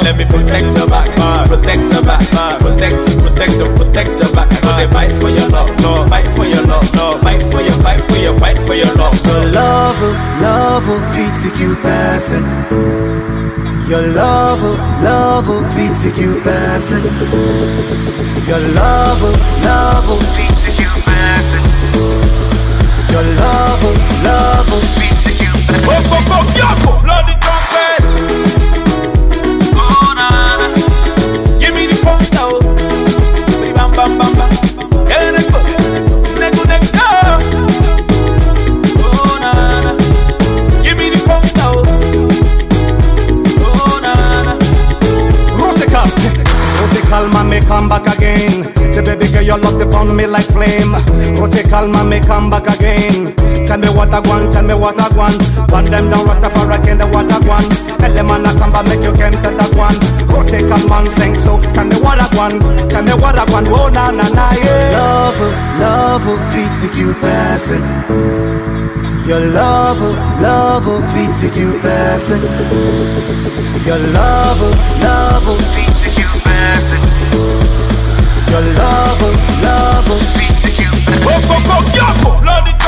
back. Let me protect your back. Protect your back. Protect your, protect your, protect your back. They fight for your love. Fight for your love. Fight for your, fight for your, fight for your love. Your lover, lover, beats you person. Your lover, lover, beats you person. Your lover, lover, beats you person. Your lover, lover, beats you passing. come back again. Say, baby girl, your love upon me like flame. Rotate calma, me come back again. Tell me what I want, tell me what I want. Burn them down, Rastafari, can the what I want. Element, I come back, make you came to that one. Rotate calma, sing so. Tell me what I want, tell me what I want. Oh, na na na, yeah. Love, love, to you passing. Your love, love, to you passing. Your love, love, to you passing. Your love, lover. Go, yo!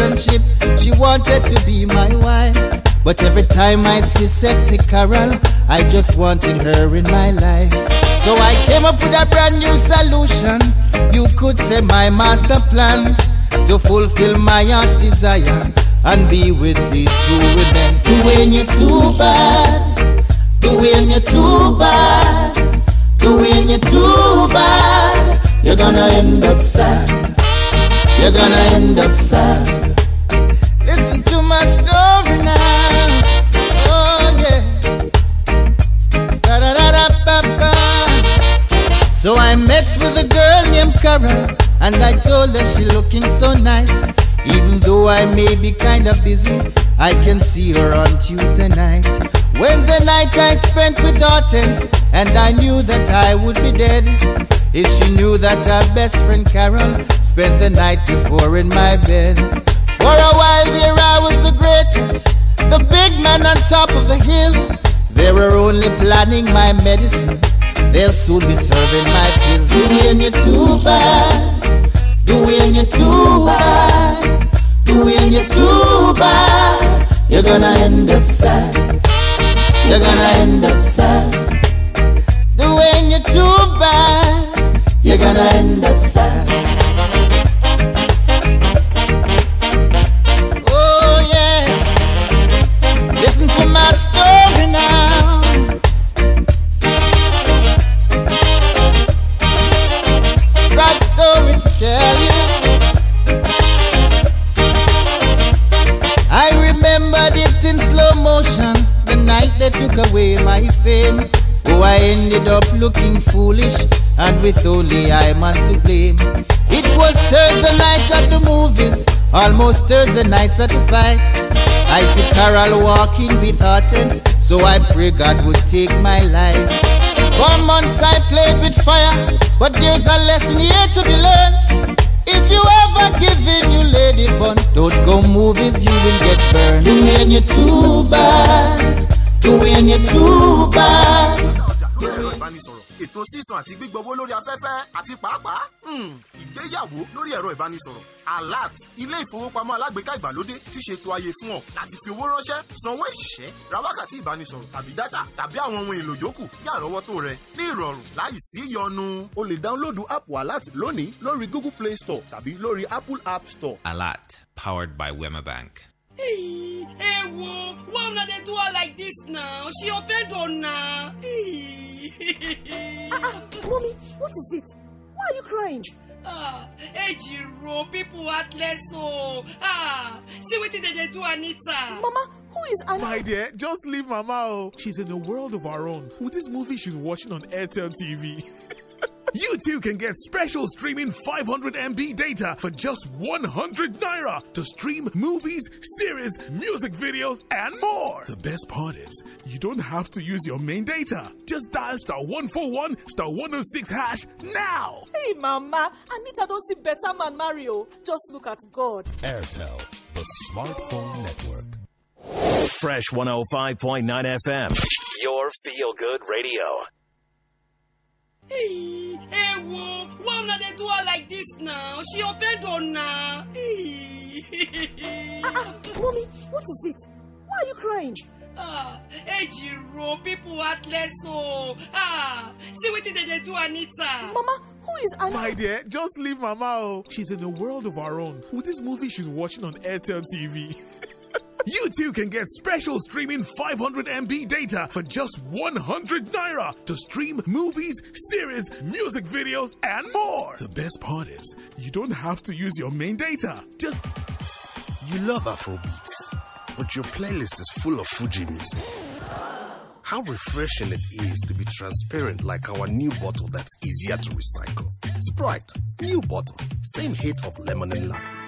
relationship. She wanted to be my wife. But every time I see sexy Carol, I just wanted her in my life. So I came up with a brand new solution. You could say my master plan to fulfill my heart's desire and be with these two women. Doing you too bad, doing you too bad, doing you too bad. You're gonna end up sad. You're gonna end up sad. Oh, so I met with a girl named Carol and I told her she looking so nice. Even though I may be kinda busy, I can see her on Tuesday night. Wednesday night I spent with Hortense and I knew that I would be dead. If she knew that our best friend Carol spent the night before in my bed. For a while there I was the greatest, the big man on top of the hill. They were only planning my medicine, they'll soon be serving my pill. Doing you too bad, doing you too bad, doing you too bad. You're gonna end up sad, you're gonna end up sad. Doing you too bad, you're gonna end up sad. Almost Thursday nights at the fight. I see Carol walking with heartens, so I pray God would take my life. One month I played with fire, but there's a lesson here to be learned. If you ever give in, you lady bun, don't go movies, you will get burned. Doing you too bad, doing you too bad. lórí ẹ̀rọ ìbánisọ̀rọ̀ ètò sísan àti gbígbówó lórí afẹ́fẹ́ àti pàápàá hmm. ìgbéyàwó lórí ẹ̀rọ ìbánisọ̀rọ̀ alert ilé ìfowópamọ́ alágbèéká ìgbàlódé ti ṣètò àyè fún ọ láti fi owó ránṣẹ́ sanwó ìṣiṣẹ́ ra wákàtí ìbánisọ̀rọ̀ tàbí dátà tàbí àwọn ohun èlò yòókù ní àrọ́wọ́tó rẹ ní ìrọ̀rùn láì sí ìyọnu. o lè dáńlódù app alert lónìí lórí google play store tàbí lórí apple app store. alert powered by wema bank. Hey, hey, whoa, why una dey do her like this now? She offend una. Hey. ah, ah, mommy, what is it? Why are you crying? ah ejiro people heartless o ah see wetin dem dey do anita. mama who is Anna? My dear, just leave Mama. Oh. She's in a world of her own with this movie she's watching on Airtel TV. You too can get special streaming 500 MB data for just 100 naira to stream movies, series, music videos, and more. The best part is, you don't have to use your main data. Just dial star 141 star 106 hash now. Hey, Mama, Anita don't see better man Mario. Oh. Just look at God. Airtel, the smartphone network. Fresh 105.9 FM, your feel good radio. Hey, hey, whoa. Why would they do her like this now? She offend her now. ah, ah, mommy, what is it? Why are you crying? Ah, Ejiro, people heartless, oh. Ah, see what did they do, Anita? Mama, who is Anita? My dear, just leave Mama, oh. She's in a world of her own with this movie she's watching on Airtel TV. You too can get special streaming 500 MB data for just 100 naira to stream movies, series, music videos, and more. The best part is, you don't have to use your main data. Just. You love Afrobeats, but your playlist is full of Fuji music. How refreshing it is to be transparent like our new bottle that's easier to recycle. Sprite, new bottle, same hit of lemon and lime.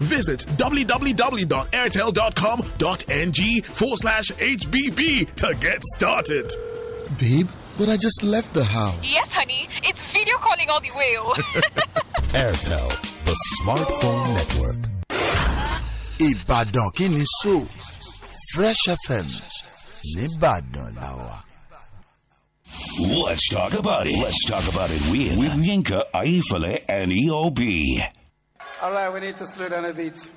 Visit www.airtel.com.ng forward slash HBB to get started. Babe, but I just left the house. Yes, honey. It's video calling all the way. Airtel, the smartphone network. Ibadan kini so Fresh FM Nibadan lawa. Let's talk about it. Let's talk about it with, with Yinka, Aifale, and EOB. All right, we need to slow down a bit.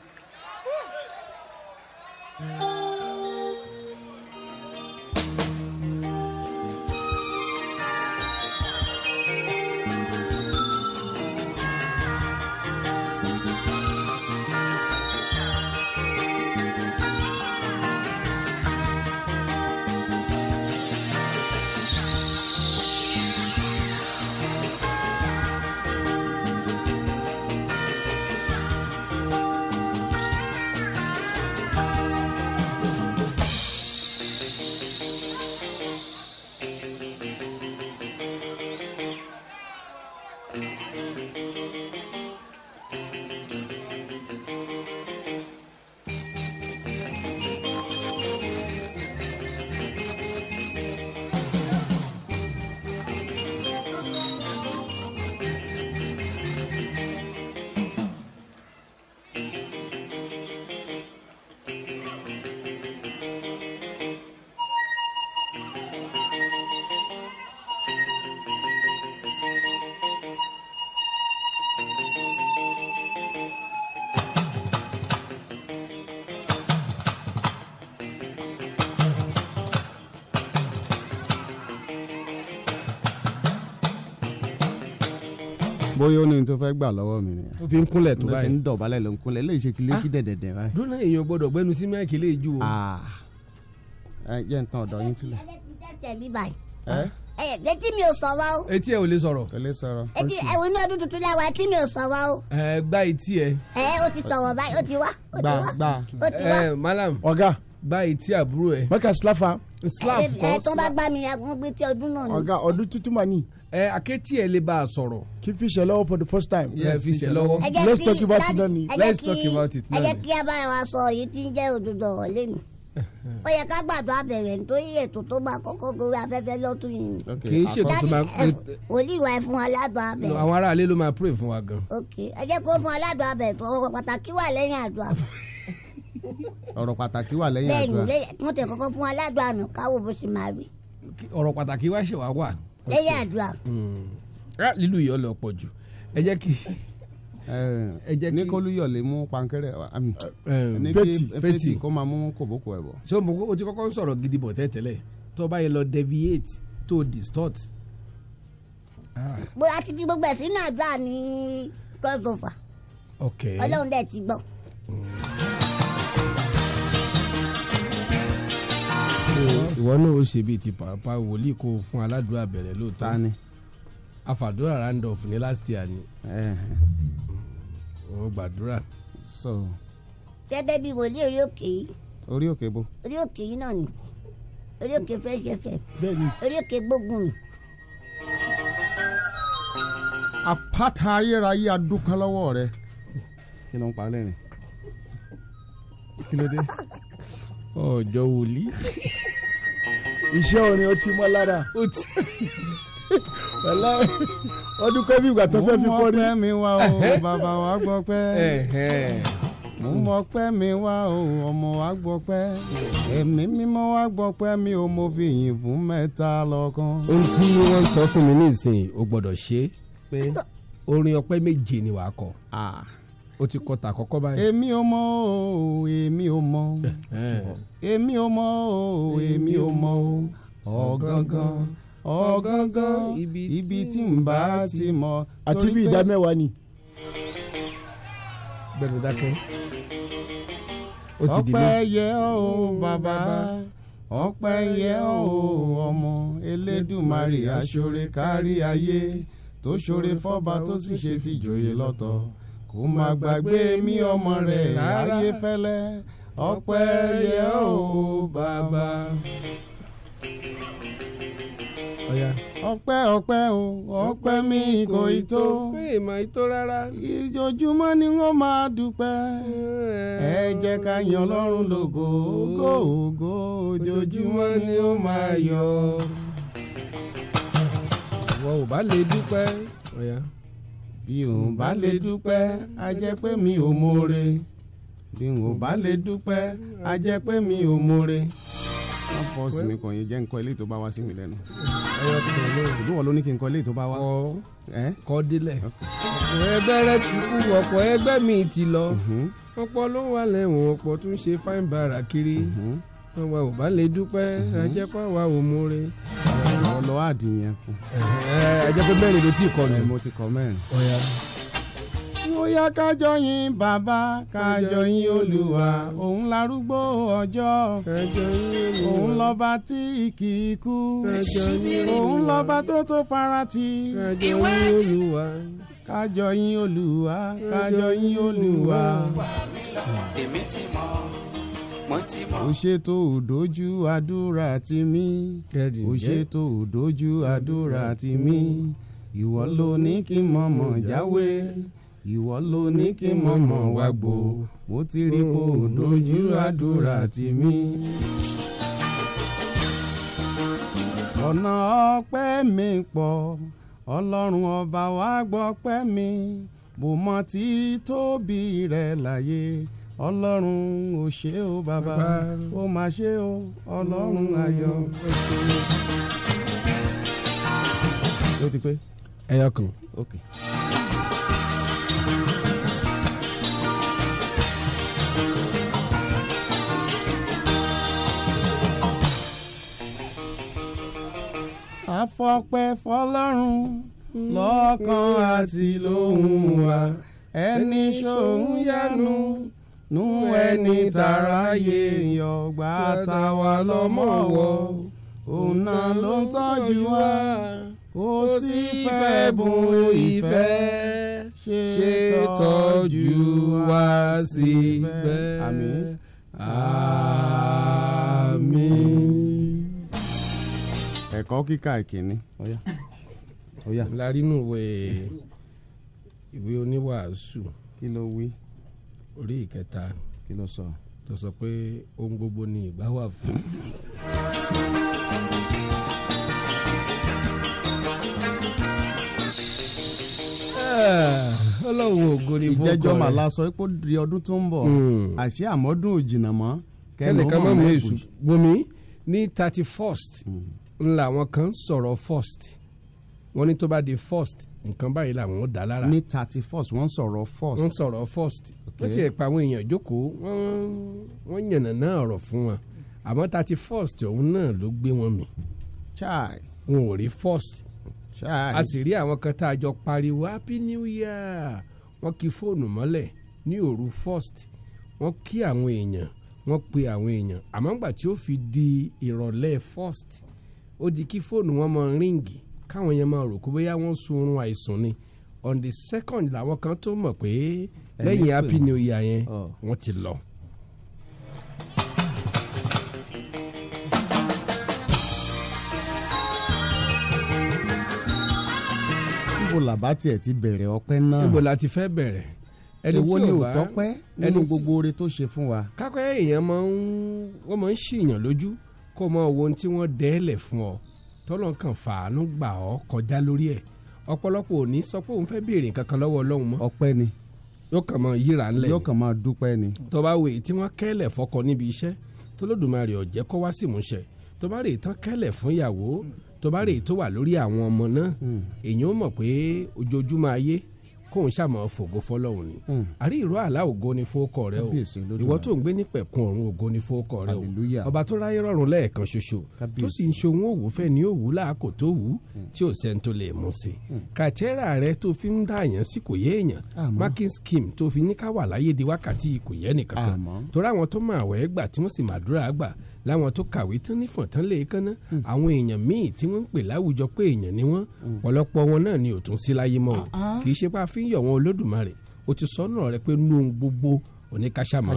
n tó fẹ́ gbà lọ́wọ́ mi nìyẹn. o fi ń kúnlẹ̀ tó báyìí. n dọ̀bálẹ̀ ló ń kúnlẹ̀ lè ṣe kílé kí dẹ̀dẹ̀dẹ̀ báyìí. dúnà èèyàn gbọ́dọ̀ gbẹ́nu sí máìkì lè ju o. Ah. ẹ jẹ́ n tan ọ̀dọ̀ yín tilẹ̀. etí mi ò sọ̀rọ̀ o. etí ẹ ò lè sọ̀rọ̀. ò lè sọ̀rọ̀. etí ẹ wo ní ọdún tuntun láwa etí mi ò sọ̀rọ̀ o. ẹ gba etí ẹ. ẹ o ti sọ̀rọ̀ báyìí o ti wá. gbà gbà malam. ọ̀gá báyìí tí àbúrò ẹ. mọ́kà síláfà. síláfà kọ́ síláfà. ẹ tó bá gbá mi wọ́n gbé tí ọdún náà ni. ọ̀gá ọdún tuntun mà ní ẹ akétí ẹ lè bá a sọ̀rọ̀. kí fi ṣe lọ́wọ́ for the first time. yẹ fi ṣe lọ́wọ́. let's talk about it nani. let's talk about it nani. ẹ jẹ́ kí abáyọ̀ wa sọ èyí tí ń jẹ́ òdodo ọ̀rọ̀ lẹ́nu. ó yẹ ká gbàdúrà bẹ̀rẹ̀ nítorí ètò tó máa kọ́kọ́ gorí afẹ́fẹ́ lọ́tún yìí. kì í ṣe kó tó máa. wòlíì wa ẹ fún wa ládùn abẹ. àwọn aráalé ló máa pray fún wa gan. ok ẹ jẹ́ kó fún wa ládùn abẹ tó pàtàkì wà lẹ́yìn àdúrà ọ̀rọ̀ pàtàkì wà lẹ́yìn àdúrà. bẹ́ẹ̀ni wọ́n tẹ kọ́kọ́ fún aládùn àná káwọ́ bó ṣe máa rí. ọ̀rọ̀ pàtàkì wá ṣe wá wà lẹ́yìn àdúrà. Hmm. Ah, lílù yọ lọ pọ̀ jù ẹ jẹ́ kí. Eh, ẹ jẹ́ kí ní kólúyọ̀ lè mú pankẹ́rẹ́ eh, eh, ní kí fẹ́tì kó máa mú kòbókò ẹ̀ bọ̀. so mo ti kọ́kọ́ sọ̀rọ̀ gidi bọ̀ tẹ́tẹ́lẹ̀ tó bá yẹ lọ deviate tó distort. bóyá ah. ti fi gbogbo ẹ̀ sínú àdúrà ní crossover. ok ọlọ́run dẹ̀ ti gbọ́. Hmm. ìwọ náà ó ṣe bíi ti pàápà wòlíì kó fún aládùúrà bẹ̀rẹ̀ lóòótọ́ ta ni afàdúrà randolph ní last year ni ó gbàdúrà. gẹ́gẹ́ bí wòlíì orí òkè yìí. orí òkè bo. orí òkè yìí náà ni orí òkè fresh fm orí òkè gbógun mi. àpáta ayérayé adúpẹ́ lọ́wọ́ rẹ. kí ló ń pa lẹ́rìn kí ló dé. ọjọ́ wòlíì. iṣẹ́ orin ó ti mọ́ lára. ó ti ọdún kan bí ìgbà tó fẹ́ fi kọrin. mo mọ pẹ́ mi wá o bàbá wa gbọ́ pẹ́. mo mọ pẹ́ mi wá o ọmọ wa gbọ́ pẹ́. èmi mímọ́ wa gbọ́ pẹ́ mi ò mo fi yìn fún mẹ́ta lọ́kàn. ohun tí wọ́n sọ fún mi nísìnyí o gbọ́dọ̀ ṣe pé orin ọpẹ́ méje ni wàá kọ. Ah o ti kọta àkọ́kọ́ báyìí. èmi ò mọ o èmi ò mọ èmi ò mọ o èmi ò mọ o ọ̀gángan ọ̀gángan ibi tí n bá ti mọ. àti bí ìdá mẹ́wàá ni. bẹ́ẹ̀ni dákẹ́ di mọ́. ọpẹ́ yẹ o bàbá ọpẹ́ yẹ o ọmọ Elédùmarè aṣore kárí ayé tó ṣore fọ́ba tó sì ṣe tìjòyè lọ́tọ̀. kò má gbàgbé mi ọmọ rẹ̀ ayé fẹ́lẹ́ ọpẹ́ yẹ ó bàbá. ọpẹ́ ọpẹ́ o ọpẹ́ mi kò ì tó. ni wọ́n máa dúpẹ́. ẹ jẹ́ ká yan Ọlọ́run ni máa yọ. bí n ò bá lè dúpẹ́ a jẹ́ pé mi ò mọ̀re bí n ò bá lè dúpẹ́ a jẹ́ pé mi ò mọ̀re. wọ́n fọ́ sí mi kàn yín jẹ́ nǹkan ilé tó bá wá sí mi lẹ́nu. ẹyọ tó lè rò. ìdúwọ̀ ló ní kí n kọ́ ilé tó bá wá. kọ́ kọ́ délẹ̀. ẹgbẹ́ rẹ ti kú ọ̀pọ̀ ẹgbẹ́ mi ti lọ. Mhm. ọ̀pọ̀ ló wà lẹ́wọ̀n ọ̀pọ̀ tó ń ṣe fáìn bàrà kiri. Mhm. àwa ò bá lè dúpẹ́ a mhm. jẹ́ pé àwa ò mọ̀re lọ àdì yẹn kù. ẹ jẹ́ pé mẹ́rin ló ti kọ́ ni. mo ti kọ́ mẹ́rin. bóyá kájọ yìn bàbá kájọ yìn olúwa òun larúgbó ọjọ́ òun lọ́ba tí kì í òun lọ́ba tó tó farati ìwé olúwa kájọ yìn olúwa kájọ yìn olúwa. èmi ti mọ̀ ó ṣètò òdójú àdúrà ti mí ó ṣètò òdójú àdúrà ti mí ìwọ ló ní kí mọ̀mọ̀ jáwé ìwọ ló ní kí mọ̀mọ̀ wá gbò mo ti rí po òdójú àdúrà ti mí. ọ̀nà ọpẹ́ mi pọ̀ ọlọ́run ọba wa gbọ́pẹ́ mi bò mọ títóbi rẹ̀ láyé ọlọ́run ò ṣe o bàbá ó mà ṣe o ọlọ́run ayọ̀. ló ti pé. ẹyọ kan. okay. àfọpẹ́ fọ́lọ́run àti lóhùn wa ẹni ṣòun yánu nú ẹni tàráyé yọ̀ gbà tàwa lọ́mọ wọ̀ òun náà ló ń tọ́jú wa ó sì fẹ́ bùn ìfẹ́ ṣe tọ́jú wa síbẹ̀ àmín àmín. ẹ̀kọ́ kíkà ìkíní ọ̀yà ọ̀yà. larínú ìwé ìwé oníwàásù. kí ló wí orí ìkẹta kí ló sọ tó sọ pé ohun gbogbo ni ìgbà wà fún. Ah, ọlọ́run ògo ni bó kọ́ rẹ̀ ìjẹ́jọ́ màlá sọ pé di ọdún tó ń bọ̀ hmm. àṣé àmọ́dún ò jìnnà mọ́ kẹ́nìkan mọ̀ mọ́ èṣù bomi ní thirty first ńlá hmm. wọn kan sọ̀rọ̀ first wọ́n ní tó bá di first nǹkan báyìí làwọn ò dá lára. ní thirty first wọ́n sọ̀rọ̀ first. wọ́n sọ̀rọ̀ first wọ́n ti pa àwọn èèyàn jókòó wọ́n wọ́n yànnà náà ọ̀rọ̀ fún wọn àmọ́ thirty first òun náà ló gbé wọn mì. chai. wọn ò rí first. chai. a sì rí àwọn kan tá a jọ pariwo happy new year wọ́n kì fóònù mọ́lẹ̀ ní òru first wọ́n kí àwọn èèyàn wọ́n pe àwọn èèyàn àmọ́ ńgbà tí ó fi di ìrọ̀lẹ́ first ó di kí fóònù wọn máa ríǹgì káwọn yẹn máa rò kó bóyá wọ́n sun oorun àìsùn ni on the second làwọn kan tó mọ̀ pé. Eh, lẹ́yìn happy new year yẹn wọ́n ti lọ. níbo làbá tiẹ̀ ti bẹ̀rẹ̀ ọpẹ́ náà. níbo la ti fẹ́ bẹ̀rẹ̀ ẹni tí ò bá tọpẹ́ nínú gbogbo oore tó ṣe fún wa. kápẹ́ èèyàn máa ń wọ́n máa ń ṣìyàn lójú kó mọ ohun tí wọ́n dẹ́lẹ̀ fún ọ tọ́lọ́ kan fàánú gbà ọ́ kọjá lórí ẹ̀ ọ̀pọ̀lọpọ̀ ò ní sọ pé òun fẹ́ béèrè nǹkan lọ́wọ́ ọlọ́run mọ́. ọpẹ́ ni yóò kàn máa yíra ńlẹ̀ yóò kàn máa dúpẹ́ ni. tó bá wèé tí wọ́n kẹ́lẹ̀ fọkọ níbi iṣẹ́ t'Olódùmarè ó jẹ́ kó wá sí ìmúṣẹ tó bá rè tán kẹ́lẹ̀ fún ìyàwó tó rè tó wà lórí àwọn ọmọ náà hmm. èèyàn ó pé ojoojúmọ́ ayé kóun ṣàmọ fògo fọ́lọ́run ni hmm. àrí ìró àlá ògo ni fún ọkọ rẹ o ìwọ tó ń gbé ní pẹ̀kun ọ̀run ògo ni fún ọkọ rẹ o ọba tó ráyé rọ̀rùn lẹ́ẹ̀kan ṣoṣo tó sì ń ṣohun òwò fẹ́ ní òwú láàkó tó wù ú hmm. tí ò sẹ́ni tó lè mú sí hmm. kàtẹ́rà rẹ tó fi ń dá sí kò yé èèyàn marking scheme tó fi ní ká wà láyé di wákàtí kò yẹ nìkan kan torí tó máa wẹ̀ gbà tí wọ́n sì máa gbà láwọn tó kàwé tán ní fọ̀ntán lè kánná hmm. àwọn èèyàn míì tí wọ́n ń pè láwùjọ pé èèyàn ni wọ́n hmm. ọ̀pọ̀lọpọ̀ wọn náà ni ò tún sí láyé mọ́ o ah, ah. kì í ṣe pé a fi ń yọ̀ wọn olódùmarè o ti sọ́nà rẹ pé nú ohun gbogbo oníkàṣàmọ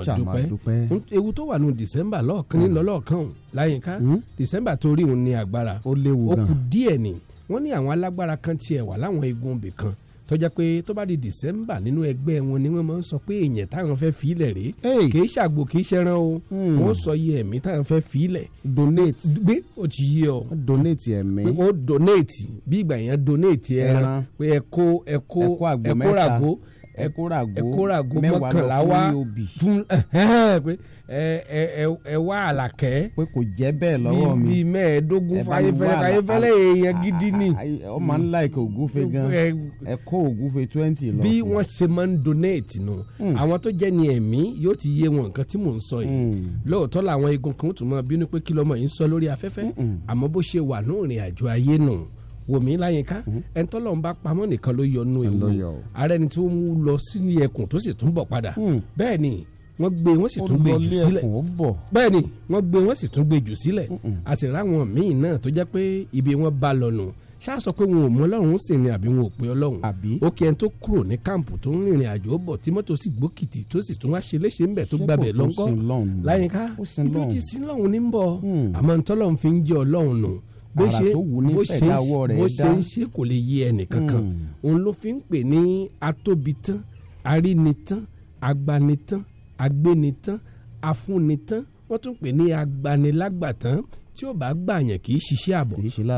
dúpẹ́ ewu tó wà nù december lọọkan nílọ hmm. lọọkan láyínká december torí òun ní agbára ó léwu gan ó kù díẹ̀ ni wọ́n ní àwọn alágbára kan tiẹ̀ wà láwọn igun ibì kan tó jẹ́ pé tó bá di December nínú ẹgbẹ́ wọn ni wọ́n máa ń sọ pé èèyàn táwọn fẹ́ fi ilẹ̀ rèé kì í ṣàgbò kì í ṣẹran o hmm. wọ́n sọ iye ẹ̀mí táwọn fẹ́ fi ilẹ̀. donate gbé o ti yé ọ. donate ẹ̀mí. o donate bí ìgbà yẹn donate ẹran pé ẹ kó ẹ kó ẹ kó àgbo mẹ́ta ẹ kó ràgó mẹ́wàá lọ fún obì. fún pé ẹ wá àlàkẹ́. pé kò jẹ́ bẹ́ẹ̀ lọ́wọ́ mi. bíi mẹ́ẹ̀ẹ́dógún fayefẹ́lẹ́ fayefẹ́lẹ́ èèyàn gidi ni. ọ máa ń láìka ògúfe gan ẹ kó ògúfe twenty lọ. bí wọ́n ṣe máa ń donate nù hmm. àwọn tó jẹ́ ni ẹ̀mí yóò ti yé wọn nǹkan tí mò ń sọ yìí hmm. lóòótọ́ làwọn egun kan tún máa bínú pé kí lọ́mọ yìí ń sọ lórí afẹ́fẹ́ hmm. àmọ́ bó ṣe wà lóòrìn àjò ayé nù. No wòmí láyínká mm-hmm. ẹnitọ́lọ́ ń bá pamọ́ nìkan ló yọ nù ewu ara ẹni tí ó mú lọ sínú ẹkùn tó sì tún bọ̀ padà mm. bẹ́ẹ̀ ni wọ́n gbé wọ́n sì tún gbé jù sílẹ̀ bẹ́ẹ̀ ni wọ́n gbé wọ́n sì tún gbé jù sílẹ̀ a sì ráwọn míì náà tó jẹ́ pé ibi wọ́n bá lọ nù ṣáàsọ pé wọn ò mọ ọlọ́run sì ni àbí wọn ò pé ọlọ́run ó kí ẹni tó kúrò ní káàmpù tó ń rìnrìn àjò bọ̀ tí mọ́tò sì gbókìtì tó sì tún wá ṣe léṣe ń tó gbàbẹ̀ lọ́kọ́ láyínká ibi tí sin lọ́run ní ń bọ̀ mm. àmọ́ ntọ́lọ́run fi ń jẹ́ ọlọ́run nù àrà tó wù ní fẹ̀dá ọwọ́ rẹ̀ dá. bó ṣe ń ṣe kò lè yé ẹnìkankan hmm. òun ló fi ń pè ní atóbitán arínitán agbanitán agbénitán afúnitán wọ́n tún pè ní agbanilágbàtán tí ó bá gbàyàn kì í ṣiṣẹ́ àbọ̀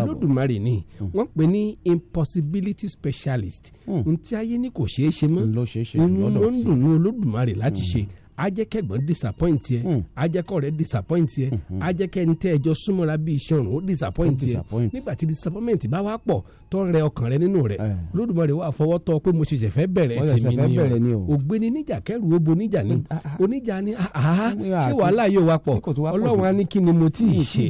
lódùmarè ni hmm. wọ́n pè ní impossibility specialist hmm. n tí ayé ní kò ṣeé ṣe mọ́ n ló ń dùn ní olódùmarè láti ṣe ajẹ́kẹ̀gbọ́n disappoint yẹ hmm. ajẹ́kọ̀ disappoint yẹ hmm. ajẹ́kẹ́ ní tẹ́ ẹjọ́ bíi iṣan òrùn ó disappoint yẹ nígbà tí disappointment bá wá pọ̀ tó rẹ ọkàn rẹ nínú rẹ̀ Olódùmarè eh. wà fọwọ́ tọ́ pé mo ṣẹ̀ṣẹ̀ fẹ́ bẹ̀rẹ̀ tèmi ni o ògbéni níjà kẹrù obo níjà ni ah, ah, ah. oníjà ni àhá ṣé wàhálà yóò wá pọ̀ Ọlọ́run á ní kí ni mo tí ì ṣe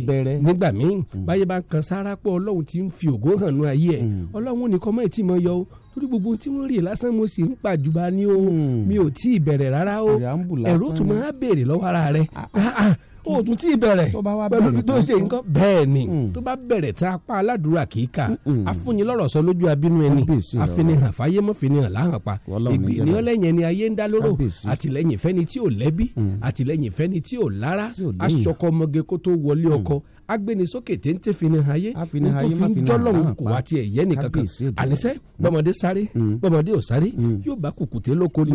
nígbà míì hmm. báyé bá ń kan sára pọ̀ Ọlọ́run ti ń fi ògo hàn nú ayé ẹ̀ Ọlọ́run ò ní kọ́ mọ́ ètí mọ́ yọ torí gbogbo tí wọ́n rí lásán mo sì ń pàjùbà ní o hmm. mi ò tí ì bẹ̀rẹ̀ rárá o ẹ̀rọ tó máa béèrè lọ́wọ́ ara rẹ̀ ah, ah. ah, o tún tí ì bẹ̀rẹ̀ pẹ̀lú tó ṣe nǹkan bẹ́ẹ̀ ni hmm. tó bá bẹ̀rẹ̀ tá a pa aládùúrà kì í kà hmm. afúnni lọ́rọ̀ sọ lójú abínú ẹni àfinihàn fáyémọ́ finihàn láhàn pa ègbè ní ọlẹ́yìn ẹni ayé ń dá lóró àtìlẹ́yìn fẹ́ni tí ò lẹ́bí àtìlẹ́yìn fẹ́ni tí ò lára aṣọkọ ọmọge kó tó wọlé ọkọ agbẹnisókè téńté finihan ayé nítorí fi ń jọlọ́run kò wá tiẹ̀ yẹ́ nìkan kan àníṣe mm. bọ́mọdé sáré mm. bọ́mọdé ò sáré mm. yóò bá kùkùté lóko ni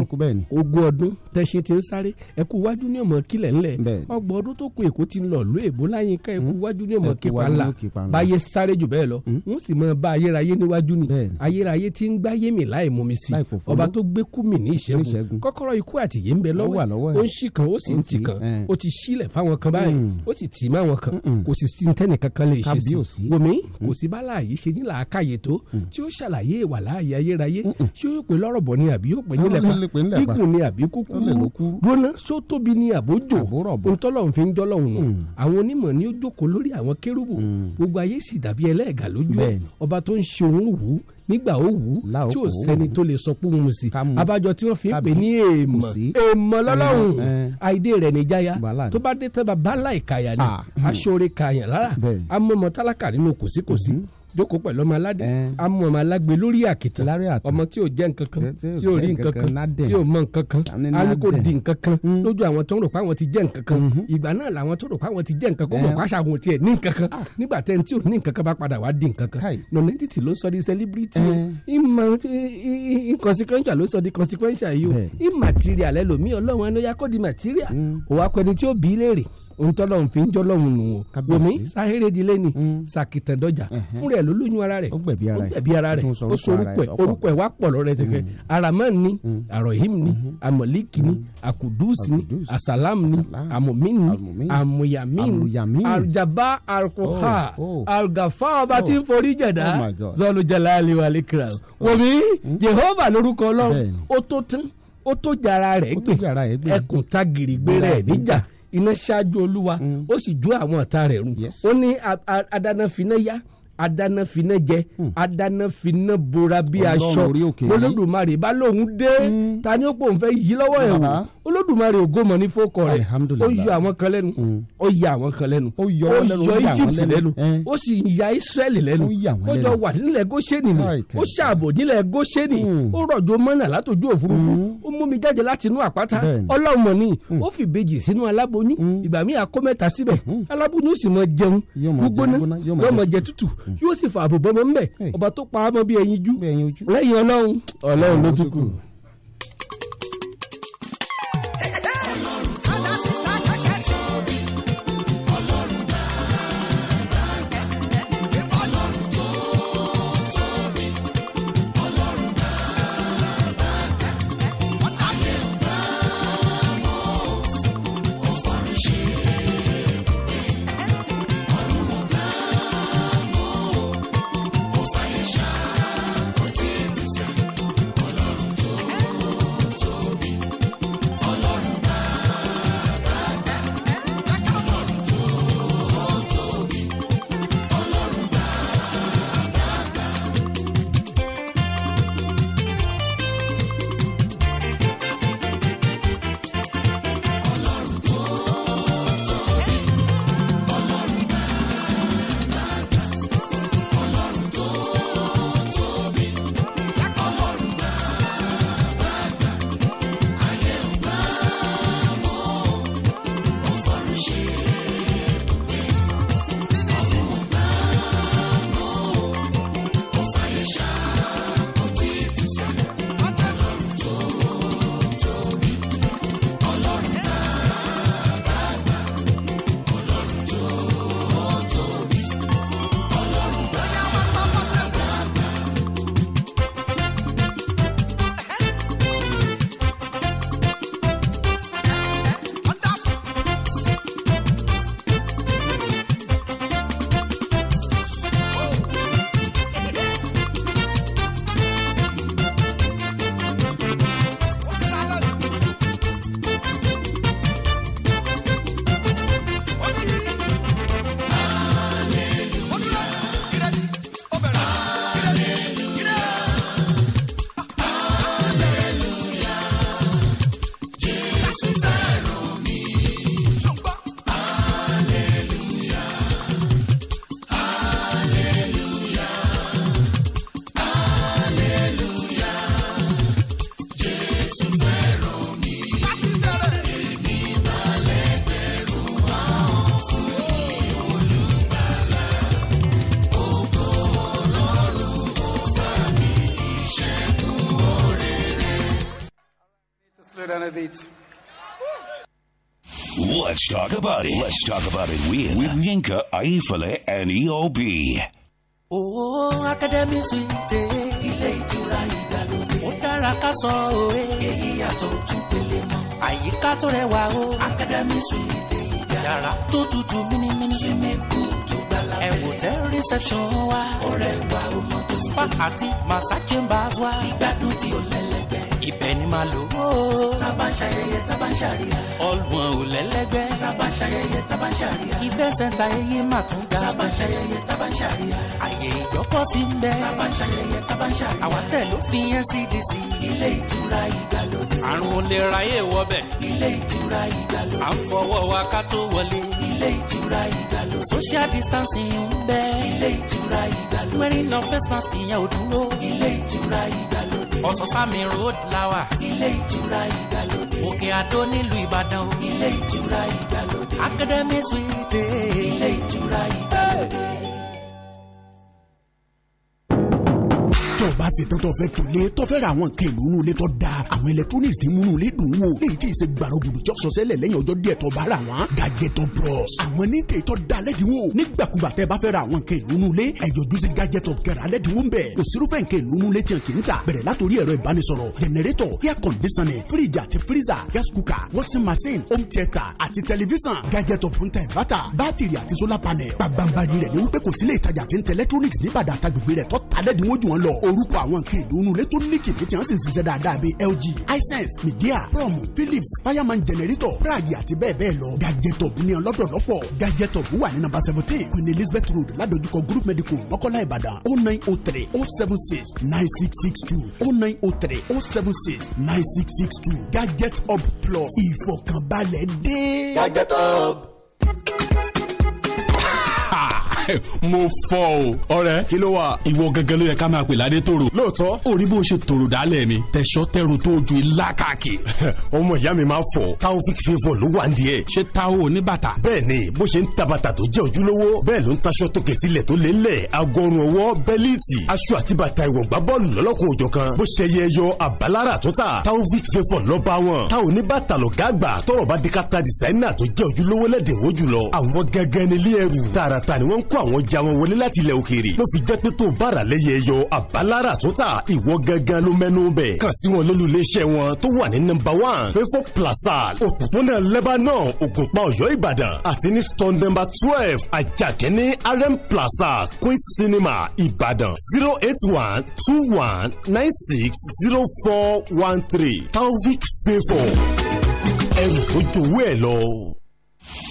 ogún ọdún tẹ̀sí ti ń sáré ẹkú wájú ní ọmọ kílẹ̀ ńlẹ̀ ọgbọ̀n ọdún tó kù èkó ti ń lọ ló èbó láyín ká ẹkú wájú ní ọmọ kípa ńlá báyé sáré jù bẹ́ẹ̀ lọ wọ́n sì máa bá ayérayé níwájú ni ayérayé ti ń gbáyé mi láì mú mi sí ọba tó gbé kú mi ní ìṣẹ́gun kọ́kọ́rọ́ ikú àtìyé ń bẹ lọ́wọ́ ó sixteen tẹ́nìkan kan lè ṣe sí wòmí mm-hmm. kò sí bá láàyè ṣe ní làákàyè tó mm-hmm. tí ó ṣàlàyé ìwà láàyè ayérayé mm-hmm. ṣé yóò pè lọ́rọ̀ bọ̀ ni àbí yóò pè nílẹ̀ pa gígùn ni àbí kúkú dúróná ṣó tóbi ni àbójò ntọ́lọ́hún fi ń jọ́lọ́hún nù mm. àwọn onímọ̀ ni ó jókòó lórí àwọn kérúbù mm. gbogbo ayé sì dàbí ẹlẹ́ẹ̀gà lójú ọba tó ń ṣe òun wù ú nígbà ó wù ú tí ò sẹ́ni tó lè sọ pé òun sì abájọ tí wọ́n fi ń pè ní èèmọ̀ èèmọ̀ lọ́lọ́run àìdè rẹ̀ níjáyà tó bá dé tẹ́ bàbá láìkàyà ni ah, hmm. aṣọ́ọ̀rẹ́ kàyàn lára amọ̀mọ̀ tálákà nínú kòsíkòsí mm-hmm jókòó pẹ̀lú ọmọ aládé amú ọmọ alágbe lórí àkìtàn ọmọ tí ò jẹ́ nǹkan kan tí ò rí nǹkan tí ò mọ nǹkan kan a ní kò di nǹkan kan hmm. lójú àwọn tó ń rò pé àwọn ti jẹ́ nǹkan kan mm-hmm. ìgbà náà làwọn tó rò pé àwọn ti jẹ́ nǹkan kan kò pàṣẹ àwọn tiẹ̀ ní nǹkan kan ah. nígbà tẹ́ tí ò ní nǹkan bá padà wá di nǹkan nọ̀nà títì ló sọ di celebrity ìmọ̀ inconsequential ló sọ di consequential yìí immaterial ẹlòmíì ọlọ́run ẹni ó yá kó di material òwò hmm. akọni tí ó bí léèrè ntọ́lọ́hún fi ń jọ́lọ́hún nù o wòmí sáhérédìlé ni mm. sàkìtàndọ́jà fún rẹ̀ ló lóyún ara rẹ̀ ó gbẹ̀bí ara rẹ̀ ó sorúkọ ẹ̀ orúkọ ẹ̀ wá pọ̀ lọ́rẹ́ tẹ̀fẹ́ mm. araman ni arohim mm. ni Amaliki mm-hmm. ni akudus mm-hmm. ni asalam ni amumin ni amuyamin aljaba alkoha algafa ọba oh. tí ń forí jẹ̀dá oh zọlù jalali wàlíkìlá oh. wòmí jehova lórúkọ ọlọ́run ó tó tún ó tó jara rẹ̀ gbé ẹkùn tagiri gbé rẹ̀ níjà iná ṣáájú olúwa mm. ó sì jó àwọn ọ̀tá rẹ̀ run ó ní adáná finá yá adáná finá jẹ hmm. adáná finá bora bí aṣọ olódùmarè bá lóun dé hmm. ta ni ó pò ń fẹ́ yí lọ́wọ́ ẹ̀ wò olódùmarè ògo mọ̀ ní fókọ rẹ̀ ó yọ hmm. àwọn kan lẹ́nu ó yọ àwọn kan lẹ́nu ó yọ Egypt lẹ́nu ó sì ya Israẹli lẹ́nu ó jọ wà nílẹ̀ Góṣẹ́nì ni ó ṣààbò nílẹ̀ Góṣẹ́nì ó rọ̀jò mọ́nà látòjú òfurufú ó mú mi jáde láti inú àpáta ọlọ́mọ ni ó fi ìbejì sínú aláboyún ìgbà míì akó mẹ́ta síbẹ̀ aláboyún sì mọ jẹun gbógbóná yọmọ jẹ tútù Mm. yóò sì fààbò bọ́mọ ńbẹ ọba tó pa á mọ́ bí ẹyin jú lẹ́yìn ọlọ́run ọlọ́run ló tún kù. talk about it. Let's talk about it with, with Yinka, Aifale, and EOB. Oh, Academy Suite. Ilé ìtura ìgbàlódé. Ó dára ká sọ òwe. Èyí yàtọ̀ ojú pele mọ́. Àyíká tó rẹwà o. Academy Suite ìgbà. Yàrá tó tutù mímímí. Swimming pool tó gbàlà fẹ́. Ẹ̀wòtẹ́ reception wa. Ọ̀rẹ́ wa o mọ tó ti tó. Spa àti massage chambers wa. Ìgbádùn tí ó lẹ́lẹ́ ibẹ̀ ni màá lò ó. tábà ń ṣayẹyẹ tábà ń ṣàríyá. ọlùwọ̀n ò lẹ́lẹ́gbẹ́. tábà ń ṣayẹyẹ tábà ń ṣàríyá. ìfẹ́ sẹ́ńtà ẹyẹ mà tún ga. tábà ń ṣayẹyẹ tábà ń ṣàríyá. àyè ìgbọ́pọ̀ sí ń bẹ́. tábà ń ṣayẹyẹ tábà ń ṣàríyá. àwọn tẹ̀ ló fi NCDC. ilé ìtura ìgbàlódé. àrùn olè ra yé wọbẹ̀. ilé ìtura ìgbàlódé. ilé ìtura ìgbàlódé. social distancing ń bẹ́. ilé ìtura ìgbàlódé. wearing no face mask ìyẹn ò dúró. ilé ìtura ìgbàlódé ọ̀sánsámi road lawa. ilé ìtura ìgbàlódé. òkè àdó nílùú ìbàdàn o. ilé ìtura ìgbàlódé. academy suite. ilé ìtura ìgbàlódé. tó o bá ṣe tán tó fẹ́ tó lé tó fẹ́ ra àwọn nǹkan ìlú inú ilé tó dáa àwọn electronics ti múnú lé dùn wò léyìí tí ì ṣe gbàrọ̀ gbùdùjọ́ sọ̀sẹ́lẹ̀ lẹ́yìn ọjọ́ díẹ̀ tó bára wọn. gadgetor bros àwọn ní tètò da lẹ́dínwó nígbàkúgbà tẹ́ bá fẹ́ ra àwọn nǹkan ìlú nulẹ̀ ẹ̀yọ́jú sí gadgetor kẹrà lẹ́dínwó ń bẹ̀ kò sírúfẹ́ nǹkan ìlú nulẹ̀ tiẹ̀ kì í ta bẹ̀rẹ̀ látòrí ẹ̀rọ ìbánisọ̀rọ̀ generator air conditioner fridge àti freezer gas cooker washing machine home theatre àti tẹlifíṣàn gadgetor printer inverter bátìrì solar panel pàgbàǹbarì rẹ̀ ni wípé kò sílé ìtajà tí ń tẹ electronics níbàdàn àtàgbègbè rẹ̀ tó ta lẹ́dínwó jù wọn lọ orúkọ àwọn nǹkan ìlú nulẹ̀ tó ní kìlì tí wọ́n sì LG hisense media promo philips fireman generator prague àti bẹ́ẹ̀ bẹ́ẹ̀ lọ gadgetop ní ọlọ́dọ̀lọ́pọ̀ gadgetop wà ní number seventeen queen elizabeth road ladojukọ group medical mọ́kọ́lá ìbàdàn o oh nine o oh three o oh seven six nine six six two o nine o three o seven six nine six six two gadget up plus ìfọ̀kànbalẹ̀ dé. gadget up. mo fọ o. ọ̀rẹ́ kí ló wà. ìwọ gẹ́gẹ́ ló yẹ ká máa pè ládé tòrò. lóòótọ́ orí bó ṣe tòrò dálẹ̀ mi. tẹ̀sọ́ tẹ̀rù tó ju ilá káàkiri. ọmọ ìyá mi máa fọ taofik fífọ ló wà nídìí ẹ. ṣé tao ní bàtà. bẹ́ẹ̀ ni bó ṣe ń ta bàtà tó jẹ́ ojúlówó bẹ́ẹ̀ ló ń taṣọ tó kẹ̀sílẹ̀ tó lélẹ̀ agọrun ọwọ́ bẹ́líìtì aṣọ àti bàtà ìwọ̀ngbá bọ́ọ̀lù lọ́lọ́kùn òjọ̀ kan bó ṣe yẹ yọ àbálára tó ta taofik fífọ lọ bá wọn táwọn oníbàtà lọ̀gá àgbà tọrọ bá dikata disaina tó jẹ́ ojúlówó lẹ́dẹ̀ẹ́wó jùlọ àwọn gẹ́gẹ́ ni ilé ẹrù tààràtà ni wọ́n ń k kó àwọn ja wọn wọlé láti ilẹ̀ òkèèrè ló fi jẹ́ pé tó bára lẹ́yẹ ẹyọ àbálára tó tà ìwọ gangan ló mẹ́nu bẹ̀ kàn sí wọn lólú iléeṣẹ́ wọn tó wà ní nọ́mbà one fẹ́fọ́ plaza òpópónà lebanon ògùnpá ọ̀yọ́ ìbàdàn àti ní stone nọ́mbà twelve àjàkẹ́ ní rm plaza queen cinema ìbàdàn zero eight one two one nine six zero four one three taofik favour ẹrù tó jowó ẹ lọ.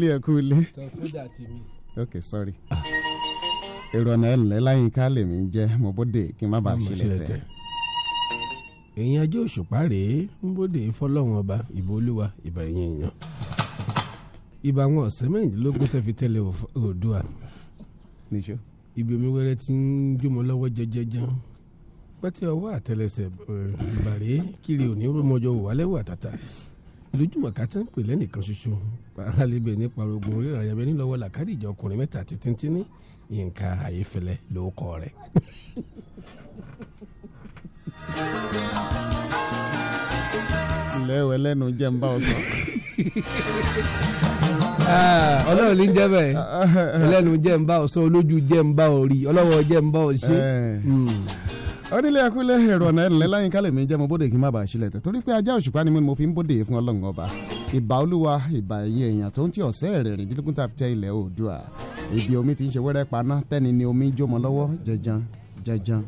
ilé ẹ kú ok sorry. èrò ọ̀nà ẹ̀lẹ́ láyínká lèmi ń jẹ́ mo bóde kí n má bàa ṣílẹ̀ tẹ̀. èèyàn ajé òṣùpá rèé ń bóde ọba ìbà ẹ̀yìn èèyàn. ìbà fi tẹ́lẹ̀ níṣó. ibi omi ti ń jómọ lọ́wọ́ jẹjẹjẹ pẹ́tẹ́ kiri òní wà lẹ́wọ̀ àtàtà lójúmọ̀ká tí ń pè lẹ́nìkan ṣoṣo paralẹ́bẹ̀ nípa ogun ríran ayẹbẹ nílọ́wọ́ làkàrí ìjà ọkùnrin mẹ́ta àti tíntínní yínká ayéfẹ́lẹ́ ló kọ rẹ̀. lẹ́wẹ̀ lẹ́nu jẹ́ ń bá ọ sọ. Ah, ọlọ́run ní jẹ́ bẹ́ẹ̀ ẹlẹ́nu jẹ́ ń bá ọ sọ olójú jẹ́ ń bá ọ rí ọlọ́wọ́ jẹ́ ń bá ọ ṣe. Eh. Hmm onílé akúlé èrò ọ̀nà ẹ̀rìnlẹ́ láyín kálẹ̀ mi jẹ́ mo bóde kí n má bàa sílẹ̀ tẹ̀ torí pé ajá òṣùpá ni mo fi ń bóde fún ọlọ́run ọba ìbà olúwa ìbà ẹ̀yẹ èèyàn tó ń tí ọ̀sẹ́ rẹ̀ rìn dídúkún tá a fi tẹ ilẹ̀ oòdùà ibi omi ti ń ṣe wẹ́rẹ́ paná tẹ́ni ni omi jómọ lọ́wọ́ jẹjan jẹjan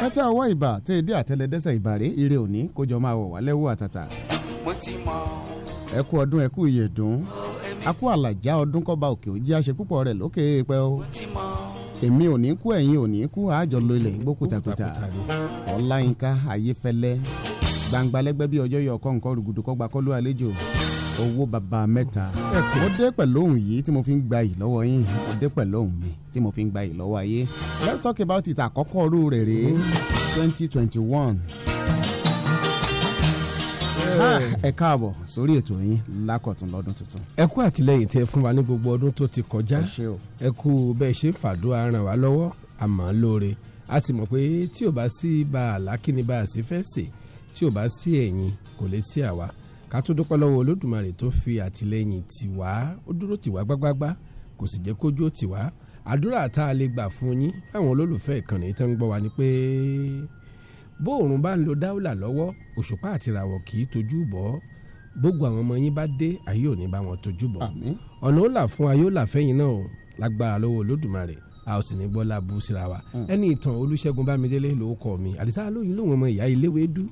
kẹta ọwọ́ ìbà tẹ èdè àtẹlẹdẹsẹ̀ ìbàrẹ̀ ire òní kójọ máa wọ̀ wálẹ́ wù àtàtà ẹ kú ọdún ẹ kú ìyèdún a kú àlàjá ọdún kọ́ba òkè òjì àṣepúpọ̀ rẹ̀ lókè èèpẹ̀ o èmi ò ní kú ẹ̀yin ò ní kú àjọ lólè gbó kùtàkùtà ọláyínká ayéfẹ́lẹ́ gbangba lẹ́gbẹ́ bí ọjọ́ yọ ọkọ̀ nǹkan kọ́gba kọ́lú àlejò owó baba mẹ́ta mo dé pẹ̀lú òun yìí tí mo fi ń gba yìí lọ́wọ́ yín mo dé pẹ̀lú òun mi tí mo fi ń gba yìí lọ́wọ́ ayé let's talk about it àkọ́kọ́ ọdún rere mm-hmm. twenty twenty one. Ah, ẹ káàbọ̀ sórí ètò yín lákọ̀tún lọ́dún tuntun. ẹ kú àtìlẹyìn tí ẹ fún wa ní gbogbo ọdún tó ti kọjá ẹ kú bẹ́ẹ̀ ṣe fàdúrà ràn wá lọ́wọ́ àmọ́ lóore a sì mọ̀ pé tí ò bá sí bá a lákìní bá a sì fẹ́ sè tí ò bá sí ẹ̀yin kò lè sí àwa ká tó dúpẹ́ lọ́wọ́ olódùmarè tó fi àtìlẹyìn tiwa ó dúró tiwa gbágbágbá kò sì jẹ́ kójú tiwa àdúrà tá a lè gbà fún yín fáwọn olólùfẹ́ ìkànnì tó ń gbọ́ wa ni pé. Pe bóòrùn bá ń lo dáúlà lọ́wọ́ òṣùpá àtìràwọ̀ kì í tojú bọ́ gbogbo àwọn ọmọ yín bá dé ayé ò ní bá wọn tójú bọ̀ ọ̀nà ó là fún ayé ó là fẹ́yìn náà o lágbára lọ́wọ́ olódùmarè a ò sì ní gbọ́lá bú síra wa hmm. ẹni ìtàn olúṣẹ́gun bámidélé ló kọ́ mi àdìsá lóyún lóun ọmọ ìyá iléwé dú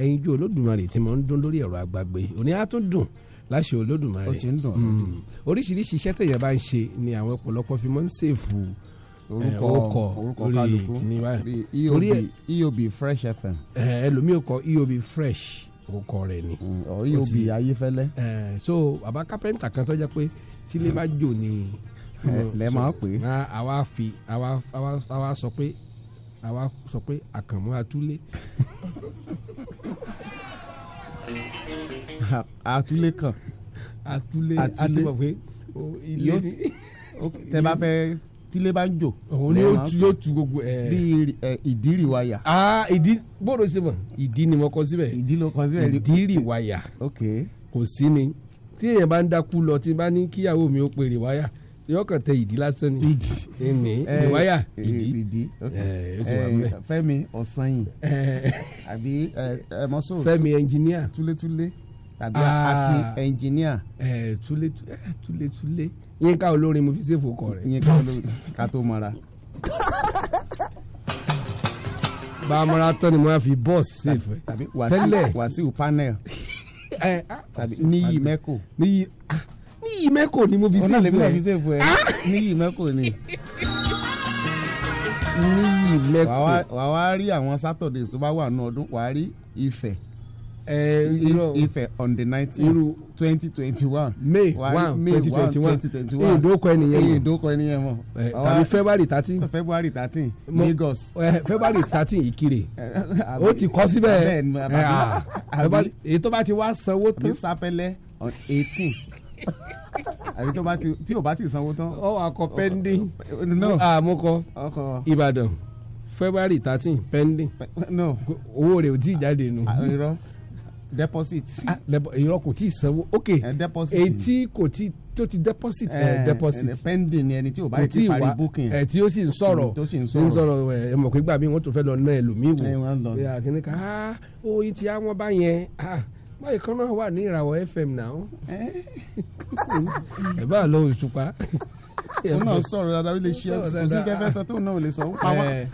ẹyin ju olódùmarè tí mo ń dún lórí ẹ̀rọ àgbàgbé òní á tún dùn láṣẹ olódùmarè hmm. oríṣiríṣi iṣẹ́ tẹ̀yẹ̀ bá ń ṣe ni àwọn ọ̀pọ̀lọpọ̀ fi mọ́ ń ṣèfù Eh, orúkọ orúkọ kálukú lórí eob e fresh fm. Eh, ẹlòmíì kọ eob fresh orúkọ rẹ ni. Mm, eob ayéfẹ́lẹ́. Eh, so bàbá kápẹ́ńtà kan tó jẹ́ pé tílé bá jò ní. lẹ́ẹ̀ máa pè é. àwa fi àwa àwa sọ pé àwa sọ pé àkànmú atúlé. atúlé kan. atúlé atúlé yóò tẹ bá fẹ́ tílé bá ń jò. òun ni yóò tu gbogbo ẹ. Eh. bí eh, ìdírì wáyà. aa ah, ìdí bóòdù ṣe mọ ìdí ni mo kọ síbẹ̀. ìdí ló kọ síbẹ̀ rí. ìdírì wáyà. ok kò sí ni tí èèyàn bá ń dákú lọ tí bá ní kíyàwó mi ó pèrè wáyà yóò kàn tẹ ìdí lásán ni. ìdí èmi eh, ìwáyà ìdí. ìdí fẹ́mi àbí ẹ̀mọ́sọ̀. fẹ́mi ẹnjìníà. túlétúlé tàbí akin ẹnjìníà. túlétúlé yínká olórin mo fi ṣèfò kọ rẹ. yínká olórin ká tó mara. bá a mara tán ni mo máa fi bọ́ọ̀sì ṣèfò ẹ. tàbí wàsíù panel. tàbí níyì mẹ́kò. níyì ah, níyì mẹ́kò ni mo fi ṣèfò ẹ. ọ̀nà lèmi náà fi ṣèfò ẹ ah! níyì mẹ́kò ni níyì mẹ́kò. wàá wá rí àwọn Saturdays tó bá wà ní ọdún wàá rí Ifẹ̀ Eh, Ifẹ̀ eh, on the nineteen twenty twenty one May one twenty twenty one èyí ìdókọ ẹnìyẹn mọ èyí ìdókọ ẹnìyẹn mọ eh, tàbí February thirteen oh, February thirteen Lagos February thirteen Ìkirè ó ti kọ síbẹ̀ ah. èyí tó bá ti wá sanwó tán àbí sápẹ́lẹ́ on eighteen àbí tó bá ti tí o bá ti sanwó tán. ọ wà kọ pending no àmúkọ ah, Ìbàdàn February thirteen pending. no owó rẹ̀ ò tí jáde nù. Ah, deposit. ah irọ́ kò tí ì sanwó ok etí eh, kò tí tó ti deposit ẹ eh, eh, deposit eh, pending ẹni tí o bá ti parí booking ẹ tí ó sì ń sọ̀rọ̀ tó sì ń sọ̀rọ̀ ń sọ̀rọ̀ ẹ mọ̀ pé gbàgbé wọn tó fẹ́ lọ ná ẹlòmíì wò ẹ wọn lọ bí akínní ká ah, oyin tí àwọn bá yẹn ah, báyìí kan náà wà ní ìràwọ̀ fm náà ẹ bá lọ òṣùpá ó náà sọ̀rọ̀ dáadáa ó lè ṣe kò sí kẹfẹ́ sọ tó náà ò lè sọ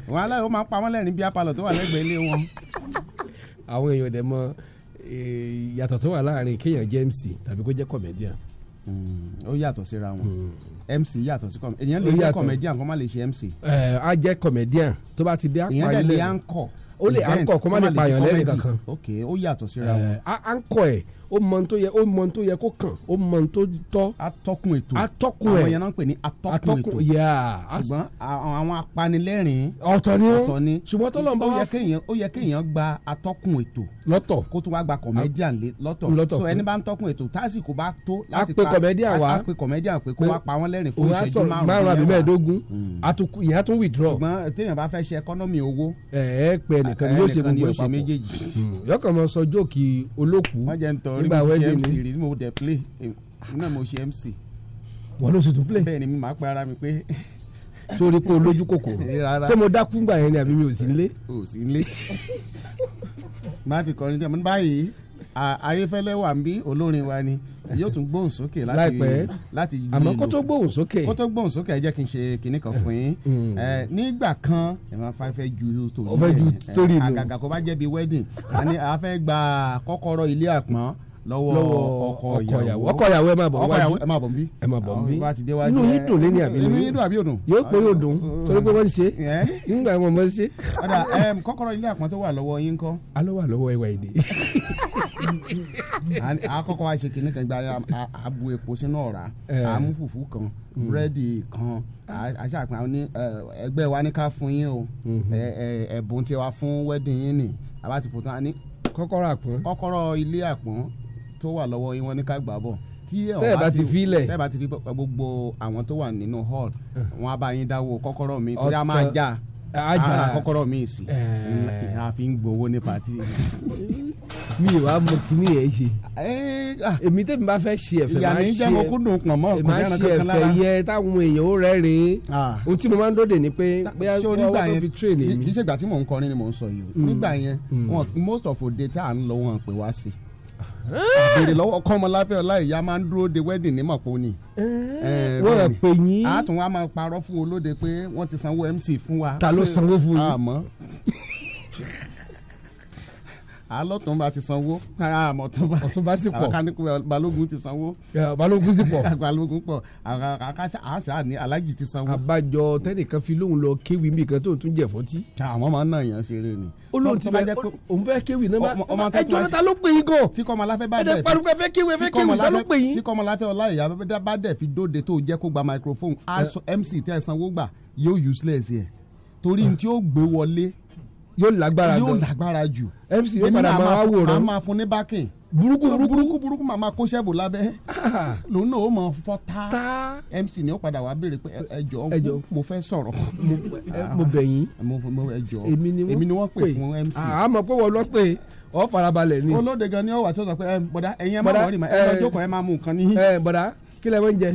wọn aláìwọ́ máa ń pa lẹ́rìn bí apalọ̀ tó wà lẹ́gbẹ̀ẹ́ ilé wọn. àwọn èèyàn dẹ̀ mọ́ Eh, yàtọ̀ tó wà láàrin kéèyàn jẹ́ MC tàbí kó jẹ́ comedian hmm, ó yàtọ̀ síra wọn mc hmm. yàtọ̀ sí comedian ènìyàn lè jẹ́ comedian kó má lè ṣe mc. ẹ eh, á jẹ́ comedian tó bá ti dé àpáyé lẹ́nu ènìyàn dẹ̀ lè anchor ó lè anchor kó má lè pààyàn lẹ́nu kankan. ok ó yàtọ̀ síra eh, wọn. anchor ẹ̀ ó mọ tó yẹ ó mọ tó yẹ kó kàn ó mọ tó tọ́. atọ́kùn ètò atọ́kùn ẹ̀ àwọn yẹn náà ń pè ní atọ́kùn ètò ṣùgbọ́n àwọn apanilẹ́rìn ọ̀tọ̀ ni ọ̀tọ̀ ni ṣùgbọ́n tọ́lọ̀ ń bá wà fún. ó yẹ kéèyàn gba atọ́kùn ètò lọ́tọ̀ kó tó wá gba comedian lọ́tọ̀ so ẹni bá ń tọ́kùn ètò tásìkò bá tó láti pa á pe comedian pé kó wá pa wọ́n lẹ́rìn fún ìṣẹ́jú márùn-ún àbí ìyá hmm. tún withdraw. ṣùgbọ́n téèyàn bá fẹ́ ṣe economy owó. ẹ̀ẹ́ pẹ̀ nìkan ni yóò ṣe gbogbo ẹ̀ nígbà wedding mi rí mo dẹ̀ play náà mo ṣe mc. wọ́n ló sì tún play. bẹ́ẹ̀ ni mi máa pe ara mi pé sórí kó lójú kòkòrò ṣé mo dákú gbà yẹn ni àbí mi ò sí nílé. ò sí nílé má ti kọrin jẹ mo ní báyìí ayéfẹ́lẹ́ wà bí olórin wa ni yóò tún gbóhùn sókè láti láti gbé lò àmọ́ kó tó gbóhùn sókè kó tó gbóhùn sókè ẹ jẹ́ kí n ṣe kinní kan fún yín hmm. Hmm. nígbà kan ẹ máa fa fẹ́ ju tòun ẹ àgàgà kó bá jẹ́ bí wedding a fẹ́ gba kọ́kọ́rọ́ ilé àpọ́n lọ́wọ́ ọkọ ìyàwó ọkọ ìyàwó ẹ máa bọ̀ wájú ẹ máa bọ̀ nbí ẹ máa bọ̀ nbí inú yín dùn lẹ́ni àbí inú yín dùn àbí òdùn yóò pé yóò dùn torí pé wọ́n ṣe nígbà wọn mọ̀ ṣe. ọ̀dà kọ́kọ́rọ́ ilé àpọ́n tó wà lọ́wọ́ yín kọ́. aló wà lọ́wọ́ ẹwà èdè. àkọ́kọ́ wa ṣe kìnnì kan gba àbu epo sínú ọ̀rá àmú fùfú kan mm. búrẹ́dì kan àṣàpín àwọn ẹgbẹ́ wa ní ká fún yín o mm-hmm. ẹ̀bùn tiwa fún wẹ́dìn yín nì àbá ti fò ilé àpọ́n tó wà lọ́wọ́ yín wọ́n ní ká gbà bọ̀ tí ẹ bá ti filẹ̀ tẹ́ ẹ bá ti fi gbogbo àwọn tó wà nínú hall wọn á bá yín dáwọ́ kọ́kọ́rọ́ mi torí a máa já ajá kọ́kọ́rọ́ mi sí a fi ń gbowó ní pati. mi ò wá mọ kíní ẹ ṣe èmi tẹ́mi bá fẹ́ ṣe ẹ̀fẹ̀ máa ṣe ìyàní mo kó dùn pọ̀ mọ́ ọkùnrin ẹran kankan lára máa ẹ̀fẹ̀ yẹ táwọn èèyàn ó rẹ́rìn-ín ohun tí mo máa ń dòde ni pé bóyá ọwọ́ tó fi train mi. kì í ṣègbà tí mò ń kọrin ni mò ń sọ yìí mm. nígbà yẹn mm. most of the day tá à ń lọ wọn pè wá sí i Ah. béèrè lọ́wọ́ Kọ́mọláfẹ́ Ọláìyá máa ń dúró de wedding ní mọ̀pọ̀ ni. Eh. Eh, wọ́n rẹ̀ pè yín. a tún wá máa parọ́ fún olóde pé wọ́n ti sanwó MC fún wa. ta ló sanwó fún yín alọ́tún bá ti sanwó ah, àmọ̀tún bá sì pọ̀ àkànníkù eh, balógun ti sanwó. balógun sì pọ̀ balógun pọ̀ àṣà ni alájì ti sanwó. àbájọ tẹnìkan fi lóun lọ kéwì mi kan tó tún jẹ fọtí. Ah, àwọn máa ń nà yàn ṣeré ni. olóhùn ti bẹ òun fẹ́ kéwì náà ẹjọ́ náà ta ló pè yín gan. tí kọ́mọ láfẹ́ bá dẹ̀ ẹ̀dẹ̀ parukẹ́ fẹ́ kéwì fẹ́ kéwì ta ló pè yín. tí kọ́mọ láfẹ́ ọláyà bá dẹ̀ fi dóde tó jẹ́ kó gba microphone mc tẹ́ sanwó gbà yóò useless yẹ torí n tí ó gbé wọlé yóò lágbára gan yóò lágbára jù mc yóò padà máa wòran èmi máa fún ní bákè burúkú burúkú burúkú burúkú màmá kó sẹ́bù lábẹ́ lòun náà ó mọ fọ́ tá mc ni ó padà wá béèrè pé ẹjọ́ mo fẹ́ sọ̀rọ̀ mo ah. bẹ̀ mo ẹjọ́ èmi ni wọ́n pè fún mc. àmọ́ ah, pé wọ́n lọ pé ọ farabalẹ̀ ni. olóde gan ni ó wà tó sọ pé bọ̀dá ẹ̀yin ẹ̀ máa wọ̀rì mà ẹ̀ lọ́jọ́ kan ẹ̀ máa mú nǹkan ní. bọ̀dá kílẹ̀ mọ́ ń jẹ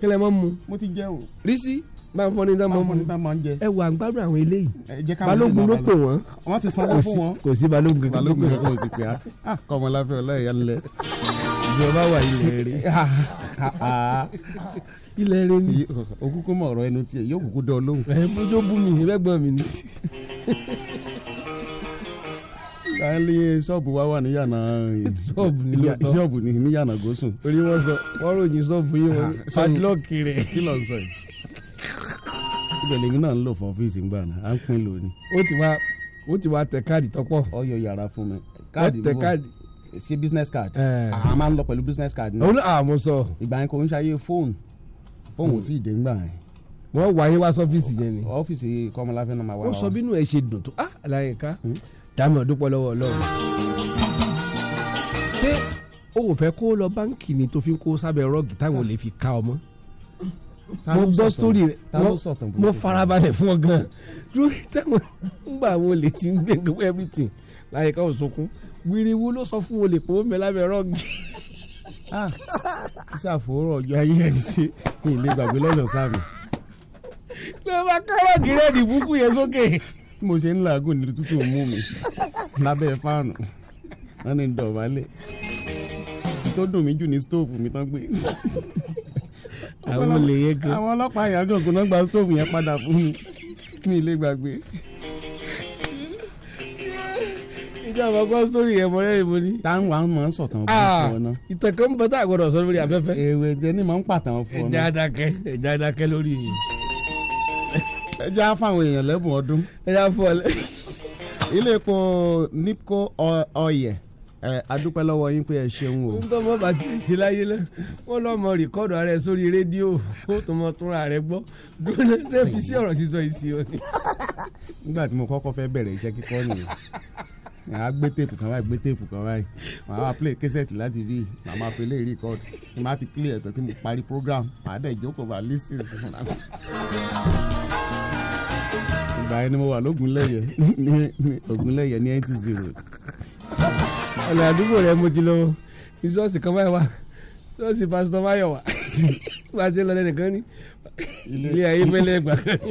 kílẹ̀ mọ́ ń mu. mo ti jẹ o. rísí báwọn ní tá máa ń jẹ ẹ wà gbádùn àwọn eléyìí balógun ló pè wọn wọn ti sanwó fún wọn kò sí balógun kankan balógun kankan ò sì pè á ah, ah, kọmọláfẹ́ ọláìyá lẹ ìjọba wà ilẹ̀ rẹ ah, ilẹ̀ rẹ ni okúkú mọ̀ ọ̀rọ̀ ẹnu tiẹ̀ yóò kúkú dán lóhùn. ẹ bójú bú mi ìrẹ́gbọ̀n mi ni. káyọ̀lé ṣọ́ọ̀bù wa wà ní yànà ṣọ́ọ̀bù ní yànà gòsùn. orí wọn sọ wọn ròyìn ṣọ́ọ̀bù yìí wọn padlock rẹ. kí ló ń sọ yìí ibẹ̀ lèmi náà ń lò fún ọ́fíìsì ńgbà náà à ń pín lò ní. ó ti wá ó ti wá tẹ káàdì tọpọ. ọyọ yàrá fún mi káàdì wo ṣe business card a máa ń lọ pẹ̀lú business card náà. òun àmọ́ sọ. ìgbà yẹn kò ń ṣayé fóònù fóònù ò tí ì dé ńgbà yẹn wọ́n wá yín wá sọ́fíìsì yẹn ni. ọ́fíìsì kọ́mọláfẹ́ náà máa wá wa. ó sọ bínú ẹ ṣe dùn tó ah láyìíká hmm? dàmọ̀ dúpọ̀ lọ́wọ́ ọlọ́run. ṣé o ò fẹ́ kó lọ báńkì ni tó fi ń kó sábẹ́ rọ́ọ̀gì táwọn ò lè fi ká ọmọ mo gbọ́ sórí rẹ̀ mo farabalẹ̀ fún ọ gan lórí táwọn ngbà wo lè ti ń gbé gbogbo everything láyé ká òsokun wíri wo ló sọ fún olè pòwó mi lábẹ́ rọ́ọ̀gì. ṣàfòrò ah, ọjọ́ ayé ẹni ṣe kí n lè gbàgbé lọ́dọ̀ sáàmì. ló bá káwọ́ gírẹ́ẹ̀dì búkú yẹn sókè. bí mo ṣe ń làágùn ní tútù mú mi lábẹ́ fáànù wọ́n ní dọ̀bálẹ̀ tó dùn mí jù ní stóòfù mi tán gbé àwọn olè yẹn gan. àwọn ọlọ́pàá yàgò kò náà gba stóòfù yẹn padà fún mi mi ilé gbàgbé. ìjọba kọ́ sórí yẹn mọ́rẹ́ ìbò ni. táwọn àwọn máa ń sọ̀tàn ah, fún ọ náà. ìtàn kan ń bọ́ tá a gbọ́dọ̀ sọ lórí afẹ́fẹ́. èwe jẹ ní máa ń pàtàn fún ọ náà. ẹja adakẹ ẹja adakẹ lórí yìí. ẹja fáwọn èèyàn lẹ́bùn ọdún. ẹja fọ ilé epo NIPCO ọyẹ ẹ adúpẹ́ lọ́wọ́ yín pé ẹ ṣeun o. ń tọ́ mọ́ bàtí ṣe láyé lẹ́ wọ́n lọ́ mọ rìkọ́dù ara ẹ sórí rédíò kó tó mọ túnra rẹ gbọ́ gbóná ṣé fi sí ọ̀rọ̀ sísọ ìsì o ni. nígbà tí mo kọ́kọ́ fẹ́ bẹ̀rẹ̀ iṣẹ́ kíkọ́ nìyẹn màá gbé téèpù kan báyìí gbé téèpù kan báyìí màá wá play kẹsẹ̀tì láti rí màá máa fi lè rìkọ́dù tí màá ti play ẹ̀tọ́ tí mo parí program màá dẹ̀ jókòó bá listing sí fúnra mi ìgbà yẹn ni mo wà lógúnlẹ̀yẹ ní ògúnlẹ̀yẹ ní eighty zero ọ̀nà àdúgbò rẹ̀ mo ti lọ ìṣọ́ọ̀sì kan báyìí wá ṣọ́ọ̀ṣì pásítọ̀ Máyọ̀wá bá a ṣe lọ lẹ́nìkan ní ilé ayé fẹ́lẹ́ gbà kan ní.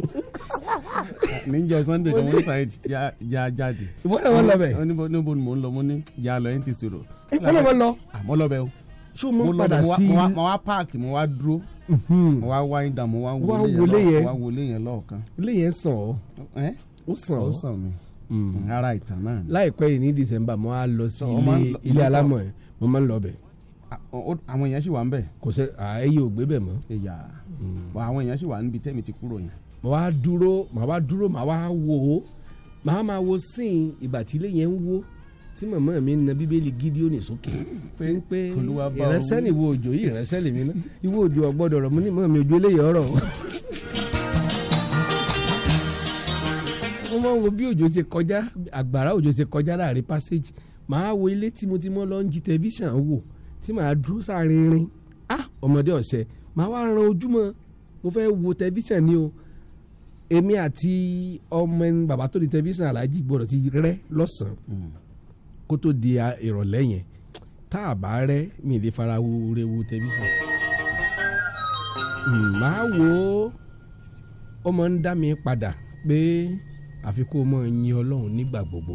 níjọ Sunday kan wọ́n ṣàyẹ̀ já jáde. ìwọ náà wọ́n lọ bẹ̀. níbo ni mò ń lọ mo ní já lọ NTC road. wọ́n lọ bẹ̀ lọ. àmọ́ lọ bẹ̀ o. ṣó mo padà sí. mo wá páàkì mo wá dúró. Mhm. mo wá wá ìdá mo wá wọlé yẹn lọ́ọ̀kan. wọlé yẹn sàn ọ́. ó sàn ọ́. Mm. Mm, ara ìtàn náà. láìpẹ́ yìí ní december mo á lọ sí ilé alámọ̀ ẹ̀ mo máa ń lọ bẹ̀. àwọn èèyàn sì wà ń bẹ̀. kò sẹ́ ẹyẹ ò gbé bẹ̀ mọ́. ẹ̀yà mm. àwọn èèyàn sì wà níbi tẹ́mi ti kúrò yẹn. mà wá dúró mà wá dúró mà wá wò ó mà á máa wo sín ìgbà tí ilé yẹn ń wó tí màmá mi na bíbélì gídíónì sókè tí ń pé ìrẹsẹ́ ni ìwọ òjò yìí ìrẹsẹ́ lèmi ná ìwọ òjò ọgbọ́dọ̀ rọ̀ mo ní màmá mi ojú máa ń wo bí òjò ṣe kọjá àgbàrá òjò ṣe kọjá láàrin passage màá wo ilé tí mo ti mọ́ lọ ń jí tẹlifíṣàn wò tí màá dúró sáàrin irin ah ọmọdé ọ̀sẹ̀ màá wá ran ojúmọ́ mo fẹ́ wo tẹlifíṣàn ni o èmi àti ọmọ ẹni bàbá tó di tẹlifíṣàn aláàjì gbọ́dọ̀ ti rẹ́ lọ́sàn-án hmm. kó tó di ìrọ̀lẹ́ yẹn tá a bá rẹ́ mi lè fara wo rewo tẹlifíṣàn hmm, màá wo ó máa ń dá mi padà pé àfi kó o máa yin ọlọ́run nígbà gbogbo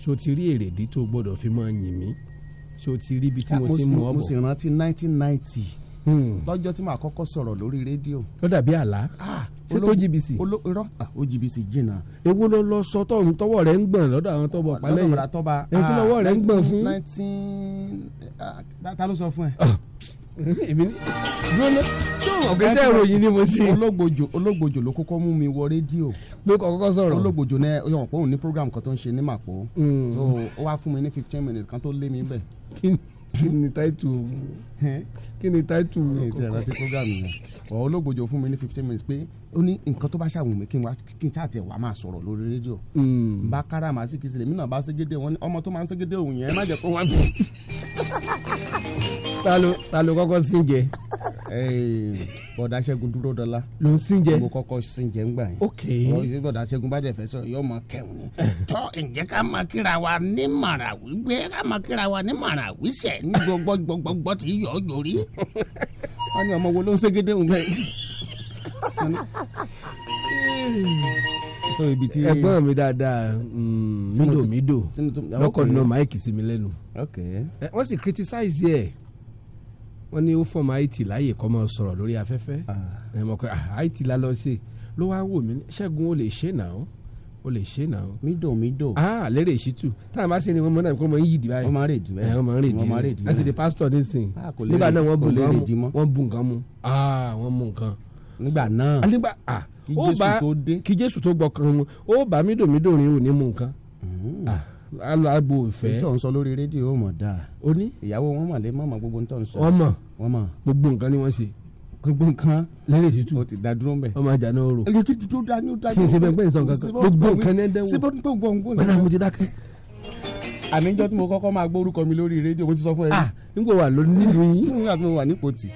so hmm. ti rí èrèdí tó gbọ́dọ̀ fi máa yìn mí so ti rí ibi tí ah, mo ti mú ọ bọ̀. mo sì rántí nineteen ninety Hmm. lọ́jọ́ tí màá kọ́kọ́ sọ̀rọ̀ lórí rédíò. ó dàbí àlá ah, ṣé tó jìbìsì. irọ́ ah, ó jìbìsì jìnnà. èwo ló lọ sọ tó ń tọwọ́ ń gbọ̀n lọ́dọ̀ àwọn tọ́bọ̀ palẹ̀ yẹn èkó lọ́wọ́ rẹ̀ ń ah, gbọ̀n fún. ta ló sọ fún ẹ. èmi ní dúró ọ̀gbẹ́sẹ̀ ìròyìn ni mo ṣe. ológbòjò ológbòjò ló kọ́kọ́ mú mi wọ rédíò. ló kọ́kọ́ sọ̀rọ̀. ológbòjò ní ọyàn pé òun ní program kan tó ń ṣe ní màpó. Hmm. so ó wá fún mi ní fifteen minutes kan tó lé mi bẹ́ẹ̀ kí ni táìtù eh, kí ni táìtù ètò ẹ̀rọ ti program yẹn ọ̀ olóògbòjò fún mi ní fifteen minutes pé ó ní nǹkan tó bá ṣàwùn mi kí n ṣáà tiẹ̀ wá máa sọ̀rọ̀ lórí rédíò hmm. bá kára màá sì kí sílẹ̀ mí náà bá ségédé wọn ọmọ tó máa ń ségédé òun yẹn má jẹ́ kó wá bí. ta ló kọ́kọ́ sí jẹ. bọ̀dà dúró dọ́là. ló ń sinjẹ. mo kọ́kọ́ yẹn. ok wọ́n bá dẹ̀ fẹ́ sọ yóò mọ kẹ̀hún ni. tọ́ ǹjẹ́ ká máa kíra wa ní màràwí gbé ká máa kíra wa ní màràwí sẹ̀ ní gbogbogbogbogbò tí yọ̀ ọ́ wọ́n ní ọmọ wo ló ń ségédé òun bẹ́ẹ̀. sọ ibi tí. mi dáadáa mídò mídò lọkọ náà mi sì criticize wọ́n ní ó fọmọ haiti láàyè kọ́ máa sọ̀rọ̀ lórí afẹ́fẹ́ ah. ẹ mọ̀ pé ah, haiti la lọ sí ló wá wò mí ṣẹ́gun ó lè ṣe náà ó lè ṣe náà. mídò mídò. ah lérè ìṣítù táwọn bá ṣe ni wọ́n mọ̀ náà kó mọ̀ yí dìbà yìí. wọ́n máa rè dìbà yìí wọ́n máa rè dìbà yìí láti di pásítọ̀ nísìn. Ah, nígbà náà wọ́n bu wọ́n bu nǹkan mu ah wọ́n mu nǹkan. nígbà náà kí Jésù tó dé kí Jésù tó gbọ́ kan ó bá mídò mídò rin ò mu nǹkan. Mm alábò ìfẹ́. ètò ọ̀hún sọ lórí rédíò ó mọ̀ dáa. ó ní. ìyàwó wọn mọ̀ lé mọ̀mọ́ gbogbo nítorí ọ̀hún sọ. ọmọ wọn mọ̀. gbogbo nǹkan ni wọ́n ṣe. gbogbo nǹkan. lẹ́yìn ìtútù. o ti da dúró mbẹ. ọmọ ajá náà rò. èyí tó da ní o da ní o. kí n ṣe bẹ́ẹ̀ pé nǹkan kan gbogbo nǹkan ní ẹ̀dẹ́wò. síbò tó gbọ̀ nǹkan. bẹ́ẹ̀ ni mo ti dákẹ́. àní jọ́ tí mo kọ́kọ́ máa gbórúkọ mi lórí rédíò mo ti sọ fún ẹ. ah n kò wà lónìí nílùú yín. nígbà tí mo wà ní pòtì.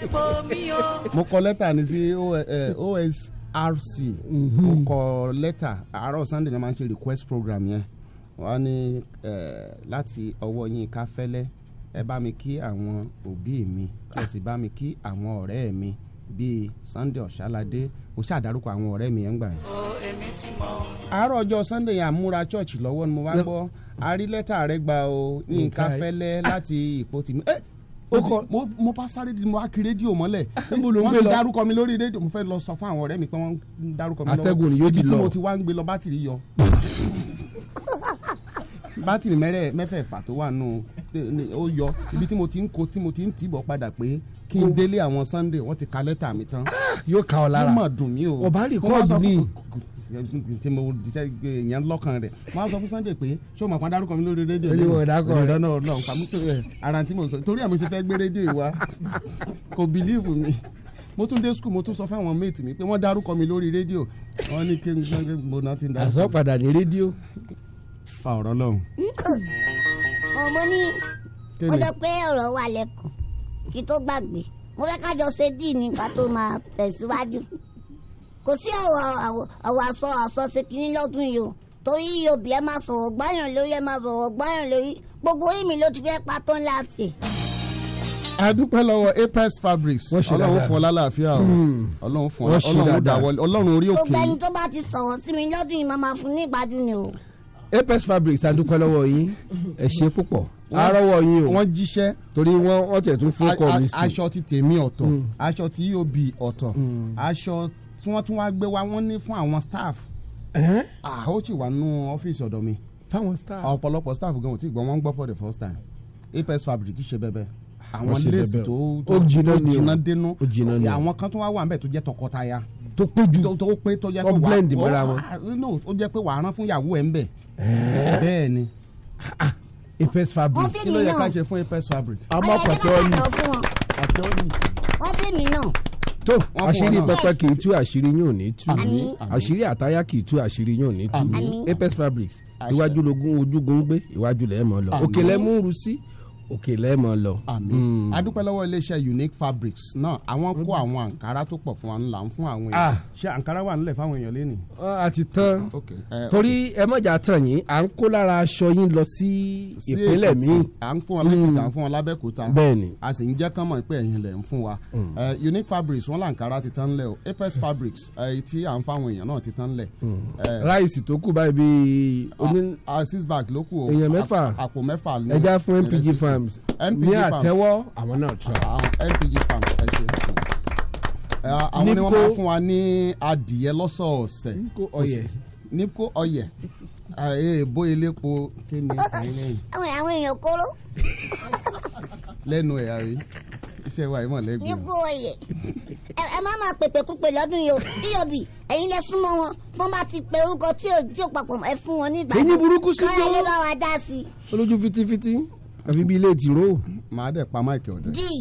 mo kọ lẹ́tà ni sí OSRC. Mhm. mo kọ lẹ́tà àárọ̀ sunday ni wọ́n máa ń ṣe request program wọ́n ní láti ọwọ́ Yínká Fẹ́lẹ́ ẹ bá mi kí àwọn òbí mi ẹ sì bá mi kí àwọn ọ̀rẹ́ mi bíi Sunday Ọ̀ṣáládé ó ṣàdárúkọ àwọn ọ̀rẹ́ mi ẹ̀ ń gbà yẹn. àárọ̀ ọjọ́ Sunday yẹn àmúra chọ́ọ̀chì lọ́wọ́ ni mo wá gbọ́ a rí lẹ́tà rẹ gba o Yínká Fẹ́lẹ́ ah. láti ipò tìmí mo bá sáré di mo á kí rédíò mọ́lẹ̀ wọ́n ti dárúkọ mi lórí rédíò mo fẹ́ lọ sọ fún àwọn ọ̀rẹ́ mi pé wọ́n dárúkọ mi lọ́wọ́ àtẹ̀gùn yóò ti lọ bátìrì mẹ́rẹ̀ mẹ́fẹ̀ẹ̀fà tó wà nù eh, ó yọ ibi tí mo ti ń ko tí mo ti ń tìbọ̀ padà pé kí n délé àwọn Sunday wọ́n ti ka lẹ́tà mi tán. Ah, yóò ka ọ lára ó mà dùn mí o. ọba rìkọ́ọ̀dù ni tí mo jẹ yẹn lọ́kàn rẹ̀ wọ́n sọ fún Sunday pé ṣé o mọ̀ pé adarúkọ mi lórí rédíò yìí olùwọ̀ dákọ̀ rẹ̀ ìdáná ọlọ́run pàmùtò rẹ̀ eh. ara tí mo sọ torí àmì ṣe fẹ́ gbé rédíò yìí wá kò bìlíìfù mi mo tún dé skul mo tún sọ fáwọn méètì mi pé wọ́n dárúkọ mi lórí rédíò wọ́n ní kí n gbọ́n ti dárúkọ. àsọpadà ní rédíò fa ọ̀rọ̀ lọ́hùn. ọmọ ní ó jọ pé ọ̀rọ̀ wà lẹ́kọ̀ọ́ kí tó gbàgbé mo fẹ́ kájọ ṣe díì ní ká tó máa tẹ̀síwájú kò sí ọ̀wọ̀ àṣọ àṣọ ṣe kínní lọ́dún yìí o torí yorùbá ẹ máa sọ̀rọ̀ gbáyàn lórí ẹ máa sọ̀rọ̀ gbáyàn lórí gbogbo ìmì ló ti fẹ́ pa tán láti. a dúpẹ́ lọ́wọ́ Apex Fabrics ọlọ́run fún ọ lálàáfíà o hmm. ọlọ́run fún ọ ọlọ́run dáwọ́lé ọlọ́run orí òkè. gbogbo ẹni tó bá ti sọ̀rọ̀ sí mi lọ́dún yìí máa máa fún ní ìgbádùn ni o. Apex Fabrics adúpẹ́ lọ́wọ́ yín ẹ ṣe púpọ̀ arọ́wọ́ yín o wọ́n jíṣẹ́ torí wọ́n wọ́n tẹ̀ tún fọ́kọ̀ mi sí. aṣọ ti tèmi ọ̀tọ̀ mm. aṣọ ti EOB ọ̀tọ̀ mm. aṣọ tí wọ́n tún wá gbé wá wọ́n ní fún àwọn staff ó sì wà nínú ọ́fíìsì ọ̀dọ̀ mi fáwọn staff ọ̀pọ̀lọpọ̀ staff gan ò tí gbọ́ wọ́n ń gbọ́ for the first time Apex Fabric ṣe bẹ́bẹ́ àwọn léèsì tó tó jìnnà dénú àwọn kan tó wá wà ń bẹ̀ tó jẹ́ tọkọtaya tó pé ju tó pé tó jẹ́ pé wà á blend mọ́ra wọn. Ah, no ó jẹ́ pé wàá rán fún ìyàwó ẹ̀ ń bẹ̀. Eh. bẹ́ẹ̀ ni. Ah, ah, apes fabric kí ló yẹ ká ṣe fún apes fabric. àmọ́ pàtẹ́wọ́nì pàtẹ́wọ́nì. wọ́n fi mi náà tó àṣírí pẹpẹ kì í tú àṣírí yóò ní tú àṣírí àtayá kì í tú àṣírí yóò ní tú Apex Fabrics iwájú lógún ojúgun gbé iwájú lẹ́ẹ̀ mọ́ lọ òkè lẹ́mú rú sí òkè lẹ́ẹ̀mọ lọ. àmín hmm. adúpẹ́ lọ́wọ́ iléeṣẹ́ unique fabrics náà àwọn kó àwọn àǹkárá tó pọ̀ fún wa ńlá ń fún àwọn ah. èèyàn ṣé àǹkárá wà nílẹ̀ fáwọn èèyàn lẹ́nu. a ti tán eh, torí ẹ mọ̀jà tàn yín à ń kó lára aṣọ yín lọ sí ìpínlẹ̀ míì. à ń fún wọn lẹ́kùtà à ń hmm. fún wọn lábẹ́kúta bẹ́ẹ̀ni a sì ń jẹ́ kán mọ̀ pé ẹ̀yin lẹ̀ ń fún wa hmm. eh, unique fabrics wọn làǹkárá ti tán lẹ̀ o apex fabrics eh, tí à ń fáwọn èèyàn náà ti tán lẹ̀. ráìsì tó kù báyìí bíi. Ah, ah, six bag ló kù o èèyàn mẹ́fà àpò mẹ́fà ní ẹja fún mpg fan farms ní àtẹ́wọ́ àwọn náà tún. Ah, npg farms ẹ ṣe é tún àwọn ni wọ́n máa fún wa ní adìyẹ lọ́sọ̀ọ̀sẹ̀ nípò ọyẹ èèbó elépo kí ni àwọn èèyàn kóró lẹ́nu ẹ̀yà rí iṣẹ́ wa ìmọ̀ lẹ́gbẹ̀ẹ́. nípò ọyẹ ẹ má máa pèpè kúpè lọ́dún yìí o dob ẹ̀yin lẹ súnmọ́ wọn bọ́n bá ti pe orúkọ tí ò papọ̀ ẹ fún wọn nígbà. èyí burúkú sí tó kọ́ra yé bá wa dá sí i. olójú fitifiti àfi bí ilé tìró. màá dẹ̀ pa máìkì ọ̀dọ̀. díì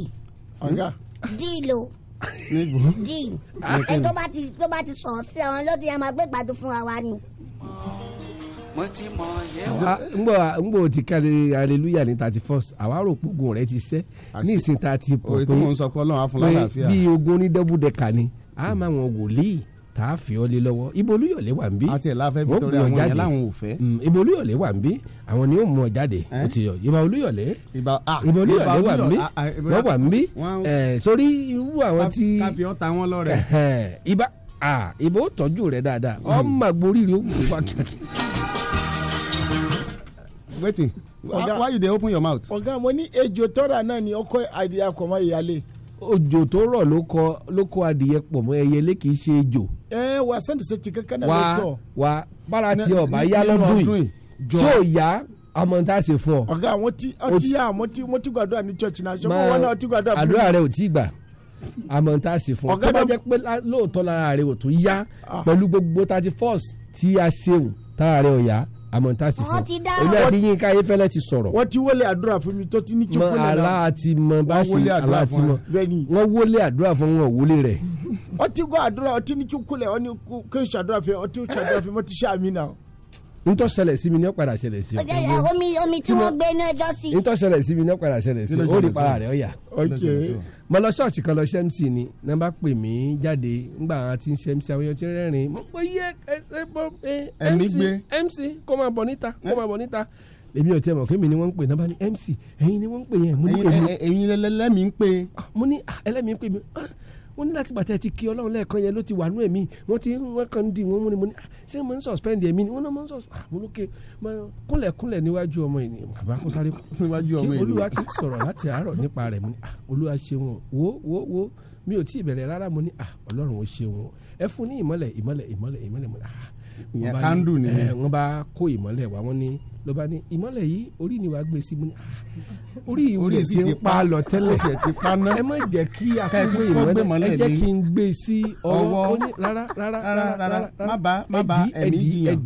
ọ̀gá. díì lo díì ẹ tó bá ti tó bá ti sọ̀rọ̀ sí ọ̀run ló ti yẹ máa gbé gbàdúrà fún wa ni. mo ti mọ yẹn. ngbọ ngbọ ti kari hallelujah ní thirty first àwa rò pogun rẹ ti sẹ ní ìsìn thirty. orí tí mo ń sọ pé ọlọ́run á fún lálàáfíà. bí ogun onídẹ́bùdẹ́ka ni a máa wọn wòlíì tá a fi ọ́ lé lọ́wọ́ ibo wà ń bí. àti ẹ̀ láfẹ́ àwọn yẹn láwọn ò fẹ́. Mm, ibo wà ń bí àwọn ni ó mú jáde ó ti yọ ibà olúyọ̀lé ibà ah, wà ń bí ah, ah, wọ́n wà ń bí sórí irú àwọn tí. káfíọ́ ta wọ́n lọ́rẹ̀. ibà ibà ó tọ́jú rẹ̀ dáadáa hmm. ọmọ àgbóríire ó wà kíákí. wetin why you dey open your mouth. ọ̀gá mo ní ejò tọ́ra náà ni ọkọ àdìyà kọ̀mọ́ òjò tó rọ̀ ló kọ ló kọ adìyẹ pọ̀ mọ́ ẹyẹlé kì í ṣe ejò. ẹ wà sẹ́ǹtì sẹ́ǹtì kankan náà ló sọ. wà á bára tí ọba yá lọ́dún yìí tí ò yá àmọ́ tá a ṣe fún ọ. ọ̀gá àwọn tí ọtí yá àwọn tí wọ́n ti gbàdúrà ní church náà ṣé wọ́n náà ti gbàdúrà. àdúrà rẹ ò tí gbà àmọ́ tá a ṣe fún ọ. tó bá jẹ́ pé lóòótọ́ lára rẹ ò tún yá ah. pẹ̀lú gbogbo thirty first tí a ṣeun tára rẹ ò yá amọ̀ntàsí fún èmi àti yínká ayéfẹ́lẹ́ ti sọ̀rọ̀. wọ́n ti wọlé àdúrà fún mi tó ti ní kí kúlẹ̀ náà. ala ti mọ bá ṣe ala ti mọ wọ́n wọlé àdúrà fún wọn wọlé rẹ̀. ó ti gbọ́ àdúrà ó ti ní kí kúlẹ̀ ó ní kí n ṣàdúrà fún ọ ti ń ṣàdúrà fún mi ó ti ṣe àmì náà. ntọ́ ṣẹlẹ̀ sí mi ní ó padà ṣẹlẹ̀ sí omi omi tí wọ́n gbé ní ọjọ́ ntọ́ ṣẹlẹ̀ sí mi ní ó padà ṣẹlẹ̀ sí ó rí para rẹ̀ ó yà mo lọ ṣọ́ọ̀ṣì kan lọ ṣẹ́mc ni náà bá pè mí jáde ńgbà àti ṣẹ́mc àwọn èèyàn ti rẹ́rìn mo pé yẹ ẹsẹ bọ mc mc kó máa bọ̀ níta kó máa bọ̀ níta èmi ò tiẹ̀ mọ̀ kémi ni wọ́n ń pè náà bá ní mc ẹ̀yin ni wọ́n ń pè yẹn mo ní èmi. ẹ̀yin lẹ́lẹ́mìí ń pè. Ah, mo ní ah, ẹlẹ́mìí ń pè mí ah, wọ́n ní láti gbàtẹ́ ti kí ọlọ́run lẹ́ẹ̀kan yẹn ló ti wà nú ẹ̀mí wọ́n ti wọ́n kàn ń dì wọ́n mú ni mo ní ah, ṣé mo ń suspend ẹ̀mí ni wọ́n náà mo ń suspend ah, mo lókè kúnlẹ̀kúnlẹ̀ níwájú ọmọ ènìyàn bàbá kó sáré níwájú ọmọ ènìyàn kí olúwa ti sọ̀rọ̀ láti àárọ̀ nípa rẹ̀ mo ní ah, olúwa ṣe wọn wo wo wo mi ò tí ì bẹ̀rẹ̀ rárá mo ní ọlọ́run ó ṣe wọn ẹ fún ní ìmọ́lẹ̀ ìmọ́lẹ̀ ìmọ́lẹ̀ ìmọ́lẹ̀ ah ìyẹn kándù ni wọ́n bá kó ìmọ́lẹ̀ wá wọ́n ní ló bá ní ìmọ́lẹ̀ yìí orí ni wàá gbé sí mu ní orí ìwé sì ti pa lọ tẹ́lẹ̀ ẹ má jẹ́ kí akúgbé ìmọ́lẹ̀ ẹ jẹ́ kí n gbé sí ọwọ́ rárá rárá rárá má bá má bá ẹ̀mí jiyàn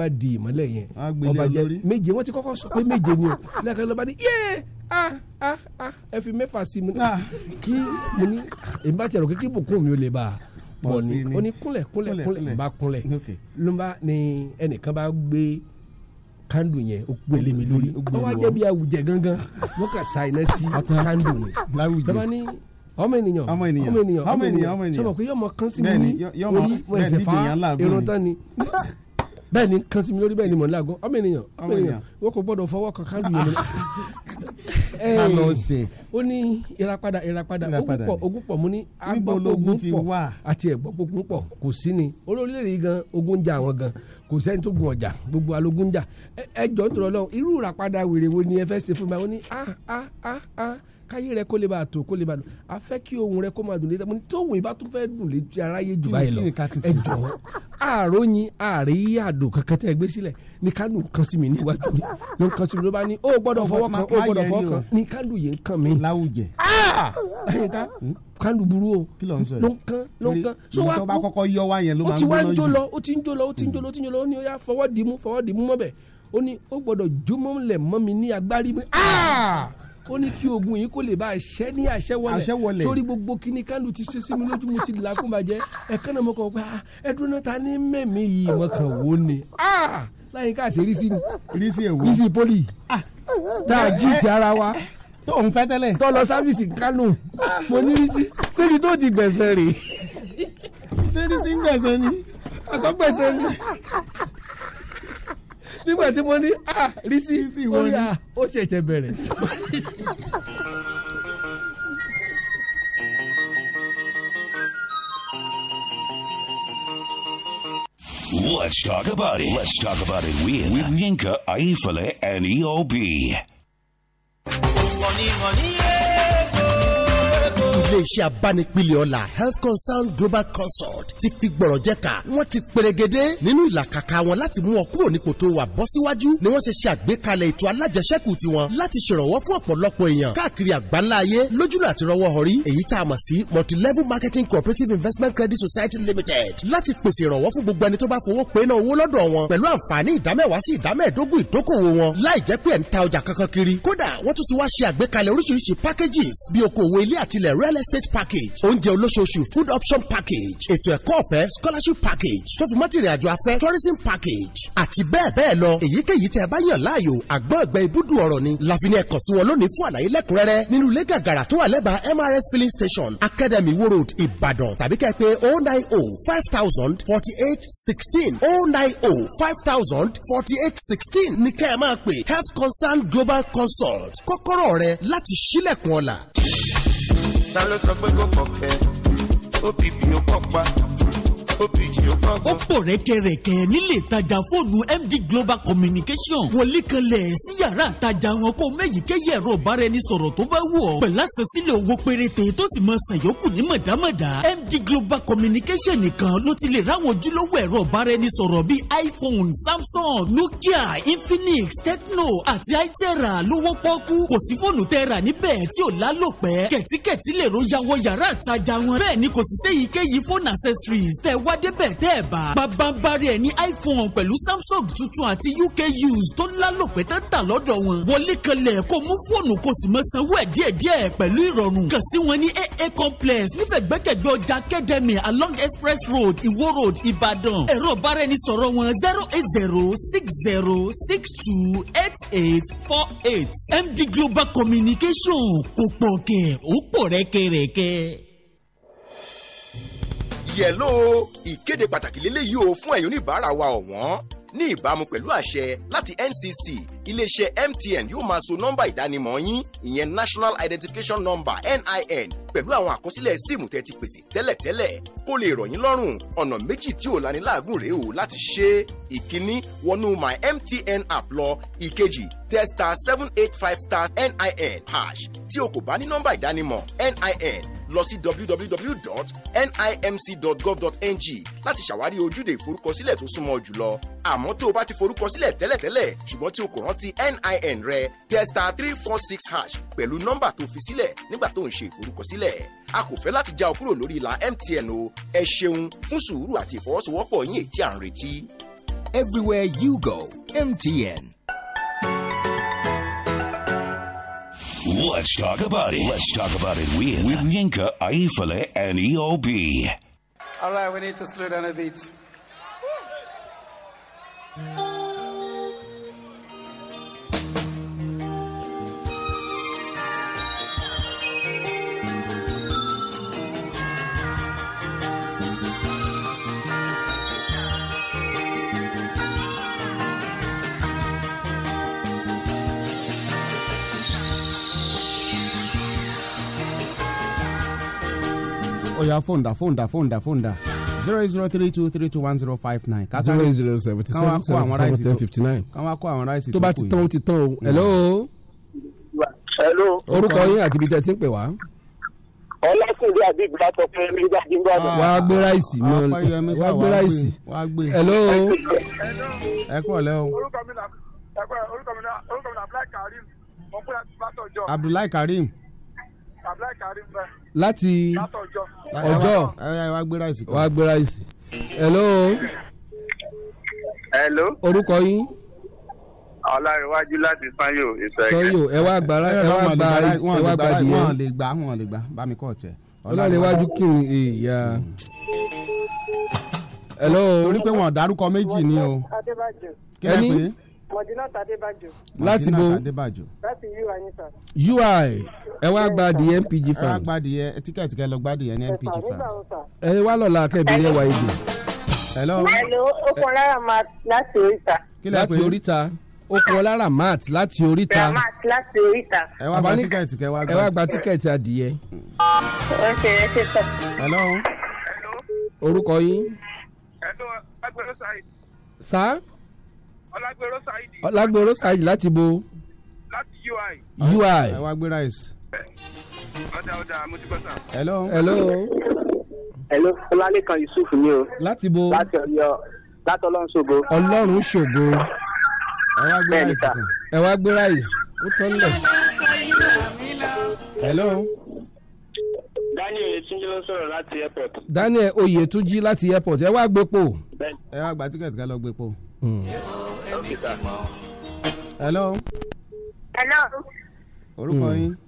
bá di ìmọ́lẹ̀ yẹn ọba jẹ́ méje wọ́n ti kọ́kọ́ sọ pé méje ni o ló bá ní yéé ah ah ah ẹ fi mẹ́fà sí mu ní ah. kí mo ní èmi bá ti rò pé kí bùkún mi ò lè bá a pọ̀ sí ni ó ní kúnlẹ̀ kúnlẹ̀ kúnlẹ̀ bá kúnlẹ̀ ló bá ní ẹnìkan bá gbé kandu yẹn o gbélé mi lórí ó wá jẹ́ bí awùjẹ gangan wọ́n kà sa iná sí kandu ni lọ́wọ́ ní ọmọ ènìyàn ọmọ ènìyàn ọmọ ènìyàn ọmọ ènìyàn sọ ma pé yọmọ kan sí mi ní orí wọn ẹsẹ̀ fa irun tán ni. bẹ́ẹ̀ ni kan sí mi lórí bẹ́ẹ̀ ni mò ń làgọ́ ọmọ ènìyàn ọmọ ènìyàn wọ́n kò gbọ́dọ̀ fọwọ́ kan kálù yẹn lọ. ó ní ìràpadà ìràpadà ogúnpọ̀ ogúnpọ̀ mo ní agbọ́pọ̀ ogúnpọ̀ àti ẹ̀gbọ́pọ̀ ogúnpọ̀ kò sí ni olórílẹ̀ yìí gan ogun ń jà àwọn gan kò sẹ́ni tó gun ọjà gbogbo alógun ń jà ẹ jọ̀ọ́ tó lọ́ọ́ irú ìràpadà wèrè wo ni ẹ fẹ́ ṣe fún mi ó ní ah ah ah ah káyé rẹ kó lè bá tó kó lè bá dùn a fẹ́ kí ohun rẹ kó máa dùn létí mo ní tóun ìbá tún fẹ́ dùn létí aráyé jù báyìí lọ ẹ jọ̀wọ́ àròyìn àrí àdùn kankan tẹ́ ẹ gbé sílẹ̀ ní kánú kan sí mi níwájú mi ló ń kan sí mi ló bá ní ó gbọ́dọ̀ fọwọ́ kan ó gbọ́dọ̀ fọwọ́ kan ní kánú yẹn kan mi. láwùjẹ. ayika ah! hmm? kánú burú o ló ń kan ló ń kan. so wa kó o ti wá ń lọ o ti ń lọ o ti ń hmm. lọ o ti ń lọ ó ní ó yá fọwọ́ dìímú fọwọ́ dìímú mọ́bẹ̀ ó ní ó gbọ́dọ̀ jó mọ́lẹ̀ mọ́ mi ní agbárí mi. Ah! ó ní kí ogun yìí kó lè bá àṣẹ ní àṣẹ wọlẹ̀ sórí gbogbo kíní kálù ti ṣe sí mi lójú mo ti là kún bàjẹ́ ẹ̀kan náà mo kọ̀ pé ah, ẹdun náà ta ní mẹ́mí yìí mo kàn wò ni ah, láyé ká ṣe rísí ni rísí poli ah. tá a jí ti ara wa tó òun fẹ́ tẹ́lẹ̀ tó lọ sáfìsì kánò mo ní rísí síbi tó ti gbẹ̀sẹ̀ rè ṣé rísí ń gbẹ̀sẹ̀ ni àsọgbẹ̀sẹ̀ ni nígbà tí mo ní ah rísí ó ní ah ó ṣẹ̀ṣẹ̀ bẹ̀rẹ̀. Let's talk about it. Let's talk about it with, with Yinka, Aifale, and EOB. Money, money, yeah iléeṣẹ́ abánipilẹ̀ ọ̀la health concern global consult ti fi gbọ̀rọ̀ jẹ́ ká wọ́n ti pèrègede nínú ìlàkàkà wọn láti mú ọ kúrò nípò tó wà bọ́ síwájú ni wọ́n ṣe ṣe àgbékalẹ̀ ètò alájẹsẹ́kù tiwọn láti ṣèrànwọ́ fún ọ̀pọ̀lọpọ̀ èèyàn káàkiri àgbáńlá ayé lójúlọ̀ àti rọwọ́ ọ̀rí èyí tá a mọ̀ sí multilevel marketing cooperative investment credit society limited láti pèsè ìrànwọ́ fún gbogbo ẹni tó bá fowó pe náà owó lọ́dọ̀ wọn pẹ̀lú àǹfààní ìdámẹ́wàá sí ìdámẹ́ẹ̀dógún ìdókòwò wọn láì jẹ́ pé ẹ̀ ń ta ọjà kankan kiri kódà wọ́n tún ti wá ṣe àgbékalẹ̀ oríṣiríṣi packages bí okòwò ilé àtilẹ̀ real estate package oúnjẹ olóṣooṣù food option package ètò ẹ̀kọ́ ọ̀fẹ́ scholarship package tó fi mọ́tìrìn àjò afẹ́ tourism package àti bẹ́ẹ̀ bẹ́ẹ̀ lọ èyíkéyìí tẹ́ ẹ bá yàn láàyò àgbọ̀n ẹ̀gbẹ́ ibùdó ọ̀rọ̀ ni láfi ní ẹ kàn sí wọn lónìí fún àlàyé lẹ́kùnrẹ́rẹ́ nínú ilé gàgàrà tó wà lẹ́bàá MRS filling station Academy Iwo Road Ìbàdàn tàbí kẹ́ ẹ pé oh nine oh five thousand forty eight sixteen oh nine oh five thousand forty eight sixteen ní kẹ́ ẹ máa pè Health Concern Global Consult kọ́kọ́rọ́ rẹ láti ṣílẹ̀kùn ọ̀la ta ló sọ pé kò fọ̀kẹ́ ó bìbì ó kọ́pa ó pò rẹ́kẹrẹ́kẹ nílé ìtajà fóònù MD Global Communication wọlé kanlẹ̀ sí yàrá ìtajà wọn kó mẹ́yìíkéyìí ẹ̀rọ ìbáraẹnisọ̀rọ̀ tó bá wù ọ́ pẹ̀lú àṣẹsílẹ̀ owó péréte tó sì máa san yòókù ní mọ̀dámọ̀dá MD Global Communication nìkan ló ti lè ráwọn ojúlówó ẹ̀rọ ìbáraẹnisọ̀rọ̀ bíi iPhone Samsung Nokia Infinix Tecno àti itera lówó pọ́kú kò sí fóònù tẹ́ra níbẹ̀ tí ò lálòpẹ́ kẹ̀tíkẹ̀tí lè ro yàwọ yàrá ìtajà wọn bẹ́ẹ̀ ni kò sí accessories tẹ́ wá débẹ̀ tẹ́ ẹ̀ bá bàbá bari ẹ̀ ní iphone pẹ̀lú samsung tuntun àti uk used tó lálòpẹ́ tẹ́ tà lọ́dọ̀ wọn wọlé kanlẹ̀ kó mú fóònù kó sì mọ sanwó ẹ̀ díẹ̀díẹ̀ pẹ̀lú ìrọ̀rùn kàn sí wọn ní aa complex nífẹ̀gbẹ́kẹ̀gbẹ́ ọjà academy along express road iwo road ìbàdàn ẹ̀rọ bára ẹni sọ̀rọ̀ wọn zero eight zero six zero six two eight eight four eight md global communication kò pọ̀ kẹ̀ ó pọ̀ rẹ́kẹ̀rẹ́kẹ̀ díẹ̀ ló ìkéde pàtàkì lélẹ́yìí o fún ẹ̀yin oníbàárà wa ọ̀wọ́n ní ìbámu pẹ̀lú àṣẹ láti NCC iléeṣẹ́ MTN yóò máa so nọ́mbà ìdánimọ̀ yín ìyẹn National Identification Number NIN pẹ̀lú àwọn àkọsílẹ̀ sim tẹ́ ti pèsè tẹ́lẹ̀tẹ́lẹ̀ kó lè rọ̀ yín lọ́rùn ọ̀nà méjì tí ò lani láàgùn rèé o láti ṣe é ìkíní wọnú my MTN app lọ ìkejì tẹ seven eight five star NIN hash tí o kò bá ní nọ́mbà ìdánimọ̀ NIN lọ sí www.nimc.gov.ng láti ṣàwárí ojúde ìforúkọsílẹ̀ tó súnmọ́ jùlọ. àmọ́ tó o bá ti forúkọsílẹ̀ tẹ́lẹ̀tẹ́lẹ̀ ṣùgbọ́n tí o kò rántí NIN rẹ tẹ three four six hash pẹ̀lú nọ́mbà tó fi sílẹ̀ nígbà tó ń ṣe ìforúkọsílẹ̀ sílẹ̀ a kò fẹ́ láti já ọ kúrò lórí ìlà MTN o ẹ ṣeun fún sùúrù àti ìfọwọ́sowọ́pọ̀ yín èyí tí à ń retí. Everywhere you go, MTN. Let's talk about it. Let's talk about it with, with Yinka, Aifale, and EOB. All right, we need to slow down a bit. oya oh, fóònù da, fóònù da, fóònù da, fóònù da. zero eight zero three two three two one zero five nine. zero eight zero seven seven seven seven ten fifty nine. káwọn akó àwọn ráìsì tó kù yìí. tó bá ti tán ó ti tán o. hello. hello. orúkọ yín àti ibi tẹ́ ti ń pè wá. ọlọ́kùnrin àbí ìgbà tó fẹ́ mi gbàgbé gbàgbé. wàá gbé ráìsì mọ wàá gbé ráìsì. hello. ẹ kú ọ̀lẹ́ o. orúkọ mi náà orúkọ mi náà abdullahi karim. Abdulai karim. Abdulai karim bẹ́ẹ̀ láti ọjọ́ wàá gbé ráìsì. wàá gbé ráìsì. hello. hello. orúkọ yín. ọlárẹ̀wájú láti sanyo ìṣẹ̀kẹ́. sanyo ẹ wá gba ẹ wá gba ẹ wá gba díẹ̀. wọn lè gbà wọn lè gbà bá mi kọ́ ọ̀tẹ̀. ọlárẹ̀wájú kìrìn ìyá. hello. torí pé wọn dárúkọ méjì ni o. kí lẹ pé. mọ̀dínà tàdébàjò. láti bo láti ui. ui ẹ wá gba adìyẹ npg farms. ẹ wá gba adìyẹ eh, tíkẹ́ẹ̀tì kẹ́ lọ gba adìyẹ ní npg farms. ẹ wá lọ́la kẹ́bìrì ẹ̀wà èdè. hello. hello okun lára mat láti oríta. láti oríta okun lára mat láti oríta. mat láti oríta. ẹ wá gba tíkẹ́ẹ̀tì kẹ́ wá gba. ẹ wá gba tíkẹ́ẹ̀tì adìyẹ. ẹ ṣe ẹ ṣe sọ. hello. orúkọ yín. hello agbèrò saheed. sa. ọlágbèrò saheed. ọlágbèrò saheed láti bo. láti ui. ui. ẹ wá gbé rice ọ̀dà ọ̀dà mo ti gbọ́ sà. hello. hello. hello Fọlálékan Yusuf ni o. láti bo. láti Ọ̀yọ́ láti Ọlọ́run ṣògo. Ọlọ́run ṣògo. bẹ́ẹ̀ni sà. ẹ wá gbé ráìsì ó tọ́ nílẹ̀. hello. Daniel Oyetunji ló ń sọ̀rọ̀ láti airport. Daniel Oyetunji láti airport ẹ wá gbépo. ẹ wá gba tíkẹ̀tì ká lọ gbépo. Hmm. hello. hello. orúkọ yín. Mm.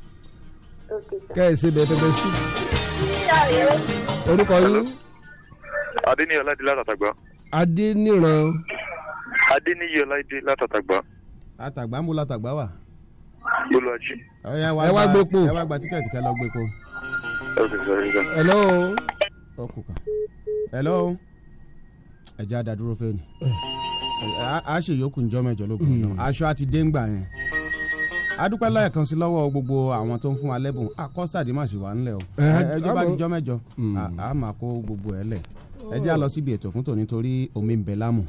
kẹ́hìnsì bẹ̀rẹ̀ sí. orúkọ yín. adéníyí ọláìdé látàtàgbà. adéníran. adéníyí ọláìdé látàtàgbà. àtàgbà ń bo látàgbà wà. olùwàjì. ẹ wá gbépo ẹ wá gba tíkẹ́ẹ̀tì kẹ́ lọ gbépo. hello. ọkùnkàn hello. ẹ̀jẹ̀ adádúró fẹ́ẹ́ ni mm. a ṣèyókù ńjọ́ mẹ́jọ lógún mm. aṣọ àti déngbà yẹn adúpẹ́ lẹ́ẹ̀kan sí lọ́wọ́ gbogbo àwọn tó ń fún wa lẹ́bùn àkọ́sítà dì má ṣe wà ńlẹ̀ o ẹjọ́ bá dijọ́ mẹ́jọ hmm. a máa kó gbogbo ẹ̀ lẹ̀ ẹ jẹ́ lọ oh. síbi ètò fún tòní torí omi ń bẹ lámù.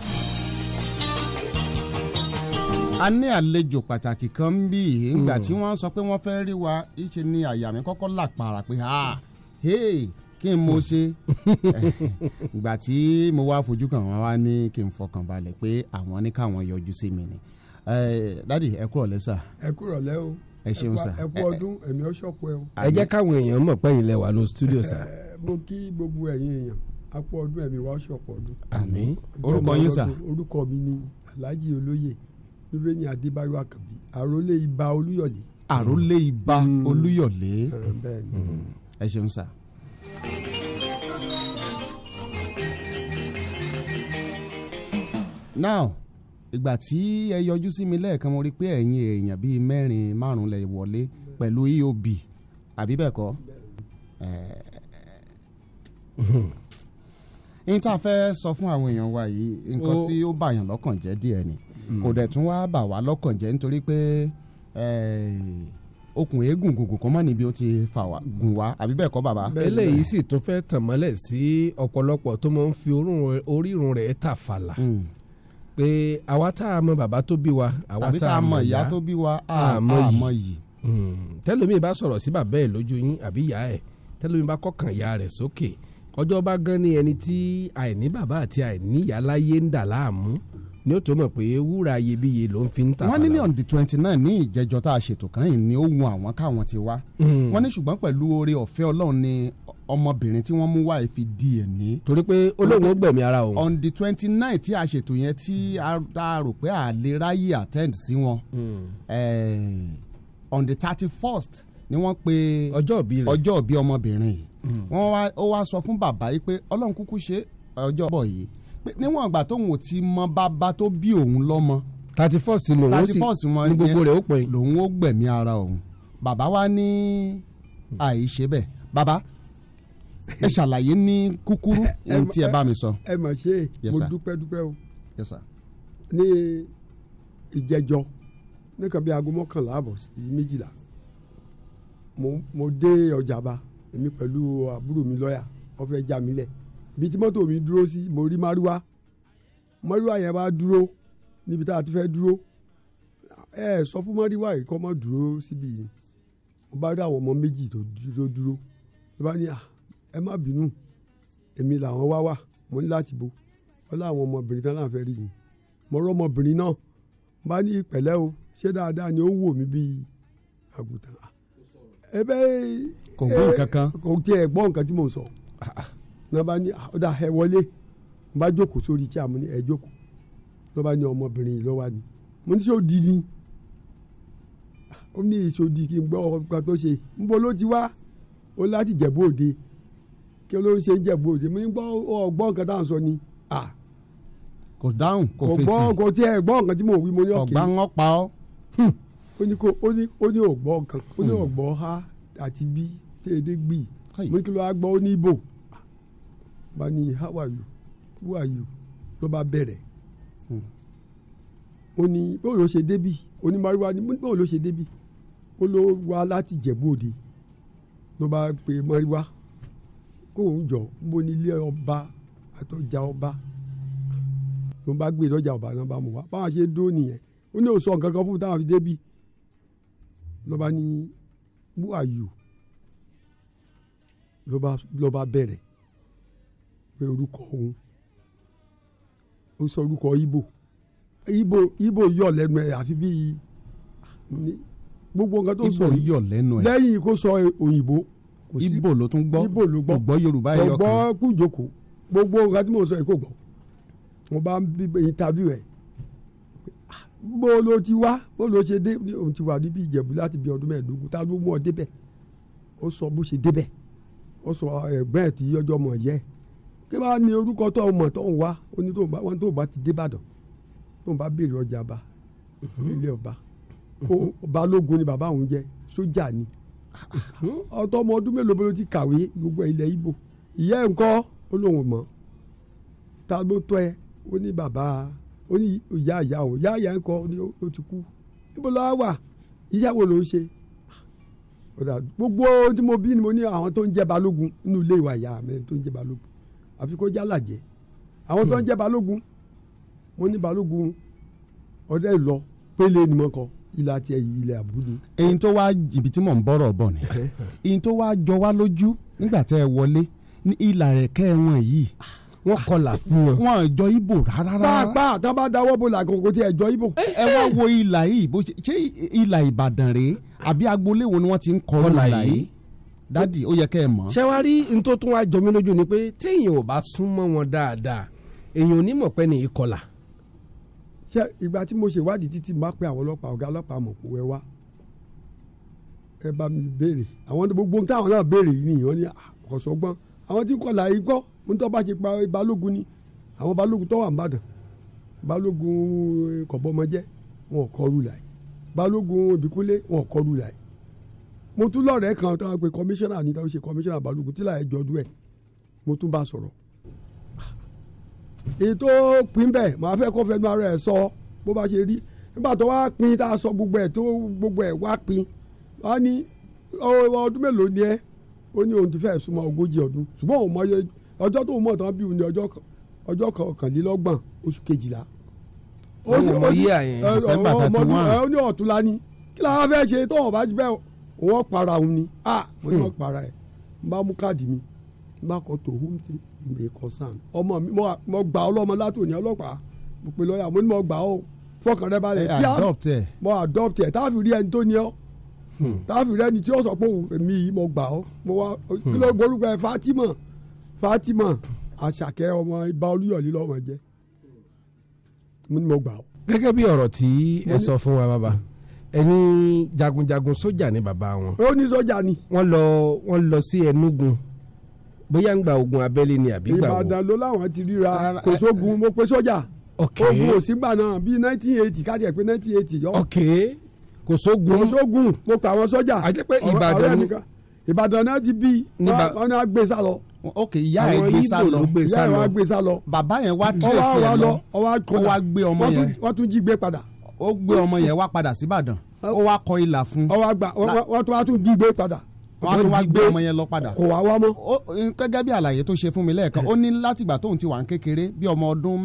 a ní àlejò pàtàkì kan ń bí hmm. ìgbà tí wọ́n sọ pé wọ́n fẹ́ rí wa ìṣe ni àyà mi kọ́kọ́ là pààrà pé ha hey kí n mo ṣe ìgbà tí mo wá fojú kan wọn wá ní kí n fọkàn balẹ̀ pé àwọn ní káwọn yọjú sí mi ni. dádì ẹ kú ọ̀lẹ́ sà. ẹ kú o ẹ ṣeun sà ẹ kú ọdún ẹ̀mí ọ̀ṣọ́pọ̀ ẹ o. ẹ jẹ́ káwọn èèyàn mọ̀ pé ilẹ̀ wà ní studio mo kí gbogbo ẹ̀yin èèyàn a kú ọdún wa ọ̀ṣọ́pọ̀ ọdún. àmín orúkọ yín sà. orúkọ mi ni alhaji olóyè nureni adébáyọ̀ akabi àrólé ibà olúyọ̀lé. àrólé ibà mm-hmm. ẹ ṣeun now ìgbà tí ẹ yọjú sí mi lẹ́ẹ̀kan mo rí pé ẹ̀yin èèyàn bíi mẹ́rin márùn lẹ wọlé pẹ̀lú eob àbí bẹ́ẹ̀ kọ́ n tá a fẹ́ sọ fún àwọn èèyàn wa yìí nǹkan tí ó bàyàn lọ́kàn jẹ́ díẹ̀ ni hmm. kò dẹ̀ tún wá bà wá lọ́kàn jẹ́ nítorí pé okùn eégún gùngùn kan mọ́ níbi ó ti fà wá gùn wá àbí bẹ́ẹ̀ kọ́ bàbá. eléyìí sì tún fẹ́ tàn mọ́lẹ̀ sí ọ̀pọ̀lọpọ̀ tó máa ń fi orírun rẹ̀ tàfàlà hmm pé àwa tá a mọ bàbá tó bí wa àwa tá a mọ ìyá tó bí wa a mọ yìí. Hmm. tẹ́lómi bá sọ̀rọ̀ sí bàbá ẹ̀ lójú yín àbí ìyá ẹ̀ tẹ́lómi bá kọ́kàn ìyá rẹ̀ sókè ọjọ́ bá gan ni ẹni tí àìní bàbá àti àìní ìyá láyé ń dà láàmú ni ó tó mọ̀ pé wúrà iyebíye ló ń fi ń ta. wọ́n ní ní on the twenty nine ní ìjẹ́jọ́ tá a ṣètò kan yìí ni ó wun àwọn káwọn ti wá. Hmm. wọ́n ní ṣùgbọ́n pẹ̀lú oore ọ̀fẹ́ ọlọ́run ni ọmọbìnrin tí wọ́n mú wá fi di ẹ̀ní. torí pé olóògùn gbẹ̀mí ara òun. on the twenty nine tí a ṣètò yẹn tí a rò pé a lè attend sí wọn. Hmm. Eh, on the thirty first ni wọ́n pe ọjọ́ òbí ọmọbìnrin yìí. Hmm. wọ́n wá ó wá sọ fún bàbá yìí pé ọlọ́run kúkú ṣe ọjọ́ bọ̀ yìí pé níwọ̀n ìgbà tóun ò ti mọ bàbá tó bí òun lọ́mọ. thirty first lòun ó sì ní gbogbo rẹ̀ ó pè é. lòun ó gbẹ̀mí ara òun bàbá wa ní hmm. àìṣe bẹ́ẹ̀ bàbá ẹ ṣàlàyé ní kúkúrú ohun tí ẹ bá mi sọ. ẹ mà ṣe mo dúpẹ́ dúpẹ́ o ní ìjẹjọ nìkan bí aago mọ́kànlá àbọ̀ sí méjìlá mo dé ọjàba èmi pẹ̀lú àbúrò mi lọ́yà wọ́n fẹ́ já mi lẹ̀ bí tí mọ́tò mi dúró sí mo rí márúwá márúwá yẹn bá dúró níbi tá a ti fẹ́ dúró ẹ sọ fún márúwá yìí kọ́ mọ́ dúró síbi yìí mo bá rí àwọn ọmọ méjì tó dúró ló bá ní à ah, ẹ má bínú èmi làwọn wá wá mo ní láti bo wọn láwọn ọmọbìnrin náà láǹfẹ́ rí yìí mo rọ ọmọbìnrin náà bá ní ìpẹ̀lẹ́ o ṣé dáadáa ni ó ń wò mí bíi àgùntàn ẹbẹ kò gbọ́ nǹkan kan kò tiẹ̀ gbọ́ nǹkan tí mò ń sọ náà bá ní ọ̀dà ẹ wọlé bá jókòó sórí tí a mú ní ẹ jókòó lọ́ba ní ọmọbìnrin yìí lọ́wọ́ ni mo ní sọ di ni ó ní ìṣòdì kí n gbọ́ ọ̀pá tó ṣe ń bo ló ti wá ó láti jẹ̀bú òde kí ló ń ṣe Ìjẹ̀bú mi gbọ́ ọgbọ́n nǹkan tá à ń sọ ni. kò dáhùn kò fèsì kò kò tiẹ̀ gbọ́ nǹkan tí mo wí mo ní ọ̀kẹ́. ọ̀gbá wọn pa ọ́. Hmm. ó ní ọ̀gbọ́ kan ó ní hmm. ọ̀gbọ́ ha àti bí tẹ́ẹ̀dẹ́ gbì mo ní kí ló wá gbọ́ ó ní ibo. bá ní how are you who are you ló bá bẹ̀rẹ̀ hmm. ó ní bóun ló ṣe débì ó ní mariwa ní bóun ló ṣe débì ó ló wá láti Ìjẹ̀bú Òde ló bá pe mariwa kóun jọ mo ní ilé ọba àtọjà ọba ló bá gbé lọ́jà ọba náà bá mú wa báwa ṣe dó nìyẹn ó ní òsàn kankan fún táwọn fi débi lọ́ba ní wúwàyù lọ́ba bẹ̀rẹ̀ pé orúkọ òun ó sọ orúkọ ibo ibo ibo yọ lẹ́nu ẹ̀ àfi bíi gbogbo nǹkan tó sọ yìí lẹ́yìn kó sọ òyìnbó ibo ló tún gbọ́ ibo ló gbọ́ gbọ́ yorùbá ẹyọ kan gbọ́ kújòkó gbogbo nǹkan tí mo sọ yìí kò gbọ́ mo bá ń bí interview ẹ̀ bó ló ti wá bó ló ṣe dé òun ti wà níbi ìjẹ̀bú láti bí ọdún mẹ́ẹ̀ẹ́dógún ta ló mú ọ débẹ̀ ó sọ bó ṣe débẹ̀ ó sọ ẹ̀gbọ́n ẹ̀ tí ọjọ́ mọ̀ yẹ kí wàá ní orúkọ tó mọ̀ tó ń wá ó ní tó bá ti dé Ìbàdàn tó ń bá béèrè ọjà ọba ilé ọba ọba lógun ni bàbá òun jẹ sójà ni. Hmm? ọtọ ọmọ ọdún mélòó bẹ́ẹ̀ ló ti kàwé gbogbo ilẹ̀ Ìgbò ìyá ẹ̀ ń kọ́ ó lóun mọ̀ ta ló tọ́ ẹ ó ní bàbá ó ní ìyá ìyá òun ìyá ìyá ń kọ́ ó ní ó ti kú níbo la wà iṣẹ́ wo ló ń ṣe gbogbo tí mo bí ni mo ní àwọn tó ń jẹ́ balógun nínú ilé ìwà ìyá mi tó ń jẹ́ balógun àfi kó jálàjẹ́ àwọn tó ń jẹ́ balógun mo ní balógun ọdẹ lọ pélé ni mo kọ́ ilẹ̀ àti ilẹ̀ àbúdú. ẹyin tó wá ibi tí mò ń bọ̀rọ̀ bọ̀ ni ẹyin tó wá jọ wá lójú nígbà tẹ́ ẹ wọlé ní ìlà rẹ̀ kẹ́ ẹ wọ̀n yìí wọ́n kọlà fún wọn. wọn jọ ibo rárá. pàápàá tá a bá dáwọ́ bo làkòkò tí ẹ jọ ibo. ẹ wá wo ìlà yìí bó ṣe ìlà Ìbàdàn rèé àbí agboolé ni wọ́n ti ń kọ́ ìlà yìí dádì ó yẹ kẹ́ ẹ mọ̀. ṣé wàá rí n tó tún lójú ni pé téèyàn ò bá sún wọn dáadáa èèyàn ò ní mọ̀ pé ṣe ìgbà tí mo ṣe ìwádìí títí máa pe àwọn ọlọ́pàá ọ̀gá ọlọ́pàá mọ̀ pé ẹ wá ẹ bá mi béèrè àwọn gbogbo táwọn náà béèrè yìí nìyẹn wọ́n ní ọ̀sọ́gbọ́n àwọn tí ń kọlà yìí gbọ́ ní tó bá ṣe pa balógun ni àwọn balógun tó wà ń bàdàn balógun eh, kọ̀bọ́mọjẹ́ wọn kọ́ rúlà yìí balógun ìbíkúnlé wọn kọ́ rúlà yìí mo tún lọ́rẹ̀ẹ́ kan tó wá pé kọmíṣánná ní táwọn ṣe kọmíṣánná balógun tí láyé jọdún èyí tó pín bẹ́ẹ̀ màá fẹ́ kó fẹnu ara ẹ̀ sọ bó bá ṣe rí nígbà tó wá pín tá a sọ gbogbo ẹ̀ tó gbogbo ẹ̀ wá pín wá ní ọdún mélòó ni ẹ ó ní òun ti fẹ́ súnmọ́ ogójì ọdún ṣùgbọ́n òun mọyé ọjọ́ tó mọ̀ tán bí òun ni ọjọ́ kọkànlélọ́gbọ̀n oṣù kejìlá. ó sì mọ yí àyè december thirty one. ó ní ọ̀túnla ni kí làwọn fẹ́ ṣe tó wọn bá jù bẹ́ẹ̀ wọ́n para òun ni ah mo ní hmm. wọ́n para ẹ̀ n bá mú káàdì mi n bá kọ tòun ti be concerned ọmọ mi mo gbà ọ lọ́mọ látòní ọlọ́pàá mo pe lọ́ọ̀yà mo ní mo gbà ọ fọkàn rẹ balẹ̀ eh, díà mo adopt ẹ̀ táàfì rí ẹni tó ní ọ hmm. táàfì rẹ ni tí ó sọ pé èmi yìí mo gbà ọ mo wá kí ló hmm. gbórúkọ ẹ Fatima Fatima àṣàkẹ́ ọmọ ibà olúyọ̀lì lọ́mọ jẹ́ mo ní mo gbà ọ. gẹ́gẹ́ bí ọ̀rọ̀ tí ẹ sọ fún wa bàbá ẹni jagunjagun sójà ni bàbá wọn. ó ní sójà ni. wọ́n lọ wọ́n lọ sí ẹnugun bóyá ń gba ogun abẹ́lé ni àbí gbà wò. ìbàdàn ló láwọn ti ríra kò sógun mo pe sójà ogun òsínbà náà bíi nineteen eighty kájẹ pé nineteen eighty yọ. ok kò sógun kò sógun mo pa àwọn sójà ọ̀rẹ́ mi kan ìbàdàn náà ti bí wọn náà gbé sá lọ ok ìyá ẹ gbé sá lọ ìyá ẹ wá gbé sá lọ bàbá yẹn wá tírèsì ẹ lọ ó wá gbé ọmọ yẹn wọ́n tún jí gbé padà. ó gbé ọmọ yẹn wá padà síbàdàn ó wá kọ ìlà fún. ó wá gbà wọ́n tún jí gbé padà wọ́n á tún wá gbé ọmọ yẹn lọ padà. kò wá wá mọ́. gẹ́gẹ́ bí àlàyé tó ṣe fún mi lẹ́ẹ̀kan ó ní látìgbà tóun ti wà ń kékeré bí ọmọ ọdún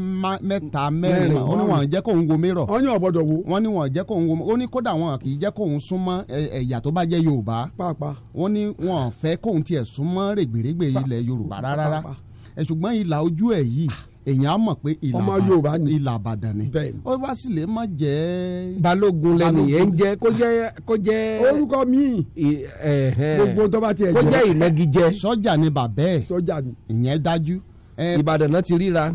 mẹ́ta mẹ́rin ó ní wọn jẹ́ kóun wo mérọ̀. wọ́n ní ọ̀bọ̀dọ̀ wo. wọ́n ní wọn jẹ́ kóun wo ó ní kódà wọn kì í jẹ́ kóun súnmọ́ ẹ̀yà tó bá jẹ́ Yorùbá. pàápàá. wọ́n ní wọn fẹ́ kóun tiẹ̀ súnmọ́ rẹ̀gbẹ̀rẹ̀gbẹ̀ ilẹ̀ Yorùbá rárá ṣùgbọ́n ìlà ojú ẹ̀ yìí èyàn á mọ̀ pé ìlà àbàdàn ni ó wá sì lè má jẹ́. balógun lẹni yẹn ń jẹ kó jẹ kó jẹ. orúkọ mi gbogbo tó bá tiẹ̀ jẹ kó jẹ ìnagijẹ. sọ́jà ni bàbá ẹ̀ ìyẹn dájú. ìbàdàn náà ti ríra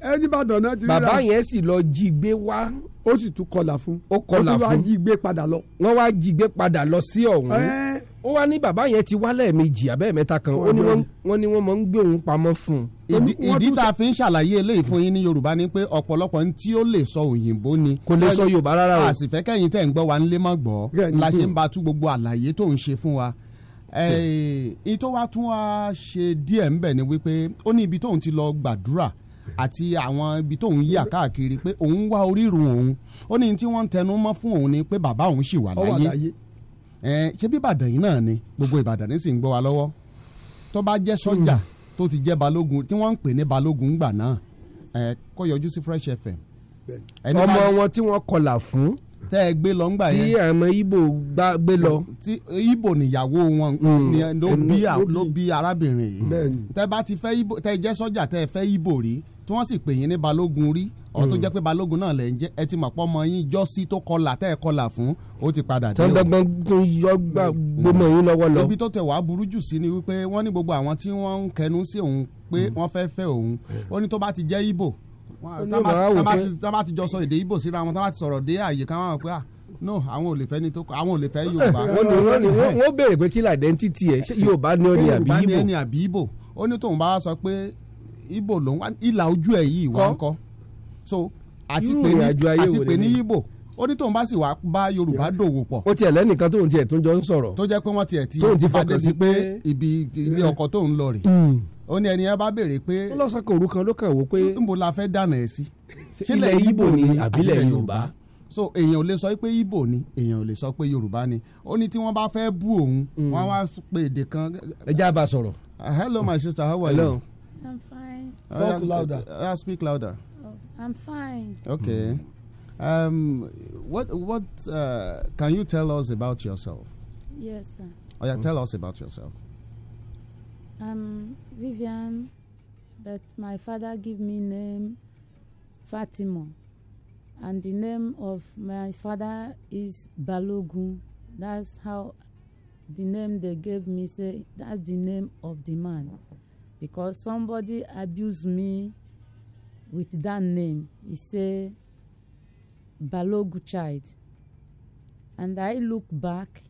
ẹni bàdàn náà ti rí ra bàbá yẹn sì lọ jí gbé wá. ó sì tún kọlà fún ó kọlà fún ó tún wá jí gbé padà lọ. wọ́n wá jí gbé padà lọ sí ọ̀hún ó wá ní bàbá yẹn ti wálẹ̀ méjì abẹ́ẹ̀mẹ́ta kan ó ní wọ́n ní wọ́n mọ̀ ń gbé òun pamọ́ fún un. ìdí tá a fi ń ṣàlàyé eléyìí fún yín ní yorùbá ni pé ọ̀pọ̀lọpọ̀ ní tí ó lè sọ òyìnbó ni. kò lè sọ yorùbá rárá o. àsìfẹ́ kẹ́yìn tẹ̀ ń gbọ́ wa ńlé mọ́ gbọ́ la ṣe ń ba tú gbogbo àlàyé tó ń ṣe fún wa. ìtò wa tún wá ṣe díẹ̀ ńbẹ̀ ni wípé ó ní àti àwọn ibi tóun yíyà káàkiri pé òun wá orírun òun ó ní tí wọ́n tẹnu mọ́ fún òun ni pé bàbá òun ṣì wà láyé ṣé bí ìbàdàn yìí náà ni gbogbo ìbàdàn ní sì ń gbọ́ wa lọ́wọ́ tó bá jẹ́ sọ́jà hmm. tó ti jẹ́ balógun tí wọ́n ń pè ní balógun gbà náà kó yọjú sí Fresh FM. ọmọ wọn tí wọ́n kọlà fún tẹ́ ẹ gbé lọ ńgbà yẹn. tí àwọn ibo gbé lọ. tí ibo níyàwó wọn mm. ló bí arábìnrin yìí tẹ́ bá ti fẹ́ ibo tẹ́ jẹ́ sọ́jà tẹ́ fẹ́ ibo rí tí wọ́n sì pè yín ní balógun rí ọ tó mm. jẹ́ pé balógun náà lẹ̀ ń jẹ́ ẹ ti mọ̀ pọ́ ọmọ yín jọ́sí tó kọlà tẹ́ ẹ kọlà fún ó ti padà dé o. tọ́gbọ́n tó yọ gbọmọ yín lọ́wọ́ lọ. ibi tó tẹ̀ wá burú jù sí ni wípé wọ́n ní gbogbo àwọn tí wọ́n ń kẹnu sí òun pé mm. wọ́n fẹ́ fẹ́ òun ó ní tó bá ti jẹ́ ibo tá bá ti jọ sọ èdè Ìgbò síra wọn tá bá ti sọ̀rọ̀ dé àyè ká wọn pé à ah, no àwọn ò lè fẹ́ ni tó kọ àwọn ò lè fẹ́ eh, Yorùbá. wọ́n ní wọ́n ní eh. wọ́n béèrè pé kí la identity ẹ̀ ṣé Yorùbá ni ó ní àbí Ìgbò. Yorùbá ni ẹni àbí Ìgbò ó ní tóun bá sọ pé Ìgbò ló ń wá ìlà ojú ẹ̀ yìí wá ń kọ́ so àti pé ní Ìgbò ó ní tóun bá sì wá bá yorùbá dòwò pọ̀. ó tiẹ̀ lẹ́nìkan tóun tiẹ̀ tó jọ ń sọ̀rọ̀. tó jẹ́ pé wọ́n tiẹ̀ ti bá dé sí pé ibi ilé ọkọ̀ tóun lọ rè hmm. ó ní ẹni yẹn bá béèrè pé. ó lọ sọ òru kan ló kàn wò pé. níbo la fẹ́ dànà ẹ̀ sí. ilẹ̀ ibo ni àbílẹ̀ yorùbá. so èèyàn ò lè sọ pé ibo ni èèyàn ò lè sọ pé yorùbá ni ó ní tí wọ́n bá fẹ́ bú òun hmm. wọ́n wá pé èdè kan. ẹ já bá sọ̀rọ̀. Uh, hello my sister how are you. I'm fine. Uh, Talk louder. Uh, uh speak louder. Oh, I'm fine. Okay. Mm. Um, what what uh, can you tell us about yourself? Yes, sir. Oh yeah, tell us about yourself. I'm Vivian, but my father gave me name Fatima, and the name of my father is Balogun. That's how the name they gave me. Say that's the name of the man, because somebody abused me with that name. He said Balogu child. And I look back,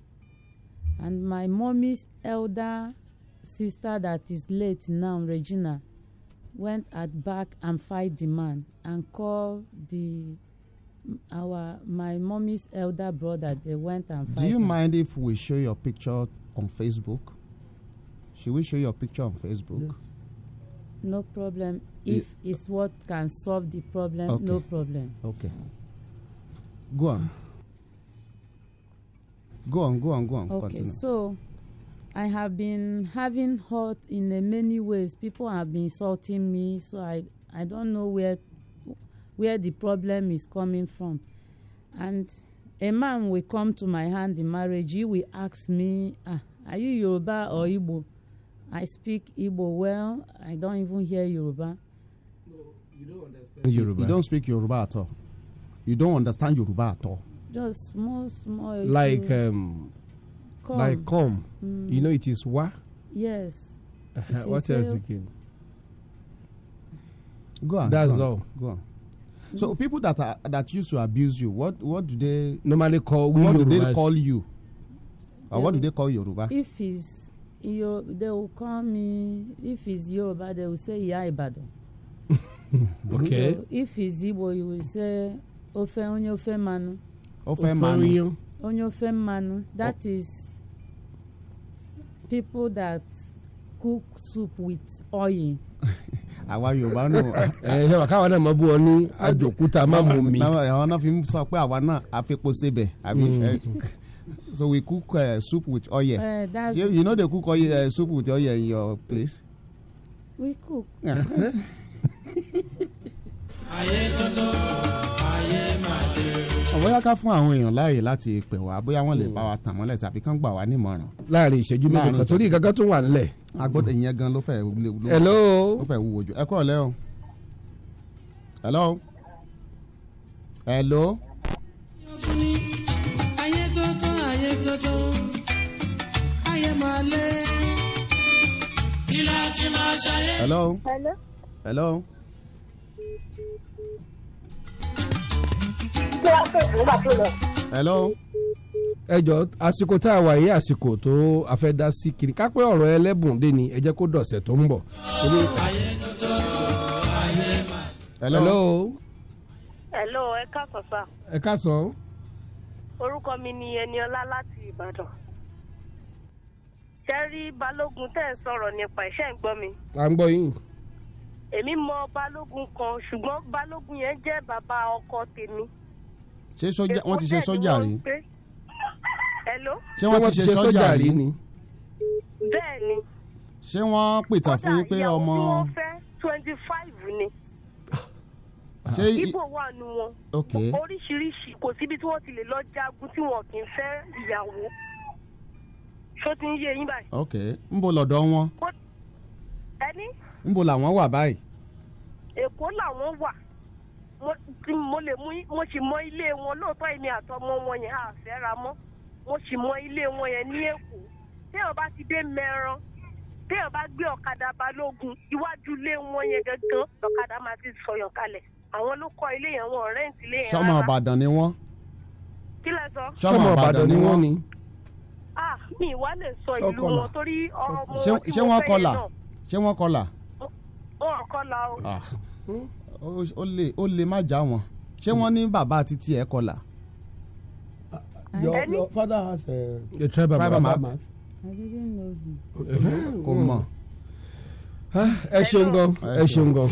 and my mommy's elder sister that is late now, Regina, went at back and fight the man and called the our my mommy's elder brother. They went and fight. Do you him. mind if we show your picture on Facebook? Should we show your picture on Facebook? No problem. If it, it's what can solve the problem, okay. no problem. Okay. Go on. Go on, go on, go on. Okay, Continue. so I have been having hurt in uh, many ways. People have been insulting me, so I I don't know where where the problem is coming from. And a man will come to my hand in marriage. He will ask me, ah, "Are you Yoruba or Igbo?" I speak Igbo well. I don't even hear Yoruba. No, you don't understand. Yoruba. You don't speak Yoruba at all you don't understand Yoruba at all. Just small, small. Like um, come. like come. Mm. You know it is wa. Yes. Uh-huh. What else again? Go on. That's go on, all. Go on. Mm. So people that are that used to abuse you, what what do they normally call? What Yorubas. do they call you? Or they, what do they call Yoruba? If it's Yo, they will call me. If it's Yoruba, they will say Iya Ibadan. okay. So if it's Igbo, you will say ofe onye ofe mmanụ ofe mmanụ onye ofe mmanụ that is people that cook soup with oil. àwa yorùbá náà. ẹ ṣe wà káwa náà máa bú ọ ní àjòkúta má mú mi. àwọn náà fi ń sọ pé àwa náà àfikún síbẹ̀ àbí hmm. eh, so we cook uh, soup with oil. Uh, that's you, you know they cook oil, uh, soup with oil in your place. we cook. bóyá ká fún àwọn èèyàn láàyè láti pè wá bóyá wọ́n lè bá wa tàn mọ́lẹ̀ tàbí kán gbà wá nímọ̀ràn. láàrin ìṣẹ́jú méjì kan torí ìgangan tó wà nílẹ̀. agbọ́dọ̀ ìyẹn gan ló fẹ́ ló fẹ́ wúwo jù ẹ kúrò lẹ́ o. hello. hello. ayé hello. hello. hello? wá pè hello ẹjọ àsìkò tá a wà yìí àsìkò tó a fẹ́ dá sí kiri kápẹ́ ọ̀rọ̀ ẹlẹ́bùn dé ni ẹ kó dọ̀sẹ̀ tó ń bọ̀. hello. hello ẹ káàsán sá. ẹ káàsán. orúkọ mi ni Ẹniọlá láti Ìbàdàn ṣe balógun tẹ́ ẹ̀ sọ̀rọ̀ nípa ẹ̀ṣẹ̀ ń gbọ́ mi. à ń gbọ́ yín. èmi mọ balógun kan ṣùgbọ́n balógun yẹn jẹ́ bàbá ọkọ tèmi ṣé sọ́jà wọ́n ti ṣe sọ́jà rí. ṣé wọ́n ti ṣe sọ́jà rí ni. bẹ́ẹ̀ni. ṣé wọ́n pìtàn fún yín pé ọmọ. ọjà ìyàwó tí wọ́n fẹ́ twenty five ni ṣe ibo wà nù wọn oríṣiríṣi kò síbi tí wọn ti lè lọ jagun tí wọn kì í fẹ́ ìyàwó ṣó ti ń yé yín báyìí. ok ń bo lọ́dọ̀ wọn. ẹni. ń bo làwọn wà báyìí. èkó làwọn wà mo lè mú mo sì mọ ilé wọn lóòótọ́ èmi àtọmọ wọn yẹn á mọ́ mo sì mọ ilé wọn yẹn ní èkó téèyàn bá ti dé mẹ́ran téèyàn bá gbé ọ̀kadà balógun iwájú ilé wọn yẹn gangan ọ̀kadà máa ti sọyàn kalẹ̀ àwọn ló kọ́ ilé yẹn wọn rẹ́ǹtì ilé yẹn rárá. sọmọ Ìbàdàn ni wọn. kí lẹ sọ. sọmọ Ìbàdàn ni wọn ni. ah mi ìwà lè sọ ìlú wọn torí ọmọ tí wọn fẹ́ yẹn náà. ṣé wọn kọlà ó lè ó lè má já wọn ṣé wọ́n ní bàbá àti tiẹ̀ kọlà. your your father has a, uh, a tribal, tribal mark. mark. I didn't know him. kò mọ̀. ẹ ṣeun gan ẹ ṣeun gan.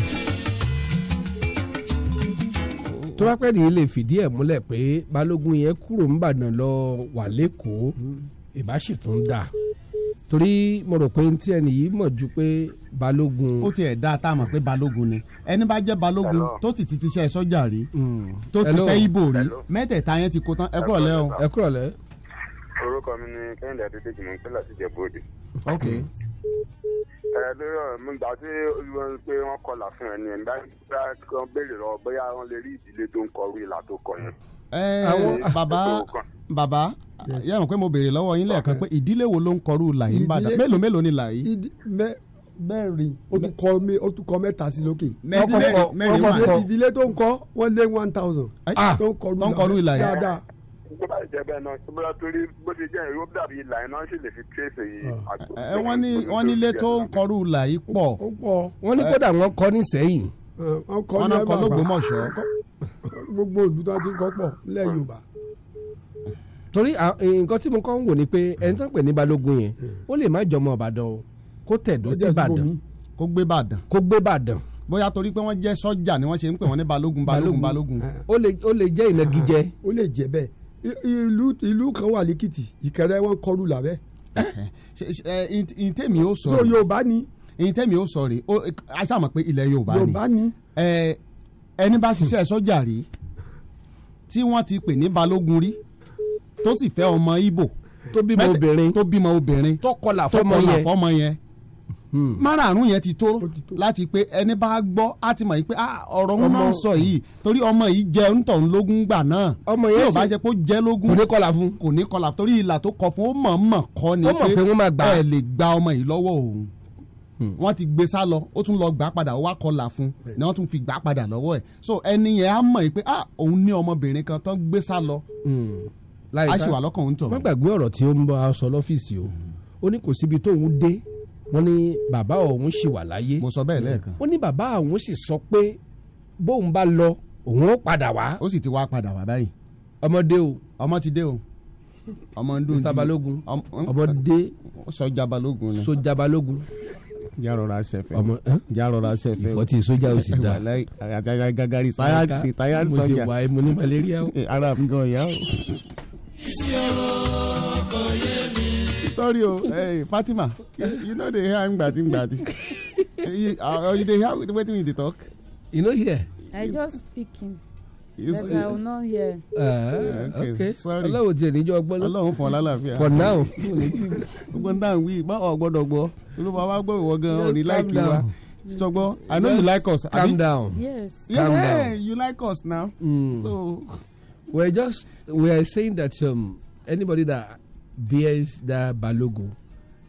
tó bá pẹ́ nìyí lè fìdí ẹ̀ múlẹ̀ pé balógun yẹn kúrò ń bàdàn lọ wà lẹ́kọ̀ọ́ ìbáṣetún dáa torí mo rò pé tí ẹni yìí mọ̀ ju pé balógun. ó tiẹ̀ dá tá a mọ̀ pé balógun ni ẹni bá jẹ́ balógun tó sì ti ti ṣe sọ́jà rí hmm. tó ti fẹ́ ibo rí mẹ́tẹ̀ẹ̀ta yẹn ti kó tán ẹ kúrọ̀ o. ẹ kúrọ̀ lẹ́. orúkọ mi ni kẹ́hìndé adédèjì mò ń pè láti Ìjẹ̀bú Òde. ok. ẹ lórí ọ̀rọ̀ mi gbà tí olùwọ́n pé wọ́n kọlà fún ẹ ní ẹ̀ ń bá béèrè lọ bóyá wọ́n lè rí ìdílé tó ń kọ Baba, bàbá yàrá pé mo béèrè lọwọ yín lẹ́ẹ̀kan pé ìdílé wo ló ń kọrú làyí ń bàdàn mélòó mélòó ni làyí mẹ́rin ó kọ kọ sí lókè. mẹ́rin wà ìdílé one thousand. Ah, tó ń dáadáa. wọn náà kọ lọ́gbọ́mọ̀ṣọ́ gbogbo ìlú tó ti kọ́ pọ̀ nílẹ̀ yorùbá. torí nǹkan tí mo kọ́ ń wò ni pé ẹni tó ń pè ní balógun yẹn hmm. ó lè má jọmọ ìbàdàn o kó tẹ̀dó sí ìbàdàn kó gbé ìbàdàn kó gbé ìbàdàn bóyá torí pé wọ́n jẹ́ sọ́jà ni wọ́n ṣe ń pè wọ́n ní balógun balógun balógun. ó lè ó lè jẹ́ ìnagijẹ. ó lè jẹ́ bẹ́ẹ̀ ìlú ìlú kan wà lẹ́kìtì ìkẹrẹ wọn kọlù làbẹ́. ǹtẹ̀mí ó sọ̀rọ̀ èyí tẹ́mi ó sọ rèé a ṣàmọ̀ pé ilẹ̀ Yorùbá ni ẹni bá ṣiṣẹ́ sọ́jà rí tí wọ́n ti pè ní balógun rí tó sì fẹ́ ọmọ Ìgbò tó bímọ obìnrin tó bímọ obìnrin tó kọlà fọmọ yẹn hmm. márààrún yẹn ti tó láti pé ẹni bá gbọ́ á ti mọ̀ yìí pé ah, ọ̀rọ̀ ń náà sọ yìí torí ọmọ yìí jẹ́ ńtọ̀hún lógún gbà náà tí ò bá jẹ́ pé ó jẹ́ lógún kò ní kọlà fún kò ní kọlà torí ìlà tó kọ fún ó mọ̀ mọ̀ kọ́ ni pé ẹ lè gba ọmọ yìí lọ́wọ́ òun. Hmm. wọ́n ti gbé sá lọ ó tún lọ gbà padà ó wá kọlà fún ni wọ́n tún fi gbà padà lọ́wọ́ ẹ̀ so ẹni yẹn á mọ̀ pé ah òun ní ọmọbìnrin kan tán gbé sá lọ a hmm. ṣì wà lọ́kàn òun tọ̀. wọ́n gbàgbé ọ̀rọ̀ tí ó ń bá a sọ lọ́fíìsì o ó ní kò síbi tóun dé wọ́n ní bàbá òun ṣì wà láyé mo sọ bẹ́ẹ̀ lẹ́ẹ̀kan ó ní bàbá òun sì sọ pé bóun bá lọ òun ó padà wá. ó sì ti wá padà wá báyìí. ọmọ ti ọmọ ń sọjà balogun sọjà balogun jarora sẹfẹ ọmọ jarora sẹfẹ ìfọtí sójà ò sì da àtàkà gàgàrí sáyà retired sójà mo ti wà mo ní malaria o eh, ara mi gan ya o. sorry o hey, eh, Fatima you no dey hear am gbati gbati eh, uh, you dey hear wetin we dey talk. you no hear. I just speaking. that I will not hear. Uh, okay, okay. sorry. Ọlọ́run ti ẹ̀rí jọ ọgbọ́n náà. Ọlọ́run fún ọ lálàáfíà. For now. Gbogbo náà wí bá ọ gbọ́dọ̀ gbọ́. Olúwa wa gbọ́ ìwọ gan-an òní láìkí wa. Sọgbọ́n, I know you like us. Calm down. Yes. Calm yeah, down. you like us now. Mm. So. We're just, we're saying that um, anybody that bears the balogo,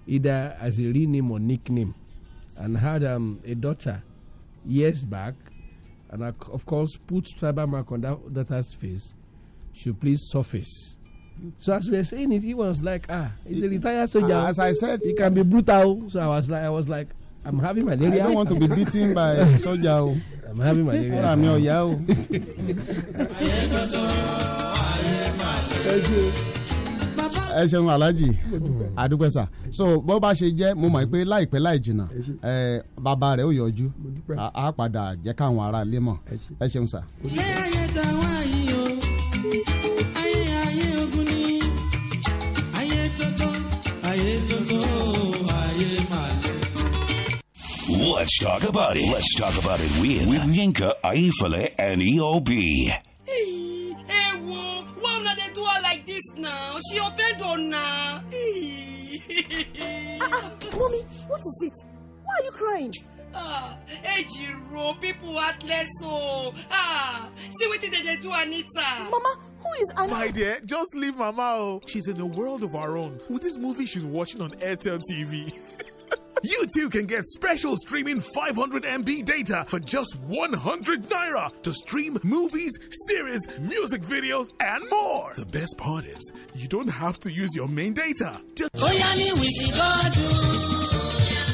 either as a real name or nickname, and had um, a daughter years back, and of course put tribal mark on that daughter's face, should please surface. So as we were saying it, he was like, ah, he's a retired soldier. As I said, he can be brutal. So I was like, I was like, I'm having my malaria. I don't want to be beaten by a soldier. Oh. I'm having my malaria. I'm your yao. Thank you ẹ ṣeun alhaji adúpẹ́sà so bó bá ṣe jẹ́ mo mọ̀ pé láìpẹ́ láì jìnnà bàbá rẹ̀ ó yọjú á padà jẹ́ káwọn ará ilé mọ̀ ẹ ṣeun sà. Let's talk about it. Let's talk about it with, with Yinka, Aifale, and EOB. Hey, whoa, why una dey do her like this now? She offend una. Ah, ah, mommy, what is it? Why are you crying? ah ejiro people heartless oh. ah see wetin dem dey do anita. mama who is anita. my dear just leave mama o. she's in a world of her own with this movie she's watching on airtel tv. You too can get special streaming 500 MB data for just 100 naira to stream movies, series, music videos, and more. The best part is, you don't have to use your main data. Just-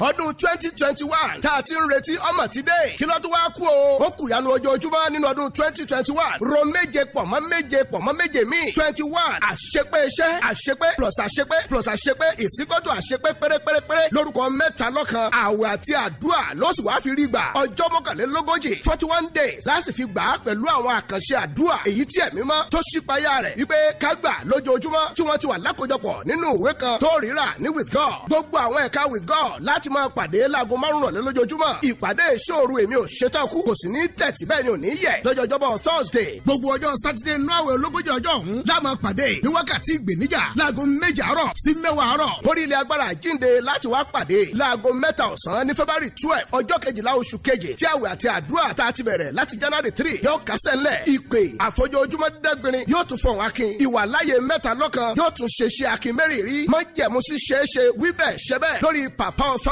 ọdún twenty twenty one tá a ti ń retí ọmọ ti dé kí lọ́dún wá kú o ó kù yanu ojoojúmọ́ nínú ọdún twenty twenty one ro méje pọ̀ mọ́ méje pọ̀ mọ́ méje míì twenty one àṣepé iṣẹ́ àṣepé plus àṣepé plus àṣepé ìsíkọ́tò àṣepé pérépérépéré lórúkọ mẹ́ta lọ́kan àwẹ̀ àti àdúrà lóṣù wá fi rí gbà ọjọ́ mọ́kànlélógójì forty one days láti fi gbà á pẹ̀lú àwọn àkànṣe àdúrà èyí tí ẹ̀mí mọ́ tó ṣípayá rẹ̀ wípé ká gbà lójoojúmọ́ tí wọ́n ti wà lákòjọpọ̀ nínú ìwé kan tó rírà ní with God gbogbo àwọn ẹ̀ka with God láti láti máa pàdé láago márùn lójoojúmọ́ ìpàdé ìṣòro èmi ò ṣetán kò sì ní tẹ̀tì bẹ́ẹ̀ ni ò ní yẹ lọ́jọ́jọ́bọ̀ thursday gbogbo ọjọ́ sátidé inú àwẹ̀ ológójì ọjọ́ ọ̀hún láàmú pàdé ní wákàtí ìgbèníjà láago méje àárọ̀ sí mẹ́wàá àárọ̀ orí ilẹ̀ agbára àjínde láti wá pàdé láago mẹ́ta ọ̀sán ní february twelve ọjọ́ kejìlá oṣù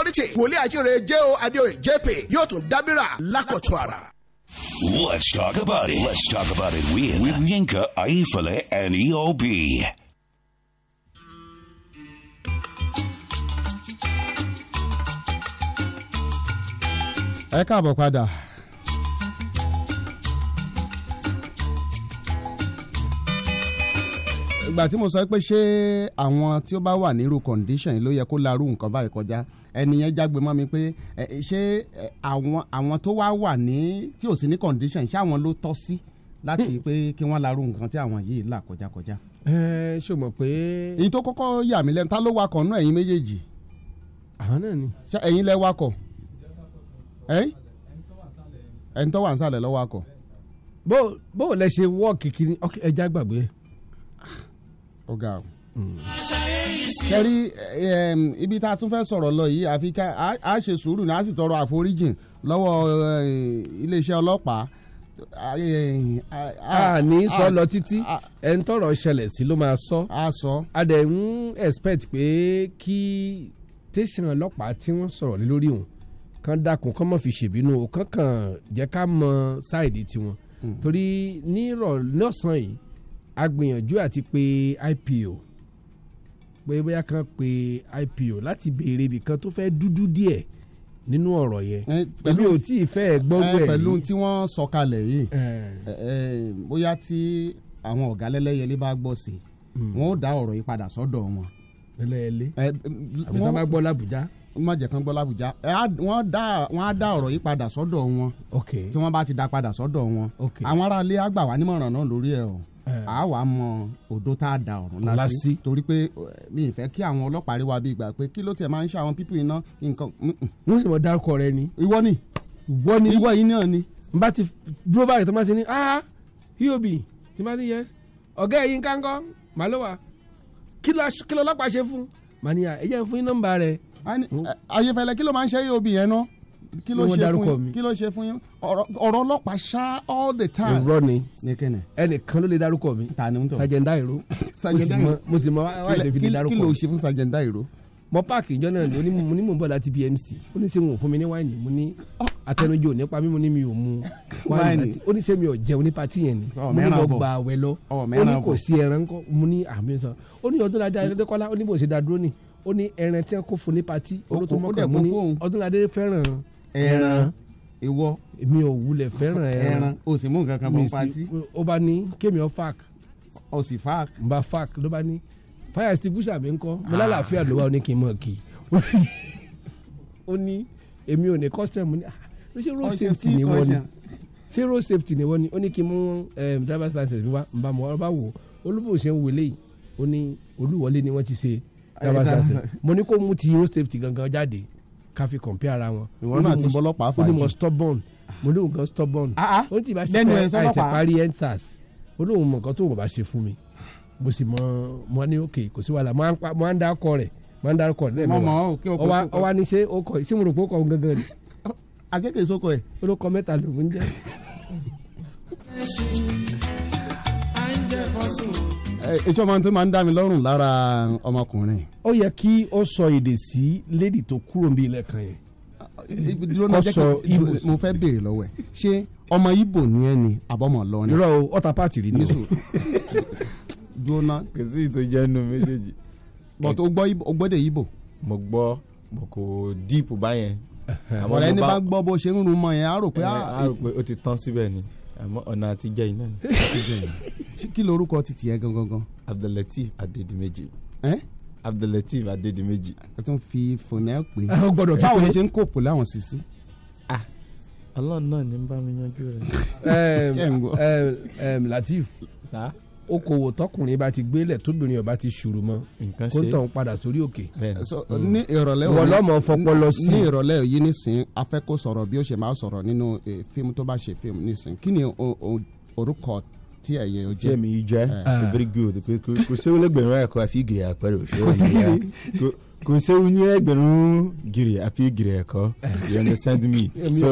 authority wòlíì àjíire j.o. adéoyè jp yóò tún dábìrà lákọ̀tún àrà. Let's talk about it. Let's talk about it with, with Yinka, Aifale, and EOB. ẹ káàbọ̀ padà ìgbà tí mo sọ pé ṣé àwọn tí ó bá wà nírú condition ló yẹ kó larú nǹkan báyìí kọjá ẹnìyẹn jágbe mọ́ mi pé ṣé àwọn tó wá wà ní tí ò sí ní condition ṣé àwọn ló tọ́ sí láti hmm. pé kí wọ́n larú nǹkan tí àwọn yìí là kọjákọjá. ẹ ṣe mọ̀ pé. èyí tó kọ́kọ́ yà mí lẹ́nu ta ló wakọ̀ náà ẹ̀yin méjèèjì. àwọn náà ni. ṣé ẹ̀yin lẹ wakọ̀. ẹ̀yin tó wà ń sàlẹ̀ ló wakọ̀. bó bó lẹ ṣe wọ́ọ̀kì kiri ẹja gbàgbé ọ̀gá o. Hmm. kẹrí ibi tá a tún fẹ́ sọ̀rọ̀ lọ yìí àfi ká a ṣe sùúrù náà a sì tọrọ àforíjìn lọ́wọ́ eh, iléeṣẹ́ ọlọ́pàá a ní sọ lọ títí ẹ ń tọrọ ṣẹlẹ̀ sí ló máa sọ a sọ a dẹ̀ ń expect pé kí tẹsán ọlọ́pàá tí wọ́n sọ̀rọ̀ lé lórí òun kan dákun kán mọ̀ fi ṣèbínú òkan kan jẹ́ ká mọ sáìdì tiwọn hmm. torí nírọ̀ lọ́sàn yìí a gbìyànjú àti pé IPO pé bóyá kan pé IPO láti béèrè ibì kan tó fẹ́ dúdú díẹ̀ nínú ọ̀rọ̀ yẹn pẹ̀lú ò tí ì fẹ́ gbọ́gbẹ́ yìí pẹ̀lú tí wọ́n sọ kalẹ̀ yìí bóyá tí àwọn ọ̀gá lẹ́lẹ́yẹlé bá gbọ́ sí hmm. wọn ó dá ọ̀rọ̀ yìí padà sọ́dọ̀ wọn. lẹ́lẹ́yẹlé àbí tá a bá gbọ́ làbújá má jẹ́ kán gbọ́ làbújá wọ́n á dá ọ̀rọ̀ yìí padà sọ́dọ̀ wọn tí wọ́n bá ti dá padà sọ́dọ̀ wọn àwọn aráalé á gbà wá nímọ̀ràn náà lórí ẹ̀ o. Eh. a wà mọ òdo tá a da ọ̀run lásì torí pé eh, mi ì fẹ́ kí àwọn ọlọ́pàá rí wa bí ìgbà pé kí ló tiẹ̀ máa ń ṣe àwọn pípì iná nǹkan. wọ́n sì mọ̀ dárúkọ rẹ ni. ìwọ ni ìwọ ni ìwọ yìí náà ni. n bá ti dúró báyìí tó máa ti ní ah hiobi tí máa ní yes ọ̀gá ẹ̀yin kánkọ́ màá ló wà kí lọ́lọ́pàá ṣe fún màá ní à ah, ẹ̀jẹ̀ fún yín nọ́mbà rẹ̀. Eh, ayéfẹ́lẹ́ kí ló máa ń ṣe hiobi yẹn náà kí ló ṣe fún yín kí ló ṣe fún yín ọ̀rọ̀ ọlọ́pàá ṣá all the time. irọ́ ni ẹnìkan ló lè dárúkọ mi Sergeant Dairo mo sì mọ wáyé tó fi lè dárúkọ mi. kí ló ṣe fún Sergeant Dairo mọ páàkì ìjọ náà ni mo ní mò ń bọ̀ láti BMC ó ní ṣe wọn ò fún mi ní wáìnì mo ní àtẹnujọ nípa mi mo ní mi ò mu wáìnì ó ní ṣe mi ò jẹun ní patí yẹn ni mo ní lọ gba àwẹ̀ lọ ó ní kò sí ẹran kọ mo ní àmì sọ ó ní ọdún ládé adékọ́lá ni ó ní ẹran tí wọn kò fún ní patí olótó ọdún ládé fẹ́ràn ẹran ìwọ. èmi ò wulẹ̀ fẹ́ràn ẹran. o sì mú nǹkan kan bọ́ pati. ó bá ní kémi ọ fák. ọ sì fák. n ba fák ló bá ní fire extinguisher mi ń kọ́ mo ah. lálàáfíà ló wà ó ní kí n mọ̀ kí ó ní èmi ò ní custom ní ah, ṣé road safety ni wọ́n ni ṣé road safety ni wọ́n ni ó ní kí n mú eh, driver's license mi wá n bá mọ̀ ọ́ bá wò olúbòsẹ̀ ń wọlé yìí ó ní olúwọlé ni wọ́n ti ṣe driver's license mo ní kó mú ti road safety gangan jáde ká fi compare ara wọn. ìwọ náà ti bọ́lọ́pàá fà yìí. ó ní mo stubborn mo ní nǹkan stubborn. Ah, ah. ó ti bá ṣe pé àìsàn parí endsars ó lóun mọ̀ nǹkan tó wọ́n bá ṣe fún mi mo sì mọ mo ní òkè kò sí wàhálà mo á ń dákọ rẹ̀ mo á ń dákọ rẹ̀ lẹ́ẹ̀mẹ́wàá ọwọ́ ni ṣé ó kọ sí mo rò pé ó kọ gangan ni. àjẹkẹ̀ ìsókò ẹ̀. ó ló kọ mẹ́ta lòún jẹ́ ètò ọmọ tó máa ń dá mi lọ́rùn lára ọmọkùnrin. ó yẹ kí ó sọ èdè sí lédi tó kúrò níbi ilẹ̀ kan yẹn. kó sọ ibo mo fẹ́ béèrè lọ́wọ́ ẹ̀ ṣé ọmọ ibo ni ẹ ni àbọ̀mọ̀ lọ́rin. irọ́ o ọ̀tá pààtì rí ni o. gbóná. kò sí ìtòjẹ́ nu méjèèjì. but o gbọ́ o gbọ́ de ibo. mo gbọ́ mo kò díìpù báyẹn. àmọ́ ẹni bá gbọ́ bó ṣe ń rún mọ́ yẹn á rò pé. á rò pé ó ti tán síbẹ̀ ni àmọ́ ọ̀nà àtijọ́ iná ni. kí lorúkọ ti tiẹ̀ gangan gan. Abdulateef Adedimeji. Eh? Abdulateef Adedimeji. a tún fi fònà pè. ọ gbọ́dọ̀ fi pé báwo ló ṣe ń kóòpù láwọn sisi. ah ọlọ́run náà ni ń bá mi yanjú rẹ̀. Latif. sa okòwò tọkùnrin bá ti gbélẹ̀ tóbìnrin ọba ti ṣùrù mọ́ kó tọ̀ ń padà sórí òkè. ní mm. ìrọ̀lẹ́ òní wọlọ́mọ fọpọlọ sí. ní ìrọ̀lẹ́ yìí nísìn afẹ́kọ́ sọ̀rọ̀ bí ó ṣe máa sọ̀rọ̀ nínú e, fíìmù tó bá ṣe fíìmù nísìn kí ni orúkọ tí ẹ o jẹ. jẹ́mi jẹ́ eh. ah. very good kò sẹ́wọ́n lẹ́gbẹ̀rún ẹ̀kọ́ àfi ìgèrè àpẹẹrẹ òṣèré ìgbéyà kò sẹ́wọ́n ní ẹgbẹ̀rún gèrè àfi ìgèrè ẹ̀kọ́ eh. you understand me so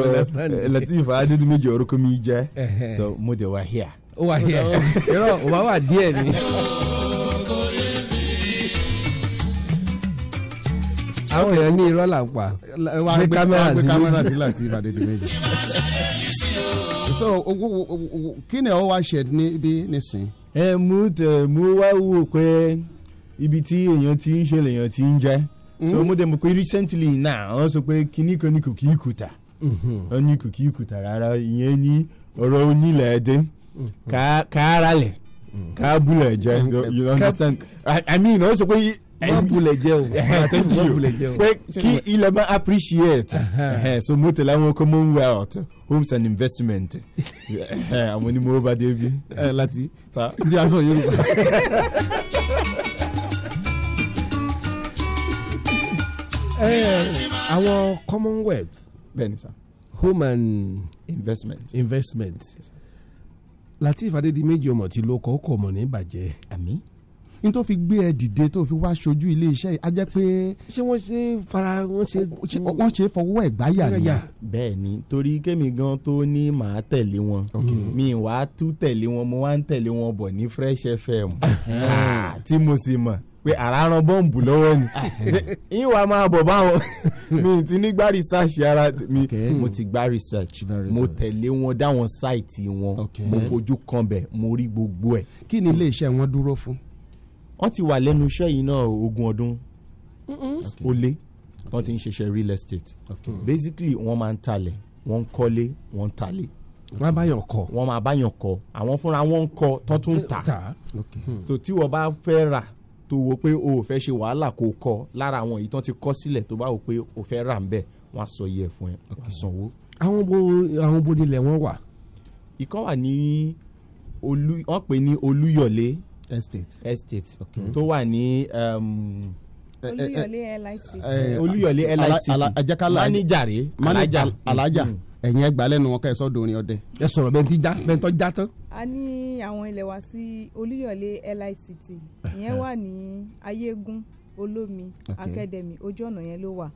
Latif Adédúmẹ́jì orúkọ mi jẹ́ eh, so mo dé wá here. Uwa hie. Yọrọ ụwa wa die ni. Àwọn èèyàn ní irọ́ là ń pa. Gbé kámẹ́rà sí kámẹ́rà láti Ìbàdàn di méjì. So kí ni ọ wá ṣe níbí nísìn? Ẹ mú tẹ̀ mú wá wò pé ibi tí èèyàn ti ń ṣe lèèyàn ti ń jẹ́. So hmm? mo dẹ̀ mọ̀ pé recently náà wọ́n sọ pé kíní kan ní kò kí kùtà. Hmm. Wọ́n ní kò ka ka ralẹ̀ ka bulẹ̀ you understand i mean ó sọ pé wọ́n bulẹ̀ jẹ́ o thank you pé kí ilẹ̀ máa appreciate so mo tẹ̀lé àwọn commonwealth, homes and investment àwọn onímọ̀ ọba débi. láti ǹjẹ́ aṣọ yorùbá. àwọn commonwealth. bẹ́ẹ̀ni sá. home and. investment. investment. Yes, Lateef Adédìméjì ọmọ tí ló kọ́ kọ̀ mọ̀ ní ìbàjẹ́. àmín n tó fi gbé ẹ dìde tó fi wá aṣojú iléeṣẹ́ a jẹ́ pé. ṣé wọ́n ṣe fara wọ́n ṣe. wọ́n ṣe fọwọ́ ẹ̀ gbáyà ni. bẹ́ẹ̀ ni torí kémi gan tó ní màá tẹ̀lé wọn mm. mi wàá tú tẹ̀lé wọn mo wá ń tẹ̀lé wọn bọ̀ ní Fresh FM ah, tí mo sì mọ̀ pé àràràn bọ́ǹbù lọ́wọ́ ni ah, yín wàá máa bọ̀ báwọn mi ti ní gbá research ara mi mo ti gbá research mo tẹ̀lé wọn dáwọn sáìtì wọn mo fojú kan bẹ̀ mo rí gbogbo ẹ̀. kí ni iléeṣẹ́ wọn dúró fún. wọ́n ti wà lẹ́nu iṣẹ́ yìí náà ogún ọdún ó lé wọ́n ti ń ṣiṣẹ́ real estate basically wọ́n máa ń talẹ̀ wọ́n ń kọ́lé wọ́n ń talẹ̀ wọ́n bá yàn kọ́ wọ́n máa bá yàn àwọn fúnra wọn ń kọ́ tó tún so tí wọ́n bá fẹ́ rà tó wo pé o ò fẹ́ ṣe wàhálà kó kọ lára àwọn èyí tán ti kọ́ sílẹ̀ tó bá wò pé o fẹ́ rà ń bẹ̀ wọ́n á sọ iye ẹ̀ fún ẹ kì í sanwó. àwọn bo àwọn bodè lẹ̀ wọ́n wà. ìkan wà ní olú wọ́n pè ní olúyọ̀lé estate estate tó wà ní um, olúyọ̀lé lic eh, eh, olúyọ̀lé lic manager rẹ̀ ẹ̀yin ẹgbàá lẹ́nu wọn kẹ́ ẹ sọ dorin ọdẹ ẹ sọ̀rọ̀ bẹ́ẹ̀ ti já bẹ́ẹ̀ tọ́ já tán. a ní àwọn ilẹ̀ wá sí olúyọ̀lé LICT ìyẹn wà ní ayégun olómi academy ojú ọ̀nà yẹn ló wà.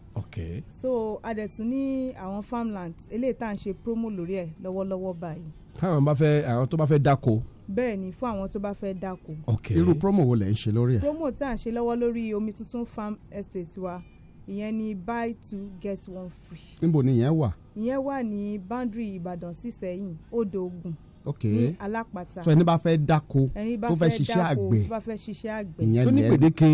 so a dẹ̀ tún ní àwọn farmlands eléyìí tá à ń ṣe promo lórí ẹ̀ lọ́wọ́lọ́wọ́ báyìí. táwọn bá fẹ́ àwọn tó bá fẹ́ dáko bẹ́ẹ̀ ni fún àwọn tó bá fẹ́ dáko. irú promo wo lẹ̀ ń ṣe lórí ẹ̀. promo tí à ń ṣe lọ́wọ́ lórí omi tuntun farm estate wa ìyẹn ni buy two get one free. níbo ni ìyẹn wà. ìyẹn wà ní boundary ìbàdàn sí odò ògùn ní alápàtà so ẹni bá fẹ́ dáko tó fẹ́ ṣiṣẹ́ àgbẹ̀ ìyẹn lẹ́nu. tó ní gbèdéke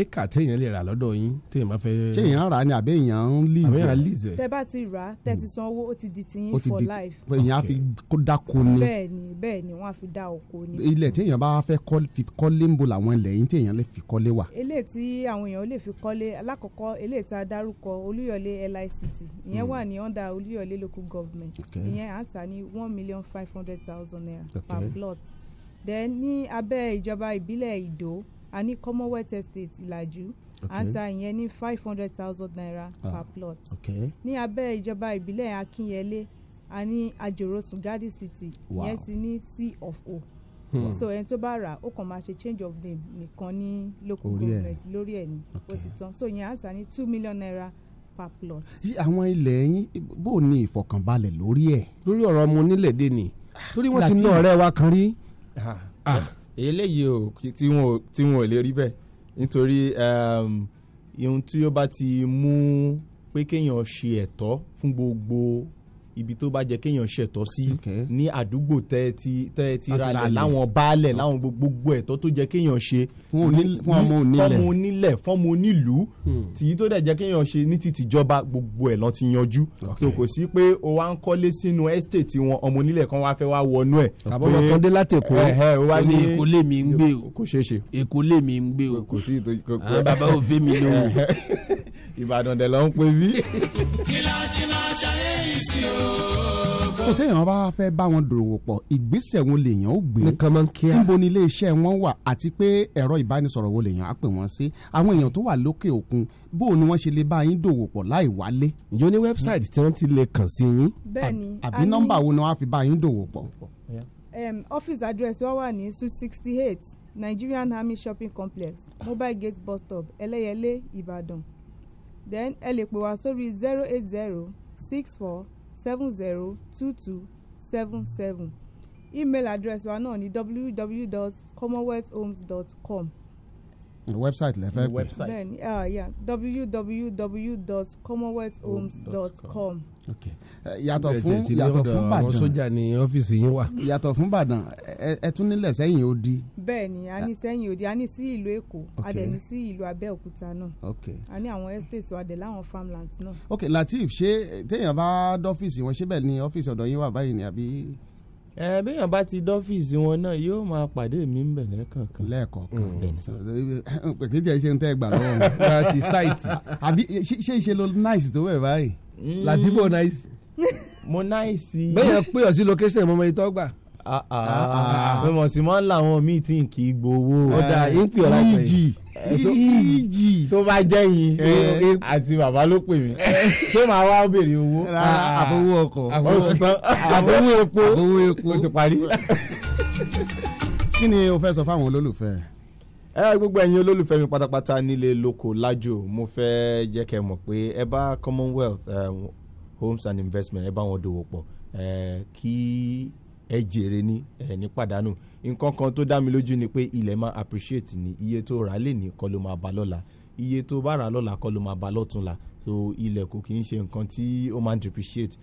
éka téèyàn lè rà lọ́dọ̀ yín téèyàn bá fẹ́. téèyàn rà ni àbí èèyàn ń lease. àbí èèyàn lease. tẹ bá ti rà tẹ ti hmm. san owó ó ti di tiyín for life. èèyàn á fi kó dáko ni. bẹ́ẹ̀ni bẹ́ẹ̀ni wọn á fi dá oko ni. ilẹ̀ téèyàn bá fẹ́ fi kọ́lé ń bo làwọn ilẹ̀ yín téèyàn lè fi kọ́lé wà. eléyìí tí àwọn èèyàn lè fi kọ́lé alákọ̀ọ́kọ́ eléyìí tá a dárúkọ olúyọ̀lé LICT ìyẹn hmm. wà ní under olúyọ̀lé local government ìyẹn à ń tà ní one million five hundred thousand thousand naira okay. per plot then ní abẹ́ ìjọba ìbílẹ̀ ìdó a ní commonwealth estate ìlàjú à ń ta ìyẹn ní five hundred thousand naira ah. per plot okay. ní abẹ́ ìjọba ìbílẹ̀ akínyẹlé a ní àjòròsùn garden city ìyẹn ti ní c of o hmm. so ẹni tó bá rà ó kàn máa ṣe change of name nìkan ní local government lórí ẹ̀ ní ó ti tán so ìyẹn à ní two million naira per plot. àwọn ilẹ̀ yín bó ní ìfọkànbalẹ̀ lórí ẹ̀. lórí ọ̀rọ̀ ọmọ onílẹ̀ dé ni torí wọ́n ti ná ọ̀rẹ́ wa kan rí. Ah. Ah. eléyìí o tí wọn ò lè rí bẹ́ẹ̀ nítorí ohun ehm, tí ó bá ti mú pé kéèyàn ṣe ẹ̀tọ́ fún gbogbo ibi tó bá jẹ kéèyàn ṣẹ̀tọ́ sí ní àdúgbò tẹ́ẹ̀tì tẹ́ẹ̀tì ralẹ̀ láwọn baálẹ̀ láwọn gbogbo ẹ̀tọ́ tó jẹ kéèyàn ṣe fọ́mọ onílẹ̀ fọ́mọ onílùú hmm. tìyí tó dẹ̀ jẹ kéèyàn ṣe ní ti tìjọba gbogbo ẹ̀ lọ́n ti yanjú tó kò sí pé o wá ń kọ́lé sínú ẹ́stéètì wọn ọmọ onílẹ̀ kan wá fẹ́ wá wọnú ẹ̀. àbọ̀lọ̀ kan dé láti èkó ó ní èkó lè mi ń gbé o kò ṣeé èkó lè mi ń gbé o kò sí ìtòjú kò bàbá òfin mi ló wù. ìbàdàn dẹ̀ lọ ń pè bí. kí la ti máa ṣayé yìí sí o kó téèyàn bá fẹ́ bá wọn dòwò pọ̀ ìgbésẹ̀ wọn lèèyàn ó gbé níbo ni iléeṣẹ́ wọn wà àti pé ẹ̀rọ ìbánisọ̀rọ̀ wo lèèyàn á pè wọ́n sí àwọn èèyàn tó wà lókè òkun bó ni wọ́n ṣe lè bá yín dòwò pọ̀ láì wálé. ǹjọ́ ní wẹ́bsáìtì tí wọ́n ti lè kàn sí yín. bẹ́ẹ̀ni àbí nọ́mbà wo ni wọ́n á fi bá yín dòwò pọ̀. office address wa wà ní su sixty eight Nigerian Army Shopping Complex Mobile Gate bus stop Ẹlẹ́yẹlé Ìbàdàn then ẹ lè pè wá sórí zero eight zero six four seven zero two two seven seven email address wa náà ni www.commonwealthhomes.com website lẹ́fẹ́ pè. Ah, yeah, www.commonwealthhomes.com. okay eh, yàtọ̀ fún yàtọ̀ fún Ìbàdàn àwọn sójà ní ọ́fíìsì yín wà. yàtọ̀ fún Ìbàdàn ẹ tún nílẹ̀ sẹ́yìn odi. bẹ́ẹ̀ni a ní eh, sẹ́yìn odi a ní sí ìlú Èkó a dẹ̀ ní sí ìlú Abẹ́òkúta náà a ní àwọn estate wa dẹ̀ láwọn farmlands náà. ok Lateef ṣé téèyàn bá dọ́fíìsì wọn ṣé bẹ́ẹ̀ ni ọ́fíìsì ọ̀dọ̀ yín wà báyìí ni àbí ẹ béèyàn bá ti dọ́fíìsì wọn náà yóò máa pàdé mi ń bẹ̀ lẹ́ẹ̀kọ̀ọ̀kan. lẹ́ẹ̀kọ̀ọ̀kan bẹ́ẹ̀ ni sọ. kì í jẹ́ iṣẹ́ ń tẹ́ gbà lọ́wọ́ mi gba ti sáìtì àbí ṣé ìṣe lo nice tó wẹ̀ báyìí. Hmm. Latifo náìsì. mo náìsì. béèyàn pè ọ sí location ìmọ̀mọ́ ìtọ́gbà. Ah, ah. Ah, pé mọ̀ sí máa ń làwọn míì tí kì í gbowó. ọ̀dà ìpè ọ̀la ìjì ìjì tó bá jẹ́ eh, yín àti bàbá ló pè mí ṣé màá wá béèrè owó. àbówó ọkọ̀ àbówó epo àbówó epo ó ti parí. kí ni o fẹ́ sọ fáwọn olólùfẹ́ ẹ ẹ gbogbo ẹ̀yin olólùfẹ́ mi pátápátá nílé lóko lájò mo fẹ́ jẹ́ kẹ́ mọ̀ pé ẹ bá commonwealth eh, homes and investment ẹ bá wọn dòwò pọ̀ eh, kí ẹ jèrè ni ẹ ní pàdánù nǹkan kan tó dá mi lójú ni pé ilẹ̀ máa appreciate ni iye tó rà lè ní kọ́ ló máa bá lọ́la iye tó bá rà lọ́la kọ́ ló máa bá lọ́túnla so ilẹ̀ kò kì í ṣe nǹkan tí ó máa depreciate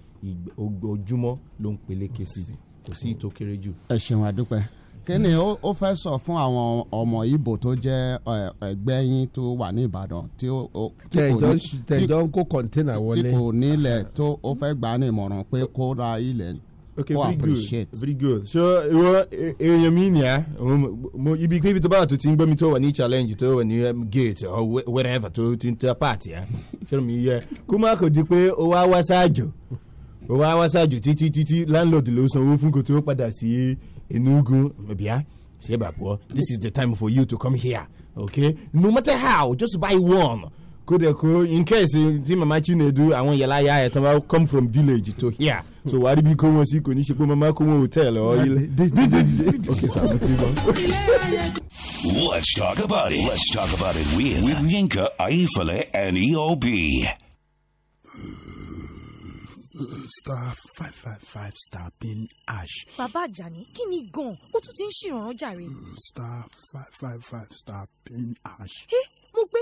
ojúmọ́ ló ń peléke sí kò sí ìtò kéré jù. ẹ ṣeun àdúpẹ́ kí ni ó fẹ́ sọ fún àwọn ọmọ Ìgbò tó jẹ́ ẹgbẹ́ yín tó wà ní Ìbàdàn tí kò ní ilẹ̀ tó ó fẹ́ gbà ní ìmọ̀ràn pé kó ra ilẹ̀ Okay, oh, very good. Very good. So, èèyàn eh, eh, eh? um, mi ni ẹ, ibi kíbi tó bá tó ti ń gbọ́ mi tó wà ní challenge tó wà ní gate or wherever tó ti ń tẹ́ pààtì ẹ. Ṣé mi yẹ? Kúmá kò di pé ó wá wá ṣáàjò. Ó wá wá ṣáàjò títí títí landlord ló sanwó fún kò tó padà sí Enugu bíá. Ah? Ṣé bàbá this is the time for you to come here. Okay? No matter how, just buy one kodeko in case eh, ti mama chinedu àwọn yàrá ya ẹ̀ tán bá come from village to here so wàá rí kó wọn sí kò ní ṣe pé mama kó wọn hotel ọ ilé okay sàmú tí bọ́. let's talk about it let's talk about it with, with Yinka Ayefele and EOB. star five five five star pin ash. bàbá àjàní kí ni gan-an ó tún ti ń ṣèrànràn jàre. star five five five star pin ash. ẹ eh, mo gbé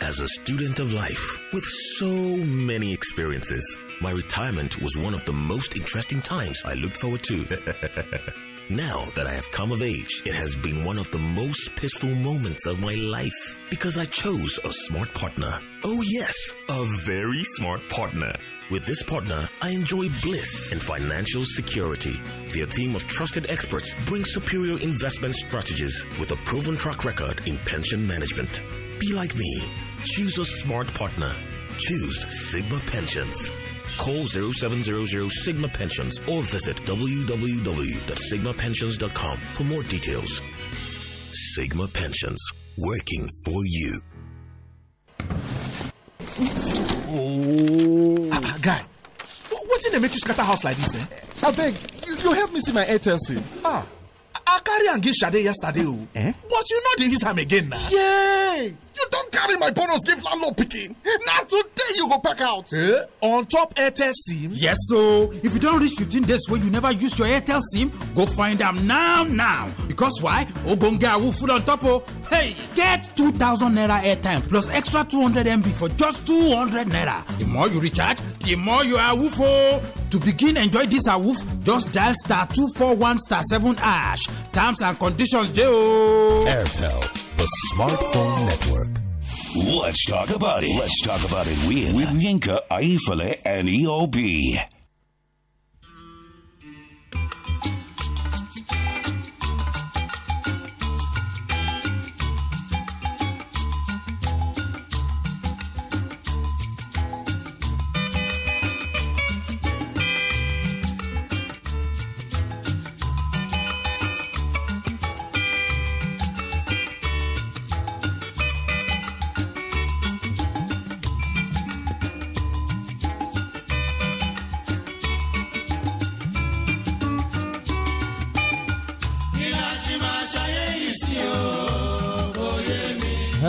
As a student of life with so many experiences, my retirement was one of the most interesting times I looked forward to. Now that I have come of age, it has been one of the most peaceful moments of my life because I chose a smart partner. Oh yes, a very smart partner. With this partner, I enjoy bliss and financial security. Their team of trusted experts brings superior investment strategies with a proven track record in pension management. Be like me Choose a smart partner. Choose Sigma Pensions. Call 0700 Sigma Pensions or visit www.sigmapensions.com for more details. Sigma Pensions, working for you. Oh. Uh, uh, guy, what's in the make you scatter house like this? Eh? I beg, you, you help me see my Airtel SIM. Ah, I, carry and give Shade yesterday. Oh. Eh? But you know they use him again now. Yeah. you don't carry my bonus give landlord picking. Now today you go pack out. Eh? on top airtel sim. yes so, if you don't reach 15 days where you never use your airtel sim go find them now now because why ogbonge awu full on top o. Hey, get 2000 naira airtime plus extra 200 MB for just 200 naira. The more you recharge, the more you are woof To begin enjoy this awoof, just dial star 241 star 7 ash. Terms and conditions, Joe. Airtel. The Smartphone Network. Let's talk about it. Let's talk about it with, with Yinka, Aifale, and EOB.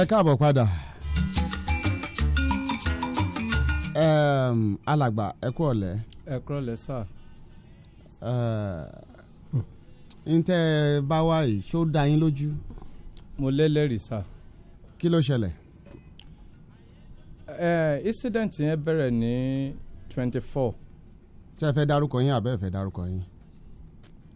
káàbọ̀ padà. alàgbà ẹ kú ọ̀lẹ́. ẹ kú ọ̀lẹ́ sà. ntẹ bá wá yìí ṣó dá yín lójú. mo lẹ́lẹ́rìí sà. kí ló ṣẹlẹ̀. incident yẹn bẹ̀rẹ̀ ní twenty four. ṣé ẹ fẹ́ dárúkọ yín àbẹ́ ẹ fẹ́ dárúkọ yín.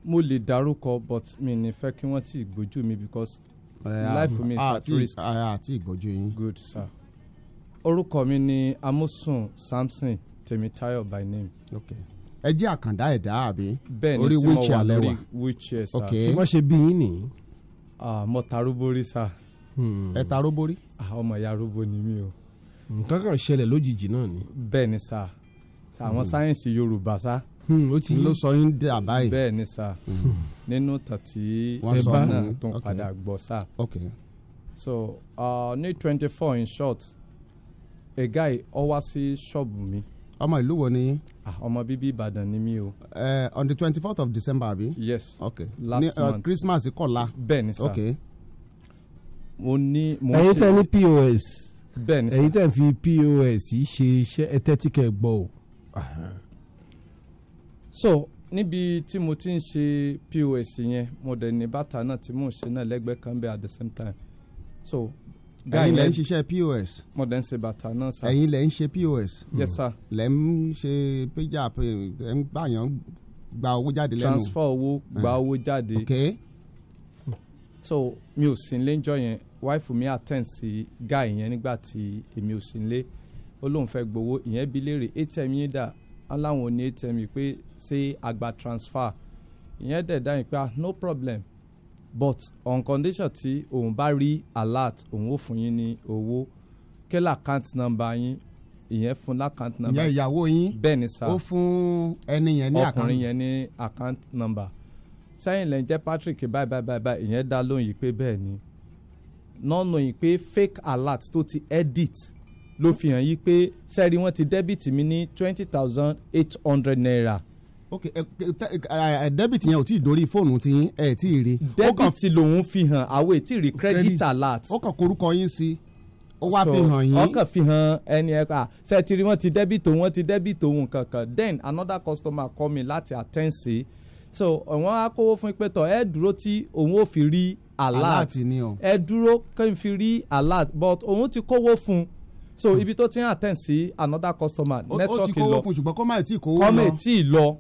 mo lè dárúkọ but mi ní fẹ́ kí wọ́n ti gbójú mi because Eh, life for me is at risk. àti ìgbọ́jú yín. good sir. orúkọ mi ni amusun samson temitayo by name. okay ẹ jẹ́ àkàndá ẹ̀dá àbí. bẹ́ẹ̀ni tí mo wà lórí wheelchair sir. okay ṣé wọ́n ṣe bí yín nìyí. mo ta róbórí sir. Hmm. ẹ ta róbórí. ọmọ ìyá róbó ni mí o. nǹkan kan ṣẹlẹ̀ lójijì náà ni. bẹ́ẹ̀ni sir àwọn hmm. sáyẹ́nsì yorùbá sir Hmm, ó ti ló sọ yín dà báyìí. bẹ́ẹ̀ ni sá hmm. nínú tàtí ẹ̀bá náà tó ń padà gbọ́ sá. so uh, ní twenty four in short a guy ọ wá sí ṣọ́ọ̀bù mi. ọmọ ìlú wo ni. Ah, ọmọ bíbí ìbàdàn ni mí o. Eh, on the twenty fourth of december àbí. yes okay. last ní, uh, month christmas kọ̀la. bẹ́ẹ̀ ni sá. okay. mo ní. ẹ̀yin tẹ́ ní pos. bẹ́ẹ̀ ni sá. ẹ̀yin tẹ́ fi pos ṣe iṣẹ́ ẹ tẹ́tí kẹ́ gbọ́ o. Uh-huh so níbi tí mo ti ń ṣe pos yẹn mo dẹ̀ ní bàtà náà tí mò ń ṣe náà lẹ́gbẹ̀ẹ́ kan bẹ́ẹ̀ at the same time so. ẹ̀yin lẹ ń ṣiṣẹ́ pos. mo dẹ̀ ń ṣe bàtà náà sá. ẹ̀yin lẹ ń ṣe pos. yes sir. lẹ ń ṣe péjà lẹ ń gbàyàn gba owó jáde lẹ́nu. transfer owó gba owó jáde. ok. so mi ò sí nílé ńjọ́ yẹn wáìfù mi attend sí guy yẹn nígbà tí èmi ò sí nílé ó lóun fẹ́ gbowó ìyẹn bí léèrè atm yín dà wọn láwọn ò ní atm pé ṣé àgbà transfer ìyẹn dẹ̀ dáhùn pé ah, no problem but on condition tí òun bá rí alert òun ò fún yín ní owó kẹ́lá account number yín ìyẹn fún l'account number. ìyẹn ìyàwó yín bẹ́ẹ̀ ni sá ó fún ẹni yẹn ní account ọkùnrin yẹn ní account number sẹ́yìn lẹ́yìn jẹ́ Patrick báyìí báyìí báyìí ìyẹn dá lóyún pé bẹ́ẹ̀ ni nọ́ọ̀nù yìí pé fake alert tó ti edit ló fi hàn yí pé sẹ́ẹ̀rí wọ́n ti dẹ́bìtì mi ní twenty thousand eight hundred naira ok debit yẹn ò tí ì dórí fóònù tí ẹ tí ì rí. debit lòun fi hàn àwọn ètí rí credit alert. ó kàn korúkọ yín sí ó wá fi hàn yín. ó kàn fi hàn ẹni ẹka ṣètìrí wọ́n ti debit òun wọ́n ti debit òun kankan then another customer call me láti attend sí so wọ́n á kówó fún ìpẹtọ ẹ dúró tí òun ò fi rí alert ẹ dúró kí n fi rí alert but òun ti kówó fún un so mm. ibi tó ti ń attend sí another customer o, network lọ kọ́mẹ̀ tí ì lọ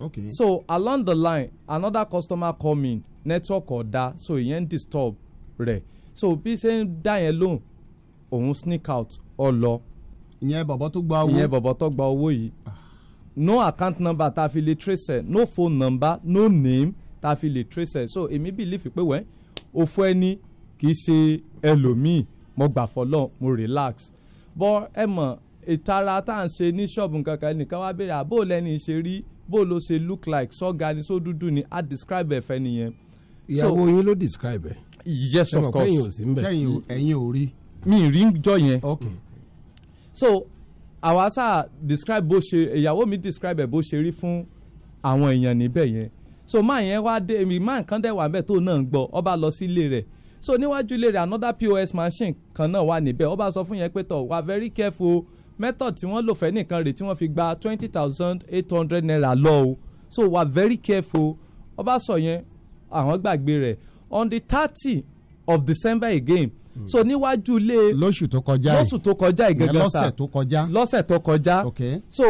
okay so along the line another customer come in network ọ̀dà so ìyẹn ń disturb rẹ̀ so bí ṣe ń dá yẹn lóhùn òun sneak out ọ lọ. ìyẹn bọ̀bọ̀ tó gba owó ìyẹn bọ̀bọ̀ tó gba owó yìí ah. no account number ta fi lè trace no phone number no name ta fi lè trace so èmi believe pé wẹ́n òfò ẹni kì í ṣe ẹlòmíì mo gbà fọlọ́ mo relax bọ́ ẹ mọ̀ ìtara tá à ń ṣe ní ṣọ́ọ̀bù kankan nìkan wá béèrè àbó lẹ́ni ṣe rí bó ló ṣe look like sọ́ga so ni só so dúdú ni á describe ẹ̀ fẹ́ nìyẹn. ìyàwó yín ló describe ẹ. yes of course ṣẹ́yìn ẹ̀yin ò rí. mi ì rí jọ yẹn. so àwa sáà describe bó ṣe ìyàwó mi describe ẹ̀ bó ṣe rí fún àwọn èèyàn níbẹ̀ yẹn so máa yẹn wá dé mi máa nǹkan dẹ̀ wà bẹ́ẹ̀ tó náà ń gbọ́ ọba lọ sí ilé rẹ̀ so níwájú ilé rẹ̀ another POS machine kan náà wà níbẹ̀ ó bá sọ fún yẹn pé tọ̀ wà very careful method tí wọ́n lò fẹ́ nìkan rèé tí wọ́n fi gba twenty thousand eight hundred naira lọ o so wà very careful ó bá sọ yẹn àwọn gbàgbé rẹ̀ on the thirty of December again Mm. so níwájú ilé lóṣù tó kọjá yìí lóṣù tó kọjá yìí sa lọ́sẹ̀ tó kọjá lọ́sẹ̀ tó kọjá okay so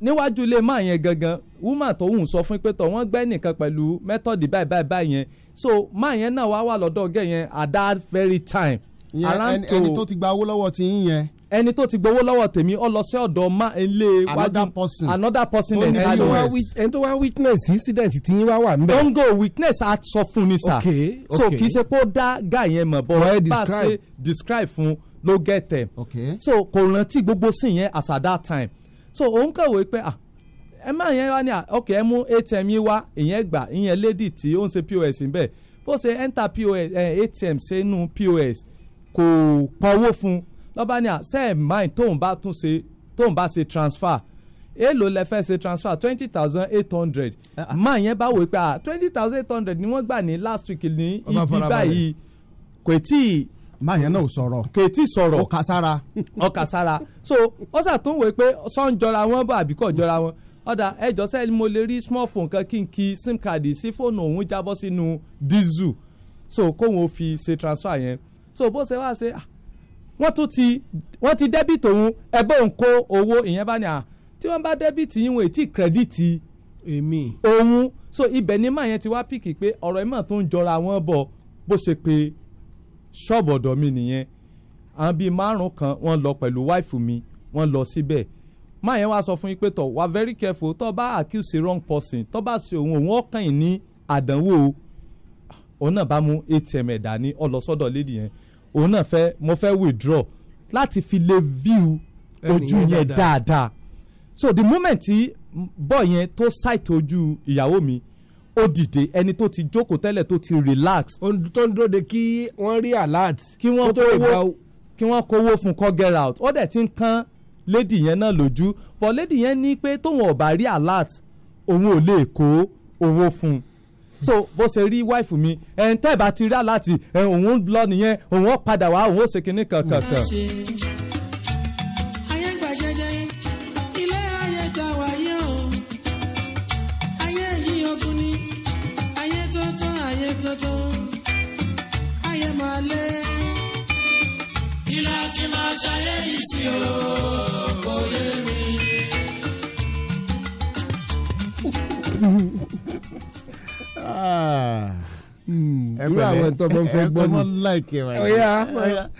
níwájú ilé máa yẹn gangan woman tó ń sọ fún pé tọ̀ wọ́n gbẹ́ nìkan pẹ̀lú mẹ́tọ́dì báyìí báyìí báyìí yẹn so máa yẹn náà wá wà lọ́dọ̀ ọ̀gẹ́ yẹn at that very time. yẹn ẹni tó ti gba owó lọ́wọ́ ti yín yẹn ẹni tó ti gbowó lọ́wọ́ tèmi ọ lọ sí ọ̀dọ̀ ma ilé another person another person ẹni tó wá ẹni tó wá witness incident tí yín wá wà nbẹ. dongo witness a sọ fún ni sa so kì í ṣe pé ó dá guy yẹn mọ̀ bọ́ bá a ṣe describe fún ló get so kò rántí gbogbo sí yẹn as at that time so òun kẹ̀wé pé ah ẹ máa yẹn wá ní à ah, ok ẹ mú atm yín wá ìyẹn gbà ìyẹn lady tí ó ń ṣe pos ń bẹ̀ bó ṣe enter pos eh, atm sínú pos kò pọ̀wó fún lọ́ba ní à ah, sẹ́ẹ̀ mind tóun bá tún ṣe tóun bá ṣe transfer èèlò lẹ fẹ́ ṣe transfer twenty thousand eight hundred ah, máa yẹn bá wò pé twenty thousand eight hundred ni wọ́n gbà ní last week ní ibi báyìí kò tí ì máa yẹn náà ò sọ̀rọ̀ kèétí sọ̀rọ̀ ọkà so ó ṣàtúnwò pé sọ́n jọra wọn bá àbí kò jọra wọn ọ̀dà ẹjọ́ sẹ́ni mo lè rí small phone kan kí n kí sim card sí fóònù òun jábọ́ sínú diesel so kóun ó fi ṣe transfer yẹn so bó ṣe wá ṣe ah, wọ́n tún ti wọ́n ti debit òun ẹ̀bọ́ òun kó owó ìyẹn bá ní à ah, tí wọ́n bá debit yín wọ́n ètí credit èmi òun so ibẹ̀ ni máa yẹn ti wá pìkì pé ọ̀rọ̀ ẹ̀ máa tó ń jọra wọn bọ̀ bó ṣe pé ṣọ́ọ̀bù ọ̀dọ̀ mi nìyẹn àwọn bíi márùn kan wọ́n lọ pẹ̀lú wáìfù mi wọ́n lọ síbẹ̀ máa yẹn wá sọ fún yín pé tọ̀ wá very careful tó bá accuse wrong person tó bá ṣe òun òun ọkàn yìí ní àdánwò òun náà bá mú atm ẹ̀ dání ó lọ sọ́dọ̀ yẹn òun náà fẹ́ mo fẹ́ withdraw láti fi lè view ojú yẹn dáadáa so the moment tí bọ́ọ̀ yẹn tó ṣàìtọ́jú ìyàwó mi ó dìde ẹni tó ti jókòó tẹ́lẹ̀ tó ti relax. tó ń dóde kí wọ́n rí alert. kí wọ́n kówó kí wọ́n kówó fún kó get out ó dẹ̀ ti ń kán lady yẹn náà lójú but lady yẹn ní pé tóun ò rí alert òun ò lè kó owó fún un so bó ṣe rí wáìfù mi ẹ̀ńtẹ́ bá ti rí alert òun ń lọ nìyẹn òun ó padà wá òun ó ṣe kinní kankan máa lé. Ilé àti máa ṣayé yìí sí o, kò yé mi. Ah, ẹ pẹ̀lẹ́ àwọn ẹtọ bá fẹ́ gbọ́ ni ẹ bá láìkè wá yá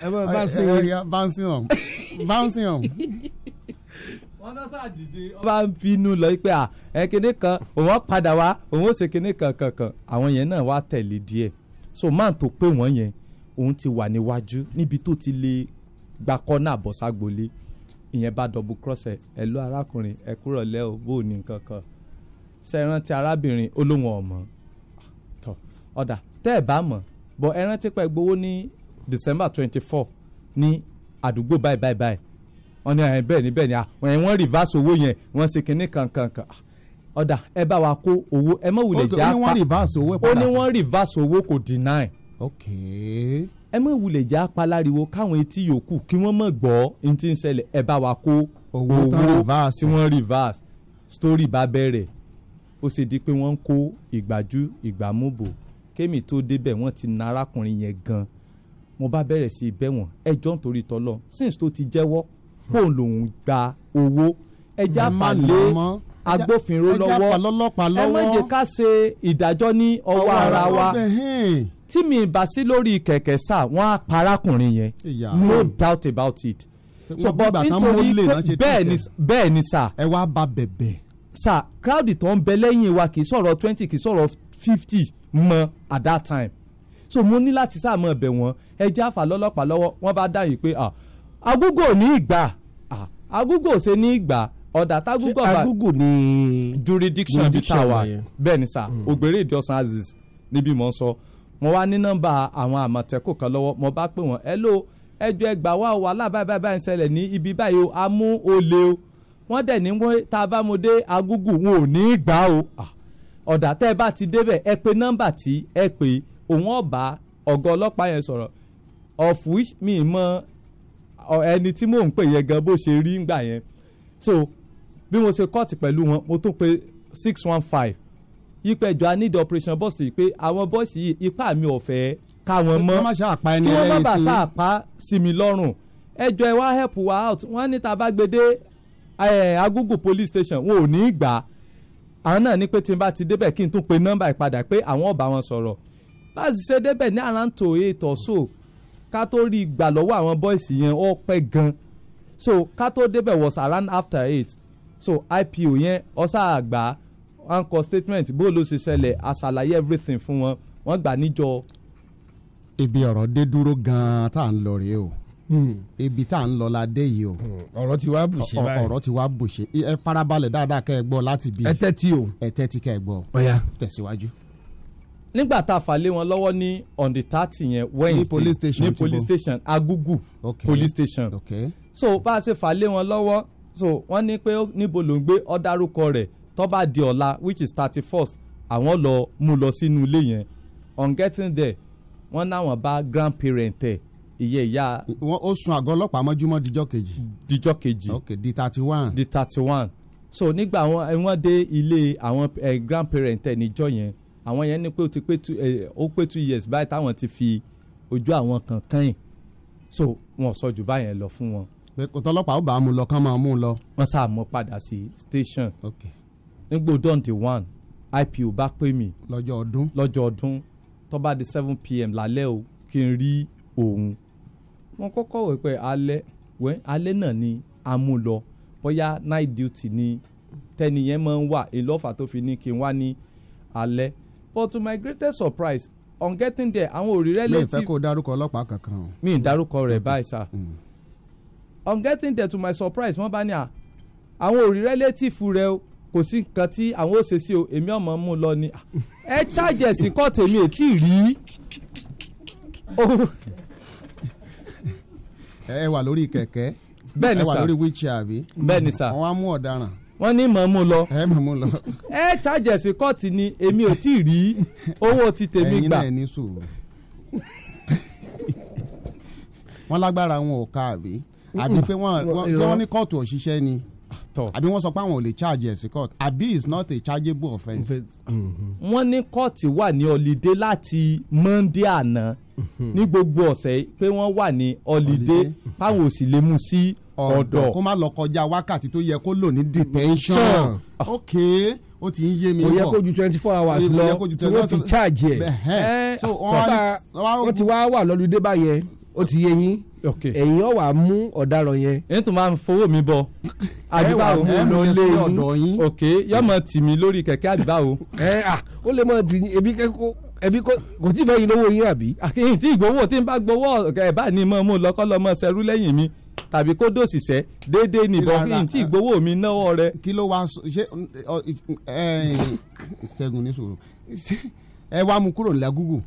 ẹ bá bá sí wọn bouncing on bouncing on. wọn náà sá dìde wọn bá ń bínú lọ pé à ẹ kinní kan òun padà wá òun ó ṣe kinní kan àwọn yẹn náà wá tẹ̀lé díẹ̀ so máa tó pé wọ́n yẹn òun ti wà níwájú níbi tó ti lè gba kọ́nà àbọ̀ságbolé ìyẹn bá dọ̀bù kírọ́sẹ̀ ẹ̀ lọ arákùnrin ẹ̀ kúrọ̀ lẹ́ o bó o ní nǹkan kan ṣe rántí arábìnrin olóhùn ọ̀mọ́ tọ̀ ọ̀dà tẹ́ ẹ̀ bá mọ̀ bọ̀ ẹ rántí pẹ́ gbowó ní December twenty four ní àdúgbò báyìí báyìí báyìí wọ́n ní ẹ̀ bẹ́ẹ̀ ni bẹ́ẹ̀ ni ẹ̀ wọ́n reverse owó yẹn wọ́n ṣe kinní kankan ọ̀dà ẹ bá wa kó owó ẹ mọ̀ wulẹ̀ jẹ́ apá ó ní wọ́n reverse owó kò deny okay. ẹ mọ̀ wulẹ̀ já apalariwo káwọn etí yòókù kí wọ́n mọ̀ gbọ́ n ti ń ṣẹlẹ̀ ẹ bá wa kó owó tí wọ́n reverse story bá bẹ̀rẹ̀ ó ṣe di pé wọ́n ń kó ìgbájú ìgbàmúbò kémi tó débẹ̀ wọ́n ti na arákùnrin yẹn gan mo bá bẹ̀rẹ̀ sí bẹ̀ wọ́n ẹjọ́ nítorí tọ́lọ́ since tó ti jẹ́wọ́ kó lòun gba owó ẹjá hmm. fàlẹ́ agbófinró lọ́wọ́ ẹ má jẹ́ ká ṣe ìdájọ́ ní ọwọ́ ara wa tí mi bá sí lórí kẹ̀kẹ́ sá wọ́n á parákùnrin yẹn no doubt about it. so but nítorí bẹ́ẹ̀ ni bẹ́ẹ̀ ni sá. ẹ wá bá bẹ̀bẹ̀. sá crowd tó ń bẹ lẹ́yìn wa kì í sọ̀rọ̀ twenty kì í sọ̀rọ̀ fifty mọ́ at that time so mo ní láti sáà mọ̀ bẹ̀ wọ́n ẹ jẹ́ àfà lọ́lọ́pàá lọ́wọ́ wọ́n bá dá yìí pé agúgò ní ìgbà agúgò ṣe ní ìgbà ọ̀dà tágúgò bá agúgò ní jurisdiction bí tàwa bẹ́ẹ̀ ni sà hmm. ògbèrè ìdí ọ̀sán aziz níbí mọ̀ ń sọ mo wá ní nọ́mbà àwọn àmọ̀tẹ́kù kan lọ́wọ́ mo bá pè wọ́n ẹ ló ẹjọ́ ẹgbà wá wà lábàbà báyìí ṣẹlẹ̀ ní ibi báyìí o a mú olè o wọ́n dẹ̀ ní wọ́n tá bá mo dé agúgù wọn ò ní í gbà o ọ̀dà tẹ́ ẹ bá ti débẹ̀ ẹ pe nọ́mbà tí ẹ pè òun ọ̀bà ọ̀gá ọlọ́pàá yẹn sọ̀rọ̀ of which mi mọ ẹni tí mò ń pè yẹn gan bó ṣe rí ngbà yẹn so bí mo ṣe kọ́ọ̀tì pẹ̀lú wọn mo tún pe six one five ìpẹ̀jọ́ i need operation boss pé àwọn boss yìí ipá mi ò fẹ́ ká wọn mọ́ kí wọ́n má bàa sáàpá sí mi lọ́rùn ẹjọ́ ẹ wá help wa out wọ́n ní ta bá gbede Agugu police station wọn ò ní í gbà á àwọn náà ní pé tí n bá ti débẹ̀ kí n tún pe nọ́mbà ìpadà pé àwọn ọba wọn sọ̀rọ̀ bá a sì ṣe débẹ̀ ní around to so ká tó rí gbà lọ́wọ́ àwọn boys yẹn ó pẹ́ gan so ká tó débẹ̀ was around after eight so IPO yẹn ọ̀sà àgbà wọ́n kọ statement bó ló ṣe ṣẹlẹ̀ àṣàlàyé everything fún wọn wọ́n gbà níjọ. ibi ọ̀rọ̀ dé dúró gan-an tá à ń lọ rèé o hmm. ibi tá à ń lọ la dé yìí o. Hmm. ọ̀rọ̀ ti wá bùṣe báyìí ọ̀rọ̀ ti wá bùṣe ẹ farabalẹ̀ dáadáa kẹ́ ẹ gbọ́ láti bí. ẹ tẹ́tí o ẹ tẹ́tí kẹ́ ẹ gbọ́. ọ̀ya tẹ̀síwájú. nígbà tá a fà lé wọn lọ́wọ́ ní on the thirty yẹn Wednesday ní police station ní police station Agugu police station. Okay. so bá a ṣe fà lé wọn lọ́wọ́ so wọ́n ní pé níbo ló ń gbé ó rẹ̀ tó bá di ọ̀la which is thirty first àwọn lọ mú lọ sínú ilé yẹn on getting there wọ́n náwọn bá grandparent ẹ̀ ìyẹ́ ìyá. wọ́n ó sun àgọ́ ọlọ́pàá mọ́júmọ́ díjọ́ kejì. díjọ́ kejì ok di thirty one. di thirty one so nígbà wọ́n dé ilé àwọn eh, grandparent ẹ̀ níjọ́ yẹn àwọn yẹn ní pé ó ti pé two eh, ó pé two years báyìí táwọn ti fi ojú àwọn kan kẹ́yìn so wọn sọ jù báyẹn lọ fún wọn. pé kò tọ́lọ́pàá ó bá a mú lọ kán máa mú un lọ. wọ́n sá mú padà sí station. okay nígbà dọ́ǹdì one ipo bá pè mí. lọ́jọ́ ọdún. lọ́jọ́ ọdún tó bá di seven pm lálẹ́ o kí n rí òun. wọ́n kọ́kọ́ wẹ̀ pé alẹ́ wẹ́ alẹ́ náà ni a mú lọ bóyá night duty ni tẹ́ni yẹn máa ń wà èlò ọ̀fà tó fi ní kí n wá ní alẹ́. but to my greatest surprise on getting there àwọn òrìrẹ́ létí. mi ò fẹ́ kó o dárúkọ ọlọ́pàá kankan. mi ì dárúkọ rẹ̀ báyìí sá. Mm. Mm. on getting there to my surprise wọ́n bá ní à àwọn òrìrẹ́ létí fún rẹ o kò sí nǹkan tí àwọn ò ṣe sí o èmi ọmọ mú lọ ni ẹ ṣáàjẹ sí kọ́ọ̀tù èmi ò tí ì rí. ẹ wà lórí kẹ̀kẹ́ bẹ́ẹ̀ ni sà ẹ wà lórí wheelchair àbí. bẹ́ẹ̀ ni sà wọ́n á mú ọ̀daràn. wọ́n ní mọ̀ mú lọ. ẹ mọ̀ mú lọ. ẹ ṣáàjẹ sí kọ́ọ̀tù ni èmi ò tí ì rí owó ti tèmi gbà. ẹyin náà ní sùúrù. wọ́n lágbára wọn ò ká àbí àbí pé wọ́n ní kóòtù òṣìṣẹ́ ni àbí wọ́n sọ pé àwọn ò lè charge ẹ̀ sí court àbí it's not a chargeable offence. Mm-hmm. wọ́n ní kóòtù wà ní ọ̀lídé láti monday àná mm-hmm. ní gbogbo ọ̀sẹ̀ pé wọ́n wà ní ọ̀lídé báwo ò sì lè mú sí ọ̀dọ̀ kó má lọ kọjá wákàtí tó yẹ kó lò ní detention. ok ó ti ń yé mi bọ̀ kò yẹ kó ju twenty four hours lọ tí wọ́n fi charge ẹ̀ ẹ̀ eh, wọ́n ti wá wà lọ́lùdé báyẹn ó ti yé yín ẹ̀yin ọ̀ wá mú ọ̀daràn yẹn. èyí tó máa ń fowó mi bọ àdìbáwo ẹ mú lọ lé ọ̀dọ̀ yín ok yóò mọ tì mí lórí kẹ̀kẹ́ àdìbáwo. ẹ à ó lè mọ tì ebi kẹ́kọ́ ẹbí kò tí ì fẹ́ yín lówó yín àbí. àkíyìn tí ìgbowó tí ń bá gbowó ẹ̀ bá ní mọ́ mú lọ́kọ́lọ́mọ́ sẹ́rú lẹ́yìn mi tàbí kó dòṣìṣẹ́ déédéé nìbọn kí n tí ìgbowó mi náwó rẹ. kí ló wá ṣe ṣẹ́gun ní sòrò ẹ wá mu kúrò lágùgù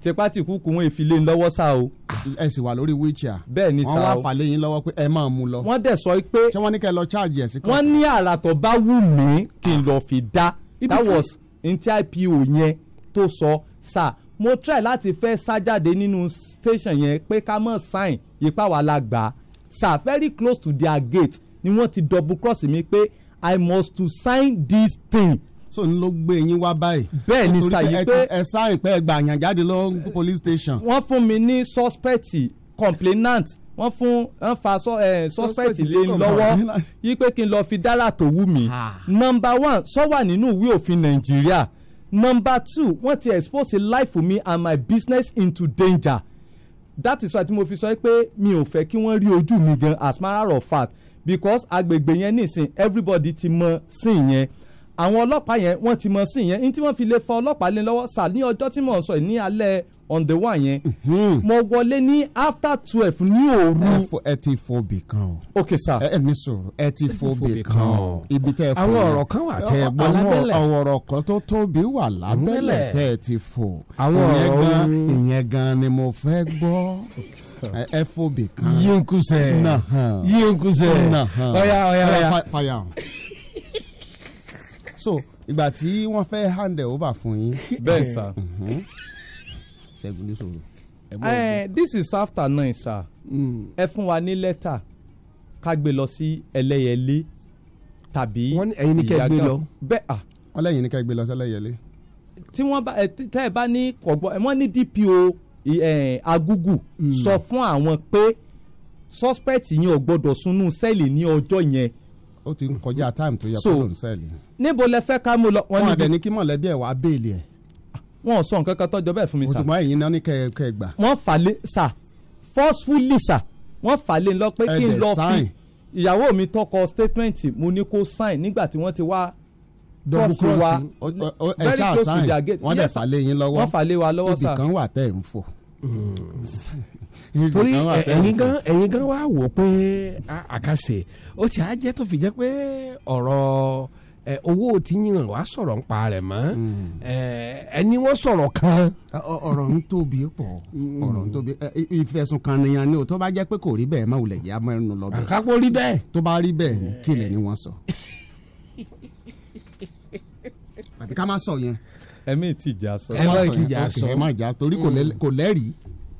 tipa ti kúkú wọn ìfilé lọ́wọ́ sá o. Ah, ẹ sì wà lórí wheelchair. bẹ́ẹ̀ ni sá o wọ́n wá fàlẹ́ yín lọ́wọ́ pé ẹ máa mú lọ. wọ́n dẹ̀ sọ pé. ṣé wọ́n ní kẹ́ lọ charge ẹ̀ sí kan. wọ́n ní àrà tó bá wù mí kí n ah. lọ fi dá. that was ntí ipo yẹn tó sọ sá mo try láti fẹ́ sá jáde nínú station yẹn pé ká mọ̀ sign ipa wà la gbà sá very close to their gate ni wọ́n ti double cross mi pé i must to sign this thing so n ló gbé yín wá báyìí. bẹ́ẹ̀ ni sàyí pé ẹ sáyìn pé ẹ gbà àyàn jáde lọ police station. wọ́n fún mi ní suspect complainant wọ́n fún wọ́n fa suspect lé lọ́wọ́ yí pé kí n lọ́ọ́ fi dálà tó wù mí. number one sọ wà nínú ìwé òfin nàìjíríà number two wọ́n ti expose life for me and my business into danger that is why tí mo fi sọ pé mi ò fẹ́ kí wọ́n rí ojú mi gan as matter of fact because agbègbè yẹn nísìn everybody ti mọ̀ sí yẹn àwọn ọlọ́pàá yẹn wọ́n ti mọ̀ sí yẹn ní tí wọ́n fi lè fa ọlọ́pàá lé lọ́wọ́ sà ní ọjọ́ tí mò ń sọ ní alẹ́ on the one yẹn mm-hmm. mo wọlé ní after twelve ní òru. ẹ ti fo bì kan o. ok sir. ẹ ní sọ̀rọ̀ ẹ ti fo bì kan o. ibi tẹ fo àwọn ọ̀rọ̀ kan wà tẹ ẹ gbọ́ lábẹ́lẹ̀ àwọn ọ̀rọ̀ kan tó tóbi wà lábẹ́lẹ̀ tẹ ẹ ti fo. àwọn ọ̀rọ̀ gan ìyẹn gan ni mo fẹ́ gbọ́ ẹ fo bì kan. yín kúsẹ̀ yín kúsẹ̀ ọ̀ya ọ̀ya ọ̀ya so ìgbà tí wọ́n fẹ́ hand over fún yín. bẹ́ẹ̀ sà. Mm-hmm. ṣẹ́gun ní sòrò. Eh, this is after nine sà. Mm. ẹ fún wa ní lẹ́tà ká gbé lọ sí ẹlẹ́yẹlé tàbí ìyá kan. wọ́n ní ẹ̀yin ní kẹ́ gbé lọ. bẹ́ẹ̀ à. Ah. wọ́n lẹ́yìn ní kẹ́ gbé lọ sí ẹlẹ́yẹlé. tí wọ́n bá eh, tẹ́ ẹ bá ní kọ̀gbọ́n eh, wọ́n ní DPO Agugu mm. sọ fún àwọn pé suspect yẹn ò gbọ́dọ̀ sunú sẹ́ẹ̀lì ní ọjọ́ yẹn ó ti ń kọjá time tó yẹ kó ló sẹ́ẹ̀lì. níbo lẹ fẹ́ ká mú lọ. wọn àdẹ ní kí mọ̀lẹ́bí ẹ̀ wá béèlì ẹ̀. wọn sọ nǹkan kan tọ́jọ́ bẹ́ẹ̀ fún mi sà. òtùmọ̀ ẹ̀yin náà ní kẹ́ gbà. wọ́n fàlẹ́ sà forcefully sà wọ́n fàlẹ́ lọ pé kí n lọ fi ìyàwó mi tọkọ statement mo ní kó sign nígbà tí wọ́n ti wá kọ́ọ̀sì wa very close to their gate. wọ́n dẹ̀ fàlẹ́ yín lọ́wọ́ ibì kan wà tẹ́ ń fò. Hmm torí ẹ̀yin gan ẹ̀yin gan wá wò pé àkàṣe ó ti á jẹ́ tó fi jẹ́ pé ọ̀rọ̀ owó tí yìnyín wá sọ̀rọ̀ ń pa rẹ̀ mọ́ hmm. ẹni wọ́n sọ̀rọ̀ kan. ọ̀rọ̀ ń tóbi pọ̀ hmm. ọ̀rọ̀ ń tóbi ìfẹ̀sùnkànnìyàn ni ò tó bá jẹ́ pé kò rí bẹ́ẹ̀ má wulẹ̀ yá mọ́ lọ bẹ́ẹ̀. àkàkọ́ rí bẹ́ẹ̀. tó bá rí bẹ́ẹ̀ ni kílẹ̀ ni wọ́n sọ. àbí má sọ yẹn. ẹ mi sọ. ẹ má sọ ẹ má jà torí kò hmm. lẹ́rìí.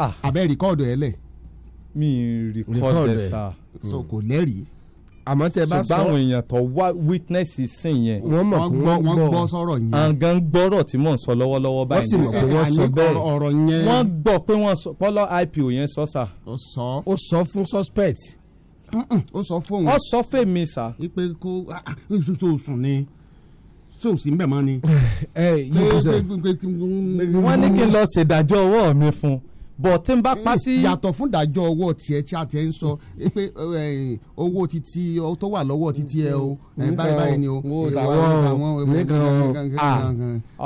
Ah. abẹ́ rìkọ́ọ̀dù ẹ̀ lẹ̀. mi rìkọ́ọ̀dù ẹ̀ sá. so kò lẹ́rìí. àmọ́ tẹ bá sọ ṣùgbọ́n àwọn èèyàn tó wá witness sí yẹn. wọ́n mọ̀ pé wọ́n gbọ́ sọ̀rọ̀ yẹn. àǹgán gbọ́rọ̀ tí mò ń sọ lọ́wọ́lọ́wọ́ báyìí. wọ́n sì mọ̀ pé wọ́n sọ bẹ́ẹ̀. ọ̀rọ̀ yẹn. wọ́n gbọ́ pé wọ́n sọ pọ́lọ́ IPO yẹn sọ sà. ó sọ ó sọ fún suspect. ó sọ fún òun. ó sọ fèmí sà. ipe kó tó ah, ah, sùn ni so sí mbẹ mọ ni. Eh, wọ́n ní kí n lọ ṣèdájọ́ ọwọ́ mi fún bọ̀ tí n bá pa sí. yàtọ̀ fún ìdájọ́ ọwọ́ tiẹ̀ tí a ti ń sọ pé eh, owó titi tó wà lọ́wọ́ titi ẹ o eh, báyìí báyìí ni o.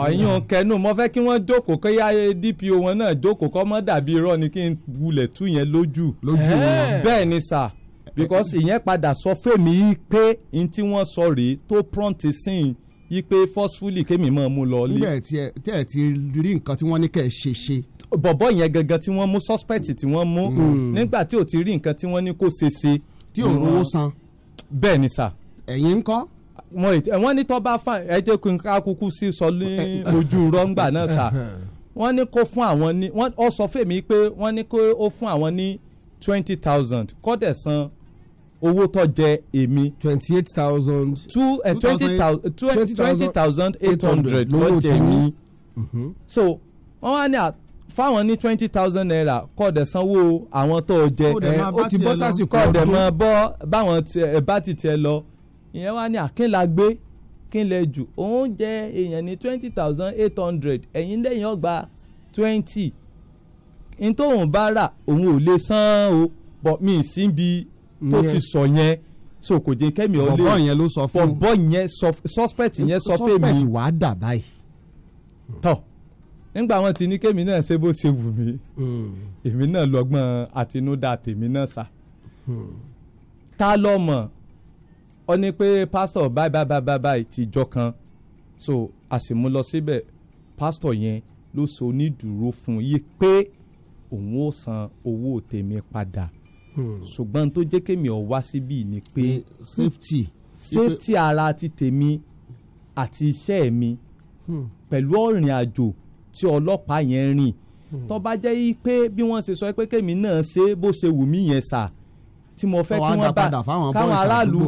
ọ̀yin ò kẹnu mo fẹ́ kí wọ́n jókòó kí yá DPO wọn náà jókòó kọ́ mọ́ dàbí irọ́ ni kí n wulẹ̀ tú yẹn lójú. lójú wọn eh. bẹ́ẹ̀ ni sà because ìyẹn padà sọ fèmí pé n tí wọ́n sọ rèé tó prompt sí i yí pé forcefully kémi máa mú lọ lé. nígbà tí ẹ ti rí nǹkan tí wọ́n ní kẹ́ ẹ ṣe ṣe. bọ̀bọ̀ yẹn gangan tí wọ́n mú suspect tí wọ́n mú mm. Mm. nígbà tí ò ti rí nǹkan tí wọ́n ní kó ṣe ṣe. tí ò rówó mm. san. bẹ́ẹ̀ ni sà. ẹ̀yin ń kọ́. wọ́n ní tọ́ bá fà ẹ jẹ́ kí n ká kúkú sí sọ ní ojú rọ́ngbà náà sà. wọ́n ní kó fún àwọn ní wọ́n sọ fèmí pé wọ́n ní kó fún àwọn ní twenty thousand kọ́dẹ̀ san owó tó jẹ èmi. twenty eight thousand. two eh, twenty thousand eight hundred ló jẹ mí. Mm-hmm. so wọ́n wá ní fáwọn ní twenty thousand naira kọ́ ọ̀dẹ̀ sanwó àwọn tó jẹ eh, ó ti bọ́ sásìkò kọ́ ọ̀dẹ̀ mọ bọ́ báwọn eh, bá ti tiẹ̀ lọ ìyẹn wá ní àkínlá gbé kínlẹ̀ jù òun jẹ èèyàn ní twenty thousand eight hundred ẹ̀yìn lẹ́yìn ọgbà twenty n tóun bá rà òun ò lè san o bọ̀ mi ì sí bi tó ti sọ yẹn so kò jẹ́ kẹ́mi ọ lè bọ̀bọ̀ yẹn ló sọ fún bọ̀bọ̀ yẹn suspect yẹn sọ fún mi suspect wàá dà báyìí. tọ́ nígbà wọn ti ní kémi náà ṣe bó ṣe wù mí hmm. èmi náà lọ́gbọ́n àtinúdá tèmi náà sá hmm. ta lọ mọ̀ ọ ní pé pásítọ̀ báyìí báyìí báyìí ti jọ kan so àsìmú lọ síbẹ̀ pásítọ̀ yẹn ló so onídùúró fún yìí pé òun ó san owó tèmi padà. Hmm. ṣùgbọ́n tó jẹ́ kémi ọ̀ wá síbí ni pé hmm. safety safety ara ti tèmi àti iṣẹ́ mi hmm. pẹ̀lú ọ̀rìn àjò tí ọlọ́pàá yẹn rìn tó bá jẹ́ pé bí wọ́n ṣe sọ pé kémi náà ṣe bó ṣe wù mí yẹn sà tí mo fẹ́ kí wọ́n bá káwọn aráàlú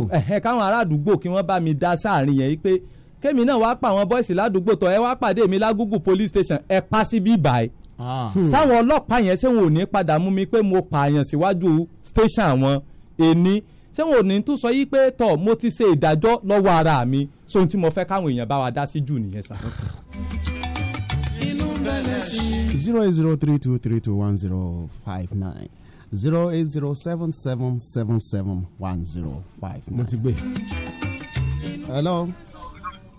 káwọn aráàdúgbò kí wọ́n bá mi dá sáàrin yẹn pé kémi náà wá pa àwọn bọ́ìsì ládùúgbò tó ẹ wá pàdé mi lágúgù police station ẹ pa síbí báyìí Ah. Hmm. sáwọn ọlọ́pàá yẹn ṣé wọn ò ní padà mú mi pé mo pààyàn síwájú station wọn èní ṣé wọn ò ní tún sọ yìí pé tọ mo ti ṣe ìdájọ́ lọ́wọ́ ara mi so ohun tí mo fẹ́ káwọn èèyàn bá wa dá sí jù nìyẹn sá. zero eight zero three two three two one zero five nine zero eight zero seven seven seven seven one zero five nine. mo ti gbé. hello.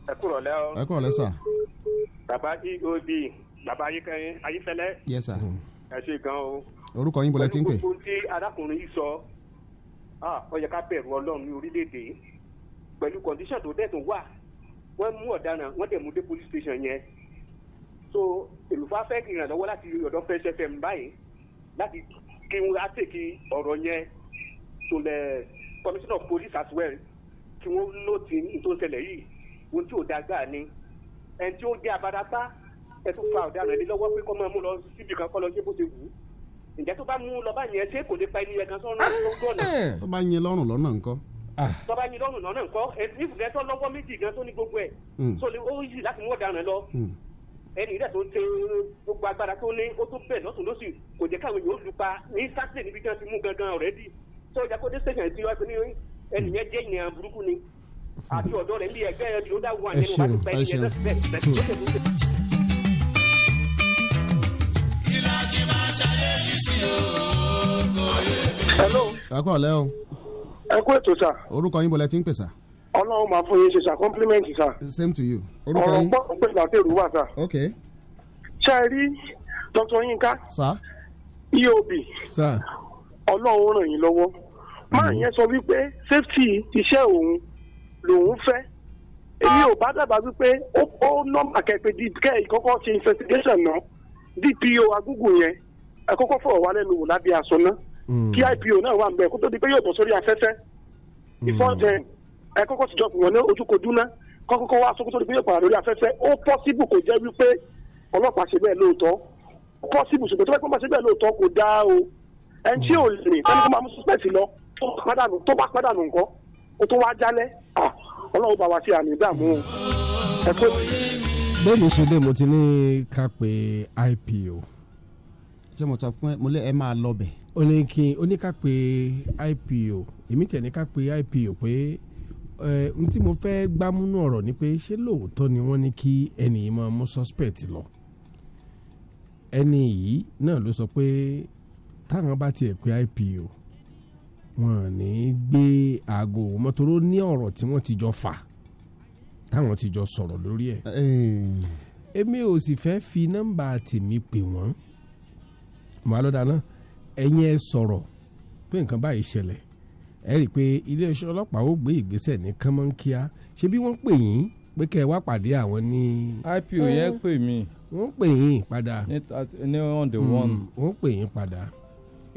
ẹ kúrò lẹ́wọ̀. ẹ kúrò lẹ́sà. bàbá eob bàbá ayífẹ́lẹ́. yes sir. Mm-hmm. ẹ ṣe gan o. orúkọ yín bọ̀lẹ́ tí ń pè. pẹ̀lú gbogbo tí arákùnrin yìí sọ ó ká bẹ̀rù ọlọ́run ní orílẹ̀-èdè pẹ̀lú tó dẹ̀ wà wọ́n mú ọ̀daràn wọ́n dẹ̀ mú dé police station yẹn so èlùfà fẹ́ kí láti ọ̀dọ̀ Fresh FM báyìí láti kí wọ́n á tèkì yẹn to the commissioner of police as well kí wọ́n lò tí nítorí ṣẹlẹ̀ yìí ohun tí ò dáa gbáà ni ẹni tí ó jẹ́ abadapá ẹ tún fa ọ̀daràn lé lọ́wọ́ pé kọ́ máa mú lọ síbi kan kọ́ lọ ṣé bó ṣe wù ú ǹjẹ́ tó bá mú lọ bá yẹn ṣé kò lè pa ẹni yẹn kan sọ́run lójú ọ̀nà. tó bá yin lọ́rùn lọ́nà ńkọ́. tó bá yin lọ́rùn lọ́nà ńkọ́ nífùgẹ́ tó lọ́wọ́ méjì gan tó ní gbogbo ẹ̀ tó lè ó yìí láti mú ọ̀daràn lọ ẹni rẹ̀ tó ń tẹ gbogbo agbára tó ní ó tó bẹ̀ lọ́sùn lọ́sùn kò jẹ́ káwọn yòó lu pa ní sátidé níbi tí wọ́n ti mú gangan ọ̀rẹ́dì tó yẹ kó dé station ti wá pé ní ẹni yẹn jẹ́ ìyẹn burúkú ni àti ọ̀dọ́ rẹ̀ ń bí ẹgbẹ́ ẹ̀ ló dá wọn àti ẹni wọn bá ti pa ẹni yẹn lọ́sẹ̀ bẹ́ẹ̀ hello. kakọ ọlẹ o. ẹ kú ètò sà. orúkọ yín bọ̀lẹ̀ tí ń pè sà. ọlọ́run máa fún yín ṣe sà compliment sà. same to you. orúkọ yín ọ̀rọ̀ pọ̀ pé làtẹ̀rù wà sà. ok. ṣe é rí dr yinka. sà. eob. sà. ọlọ́run ràn yín lọ́wọ́. máa yẹn sọ wípé safety iṣẹ́ òun lòun fẹ́ èmi ò bá dábàá wípé ó nọ́mbà kẹ́pẹ́ kẹ́ ìkọ́kọ́ ṣe investigation náà dpo agúgù yẹn ẹ kọ́kọ́ fọ̀rọ̀ wá lẹ́nu wò lábẹ́ aṣọ náà hmm. kí ipo náà wà ń bẹ̀ kó tó di pé yóò bọ̀ sórí afẹ́fẹ́ ìfọ́jẹ hmm. ẹ kọ́kọ́ sì jọ pé wọ́n ní ojúkojú náà kọ́kọ́ wá sókó tó di pé yóò padà lórí afẹ́fẹ́ ó pọ́síbù kò jẹ́ wípé ọlọ́pàá ṣe bẹ́ẹ̀ lóòótọ́ pọ́síbù ṣùgbọ́n tó bá pọ́n ṣe bẹ́ẹ̀ lóòótọ́ kò dáa o ẹni tí ò lè tẹ́lẹ̀ hmm. tó máa mú sípẹ́ẹ̀sì lọ tó bá pàdánù nǹkan kó tó wá jálẹ̀ ọlọ́run bá wa bẹ́ẹ̀ ni ṣe dé mo ti ní ká pe ipo ṣé mo sọ fún ẹ mo lé ẹ máa lọ bẹ̀. ó ní kí pe IPO èmi tẹ̀ ní ká pe IPO pé n tí mo fẹ́ gbámúnú ọ̀rọ̀ ni pé ṣé lóòótọ́ ni wọ́n ní kí ẹnì yìí máa mú suspect lọ ẹni yìí náà ló sọ pé táwọn bá tiẹ̀ pe IPO wọn ní gbé aago mọ́tòró ní ọ̀rọ̀ tí wọ́n ti jọ fà táwọn ti jọ sọ̀rọ̀ lórí ẹ̀ èmi ò sì fẹ́ fi nọ́mbà tèmi pè wọ́n màá lọ dáná ẹ̀yin ẹ sọ̀rọ̀ pé nǹkan báyìí ṣẹlẹ̀ ẹ rí i pé iléeṣẹ́ ọlọ́pàá ó gbé ìgbésẹ̀ ní kánmọ́nkíá ṣé bí wọ́n pè yín pé kẹ́ ẹ wá pàdé àwọn ní. ipo yẹn pè mí. wọ́n pè yín padà. ní on the hmm, one. wọ́n pè yín padà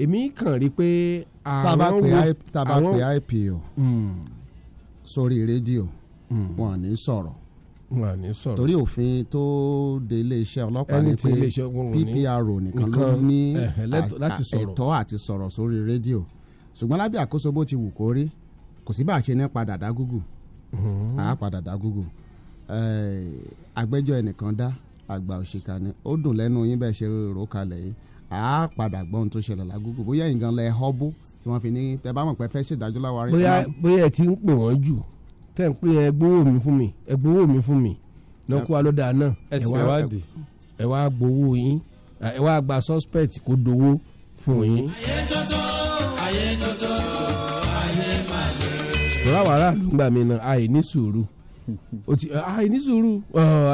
èmi kàn rí i pé. taba ipo hmm. sórí rédíò hmm. wọn ò ní sọ̀rọ̀ torí òfin tó de iléeṣẹ́ ọlọ́pàá ní pé PPRO nìkan ló ní ẹ̀tọ́ àti sọ̀rọ̀ sórí rédíò ṣùgbọ́n lábẹ́ àkóso bó ti wù kó rí kò sí bá a ṣe ní padà dá gúgù àá mm-hmm. padà dá gúgù àgbẹ́jọ́ eh, ẹnìkan dá àgbà òṣìkà ni ó dùn lẹ́nu yín bẹ́ẹ̀ ṣe rò kalẹ̀ yìí àá padà gbọ́n tó ṣẹlẹ̀ lágúgù bóyá ìgan lẹ tí wọ́n fi ní tẹ bá mọ̀ pé fẹ́ ṣèdájọ́ láwa bóyá bóyá ẹ ti ń pè wọ́n jù tẹ́ ń pín mi fún mi ẹgbówó mi fún mi náà ẹ wá gbowó yín ẹ gba suspect kó dowó fún yín. ayé tọ́tọ́ ayé ayé ń gbà mí àìní sùúrù àìní sùúrù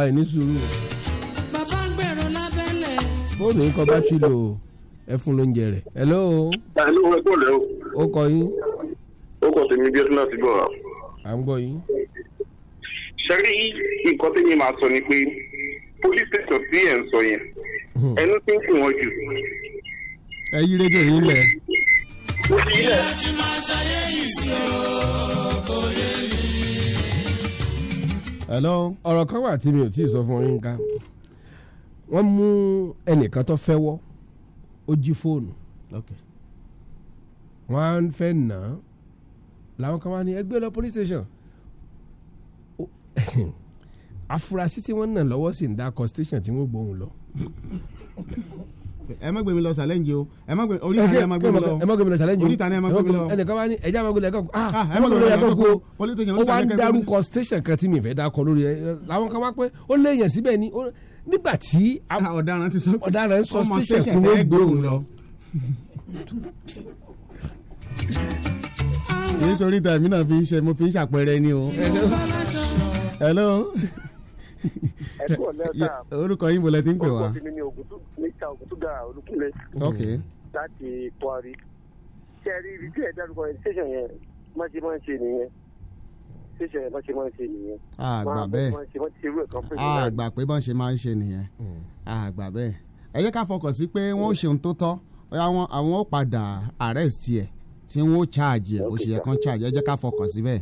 àìní sùúrù. bàbá ń gbèrò lábẹ́lẹ̀. fóònù bá ti lò ẹ fún lóúnjẹ ẹ o. ó kọ yín. ó kọ bí ẹ tún à ń gbọ́ yín. ṣẹ́rí nǹkan tí mi máa sọ ni pé police station tí ẹ̀ ń sọ yẹn hmm. ẹnu tí ń kù wọ́n jù. ẹ yí rédíò yín lẹ. ìyá ti máa ṣayé yìí sí ọkọ yẹn ni. hello ọ̀rọ̀ kan wà tí mi ò tí ì sọ fún yín ká wọ́n mú ẹnìkan tó fẹ́ wọ́ ó jí fóònù wọ́n á fẹ́ nà án làwọn kan wá ní ẹgbẹ́ lọ police station afurasí tí wọ́n nà lọ́wọ́ sí ń dákọ̀ station tí wọ́n gbóhùn lọ. ẹ má gbé lọ challenge o ẹ má gbé orí ìtàn ẹ má gbé lọ ẹ má gbé lọ challenge o orí ìtàn ẹ má gbé mi lọ ẹnìkan wá ní ẹjẹ àmọ́gbé lẹ́kọ̀ọ́ ah, ah ẹ má gbé mi lọ lẹ́kọ̀ọ́ o wá ń darúkọ station kan tí mi fẹ́ dákọ̀ lórí ẹ làwọn kan wá pé ó léèyàn síbẹ̀ ni nígbà tí ah, ọ̀daràn ti sọ ọ̀daràn sọ station tí wọ́n gbóhùn lọ. kì í sori ta èmi náà fi ń ṣe mo fi ń ṣàpẹẹrẹ ni o. hello. ẹ kú ọ̀lẹ́ ọ̀tá. orúkọ yín mo lẹ ti ń pè wá. orúkọ mi ni ògùtù mr ògùtùgà olúkúnlé. ok. láti kwari. ṣe rí ibi tí ẹ dárúkọ ẹ ṣẹṣẹ yẹn máa ṣe máa ń ṣe nìyẹn ṣíṣe ẹ̀ bọ́n ṣe máa ń ṣe nìyẹn. àgbà bẹ́ẹ̀ àgbà pé bọ́n ṣe máa ṣe nìyẹn àgbà bẹ́ẹ̀. ẹ jẹ́ ká fọkàn sí pé wọ́n ṣe ohun tó tọ́ àwọn ó padà arrest ẹ̀ tí wọ́n ó ṣáàjì ẹ̀ bó ṣe yẹ kán ṣáàjì ẹ jẹ́ ká fọkàn síbẹ̀. ẹ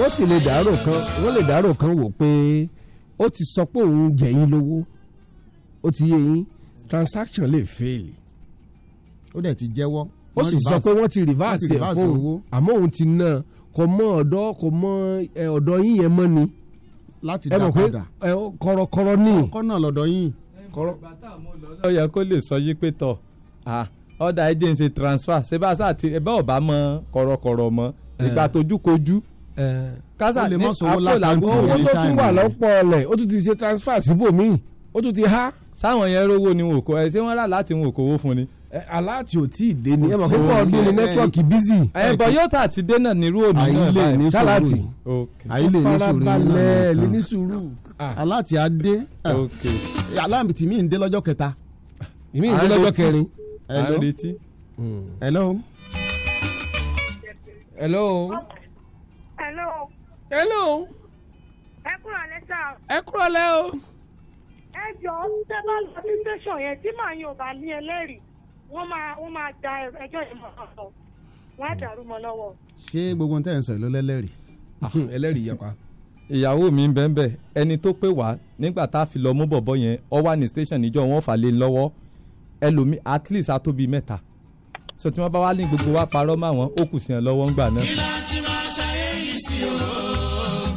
wọ́n sì lè dárò kan wọ́n lè dárò kan wò pé ó ti sọ pé òun jẹ̀yìn lówó ó ti yé yín transaction lè fail. ó dẹ̀ ti jẹ́wọ́. ó sì sọ pé wọ́n ti reverse ẹ̀ fún owó àmọ́ òun ti ná kò mọ ọ̀dọ́ kò mọ ọ̀dọ́ yín yẹn mọ́ ni. láti dá padà ẹ mọ̀ pé kọ̀rọ̀kọ̀rọ̀ ni. ọkọ lọ́dọ̀ yín. ẹ bàtà lè sọ yí pé tọ̀ ah ọ̀dà ẹ̀jẹ̀ ń ṣe transfer ṣe bá sáà ti ẹ bá ọ̀bá mọ kọ̀rọ̀kọ̀rọ̀ mọ́ eh. ìgbà tójú kojú eh. kásà ní àpò làgbo owó tó tún wà lọ́pọ̀ ọ̀lẹ̀ ó tún ti ṣe transfer síbòmíì ó tún ti há. sáwọn yẹn rówó ni wọn kò ẹ ṣé wọn rà láti wọn kò wó fún ni aláàtì ò tí ì dé ni. ẹ mọ̀ pé bọ́ọ̀dù ni nẹ́tíwọ̀kì bízì. ẹ̀bọ̀ yóò tà ti dé náà nírú òní náà báyìí ní sàláàtì. àyílè ní sùúrù farabalẹ̀ lè ní sùúrù. aláàtì á dé aláàmì tì mí ń dé lọ́jọ́ kẹta. ìmí ń dé lọ́jọ́ kẹrin. Hello ń retí. Hmm. hello. hello. hello. hello. ẹ kúrò lẹ́ sá. ẹ kúrò lẹ́ o. ẹ jọ tẹ bá lọ sí tẹsán yẹn tí màá yóò bá ní ẹlẹ́rìí wọ́n máa wọ́n máa da ẹjọ́ yẹn mọ́ ọ wọ́n á dàrú mọ́ lọ́wọ́. ṣé gbogbo ohun tẹ́ ẹ̀ ń sọ yìí ló lẹ́lẹ́rìí. Hmm, ẹlẹ́rìí yẹ pa ìyàwó mi ń bẹ́ẹ̀ bẹ́ẹ̀ ẹni tó pè wá nígbà tá a fi lọ mú bọ̀bọ̀ yẹn ọ wà ní station níjọ́ wọn fà lé lọ́wọ́ ẹlòmí at least atóbi mẹ́ta so tí wọ́n bá wá ní gbogbo wa parọ́ mọ́ àwọn ó kù sí ẹ lọ́wọ́ ń gbà náà. ìlà tí máa ṣayé yìí sí o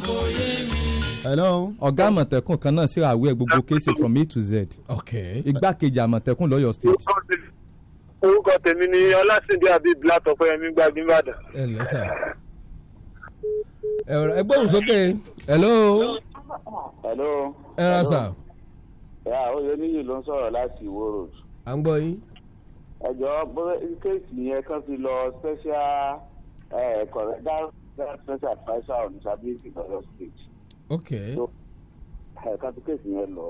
kò yé mi. hello. ọ̀gá àmọ̀tẹ́kùn kan náà sì àwẹ̀ gbogbo kéèsì from A to Z. okay. igbákejì àmọ̀tẹ́kùn lọ́yọ̀ state. orúkọ tèmi ni ọlásìndé abib látọpẹyẹmí gbajúmọ̀dà. ẹ lọ sà. ẹ gbóhùn sókè. hello. hello. ẹ rà sà. ẹ àwọn oyè níyì ló ń sọ̀rọ̀ láti ìwó road à ń gbọ́ yín. ẹ̀jọ̀ kéèsì yẹn kan fi lọ special correctional special adviser on disability for your state. ok. ẹ̀ka tó kéèsì yẹn lọ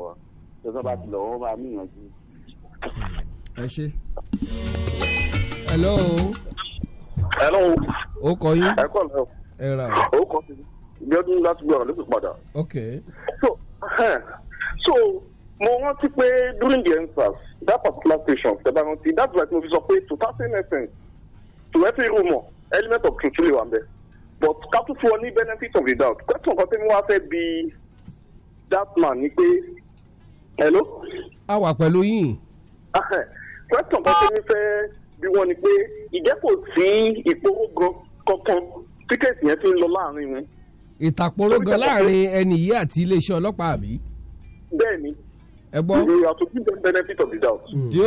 tó tó bá ti lọ wọ́n máa níyànjú. ẹ ṣe. hello. hello. ó kọ yín. ẹ kọ́ lọ. ẹ ra o. ó kọ́ mi bí ọdún láti gbọ́ ọ̀rọ̀ lóṣù padà. ok. so so mo rántí pé during the endsars that particular station ṣẹba rántí that's why mo fi sọ pé to pass in essence to every rumour element of truth lè wà but ká tún fún ọ ní benefit of the doubt question kan tí mo wá fẹ́ bi that man ni pé hello. a wà pẹ̀lú yín. question kan tí mo fẹ́ bí wọ́n ni pé ìjẹ́kọ̀ sí ìpòrògàn kankan tí kéèsì yẹn ti ń lọ láàrin wọn. ìtàpọ̀rọ̀ gan láàrin ẹni yìí àti iléeṣẹ́ ọlọ́pàá àbí. bẹ́ẹ̀ ni Ebo. You, you have to give them benefit of the doubt. Mm.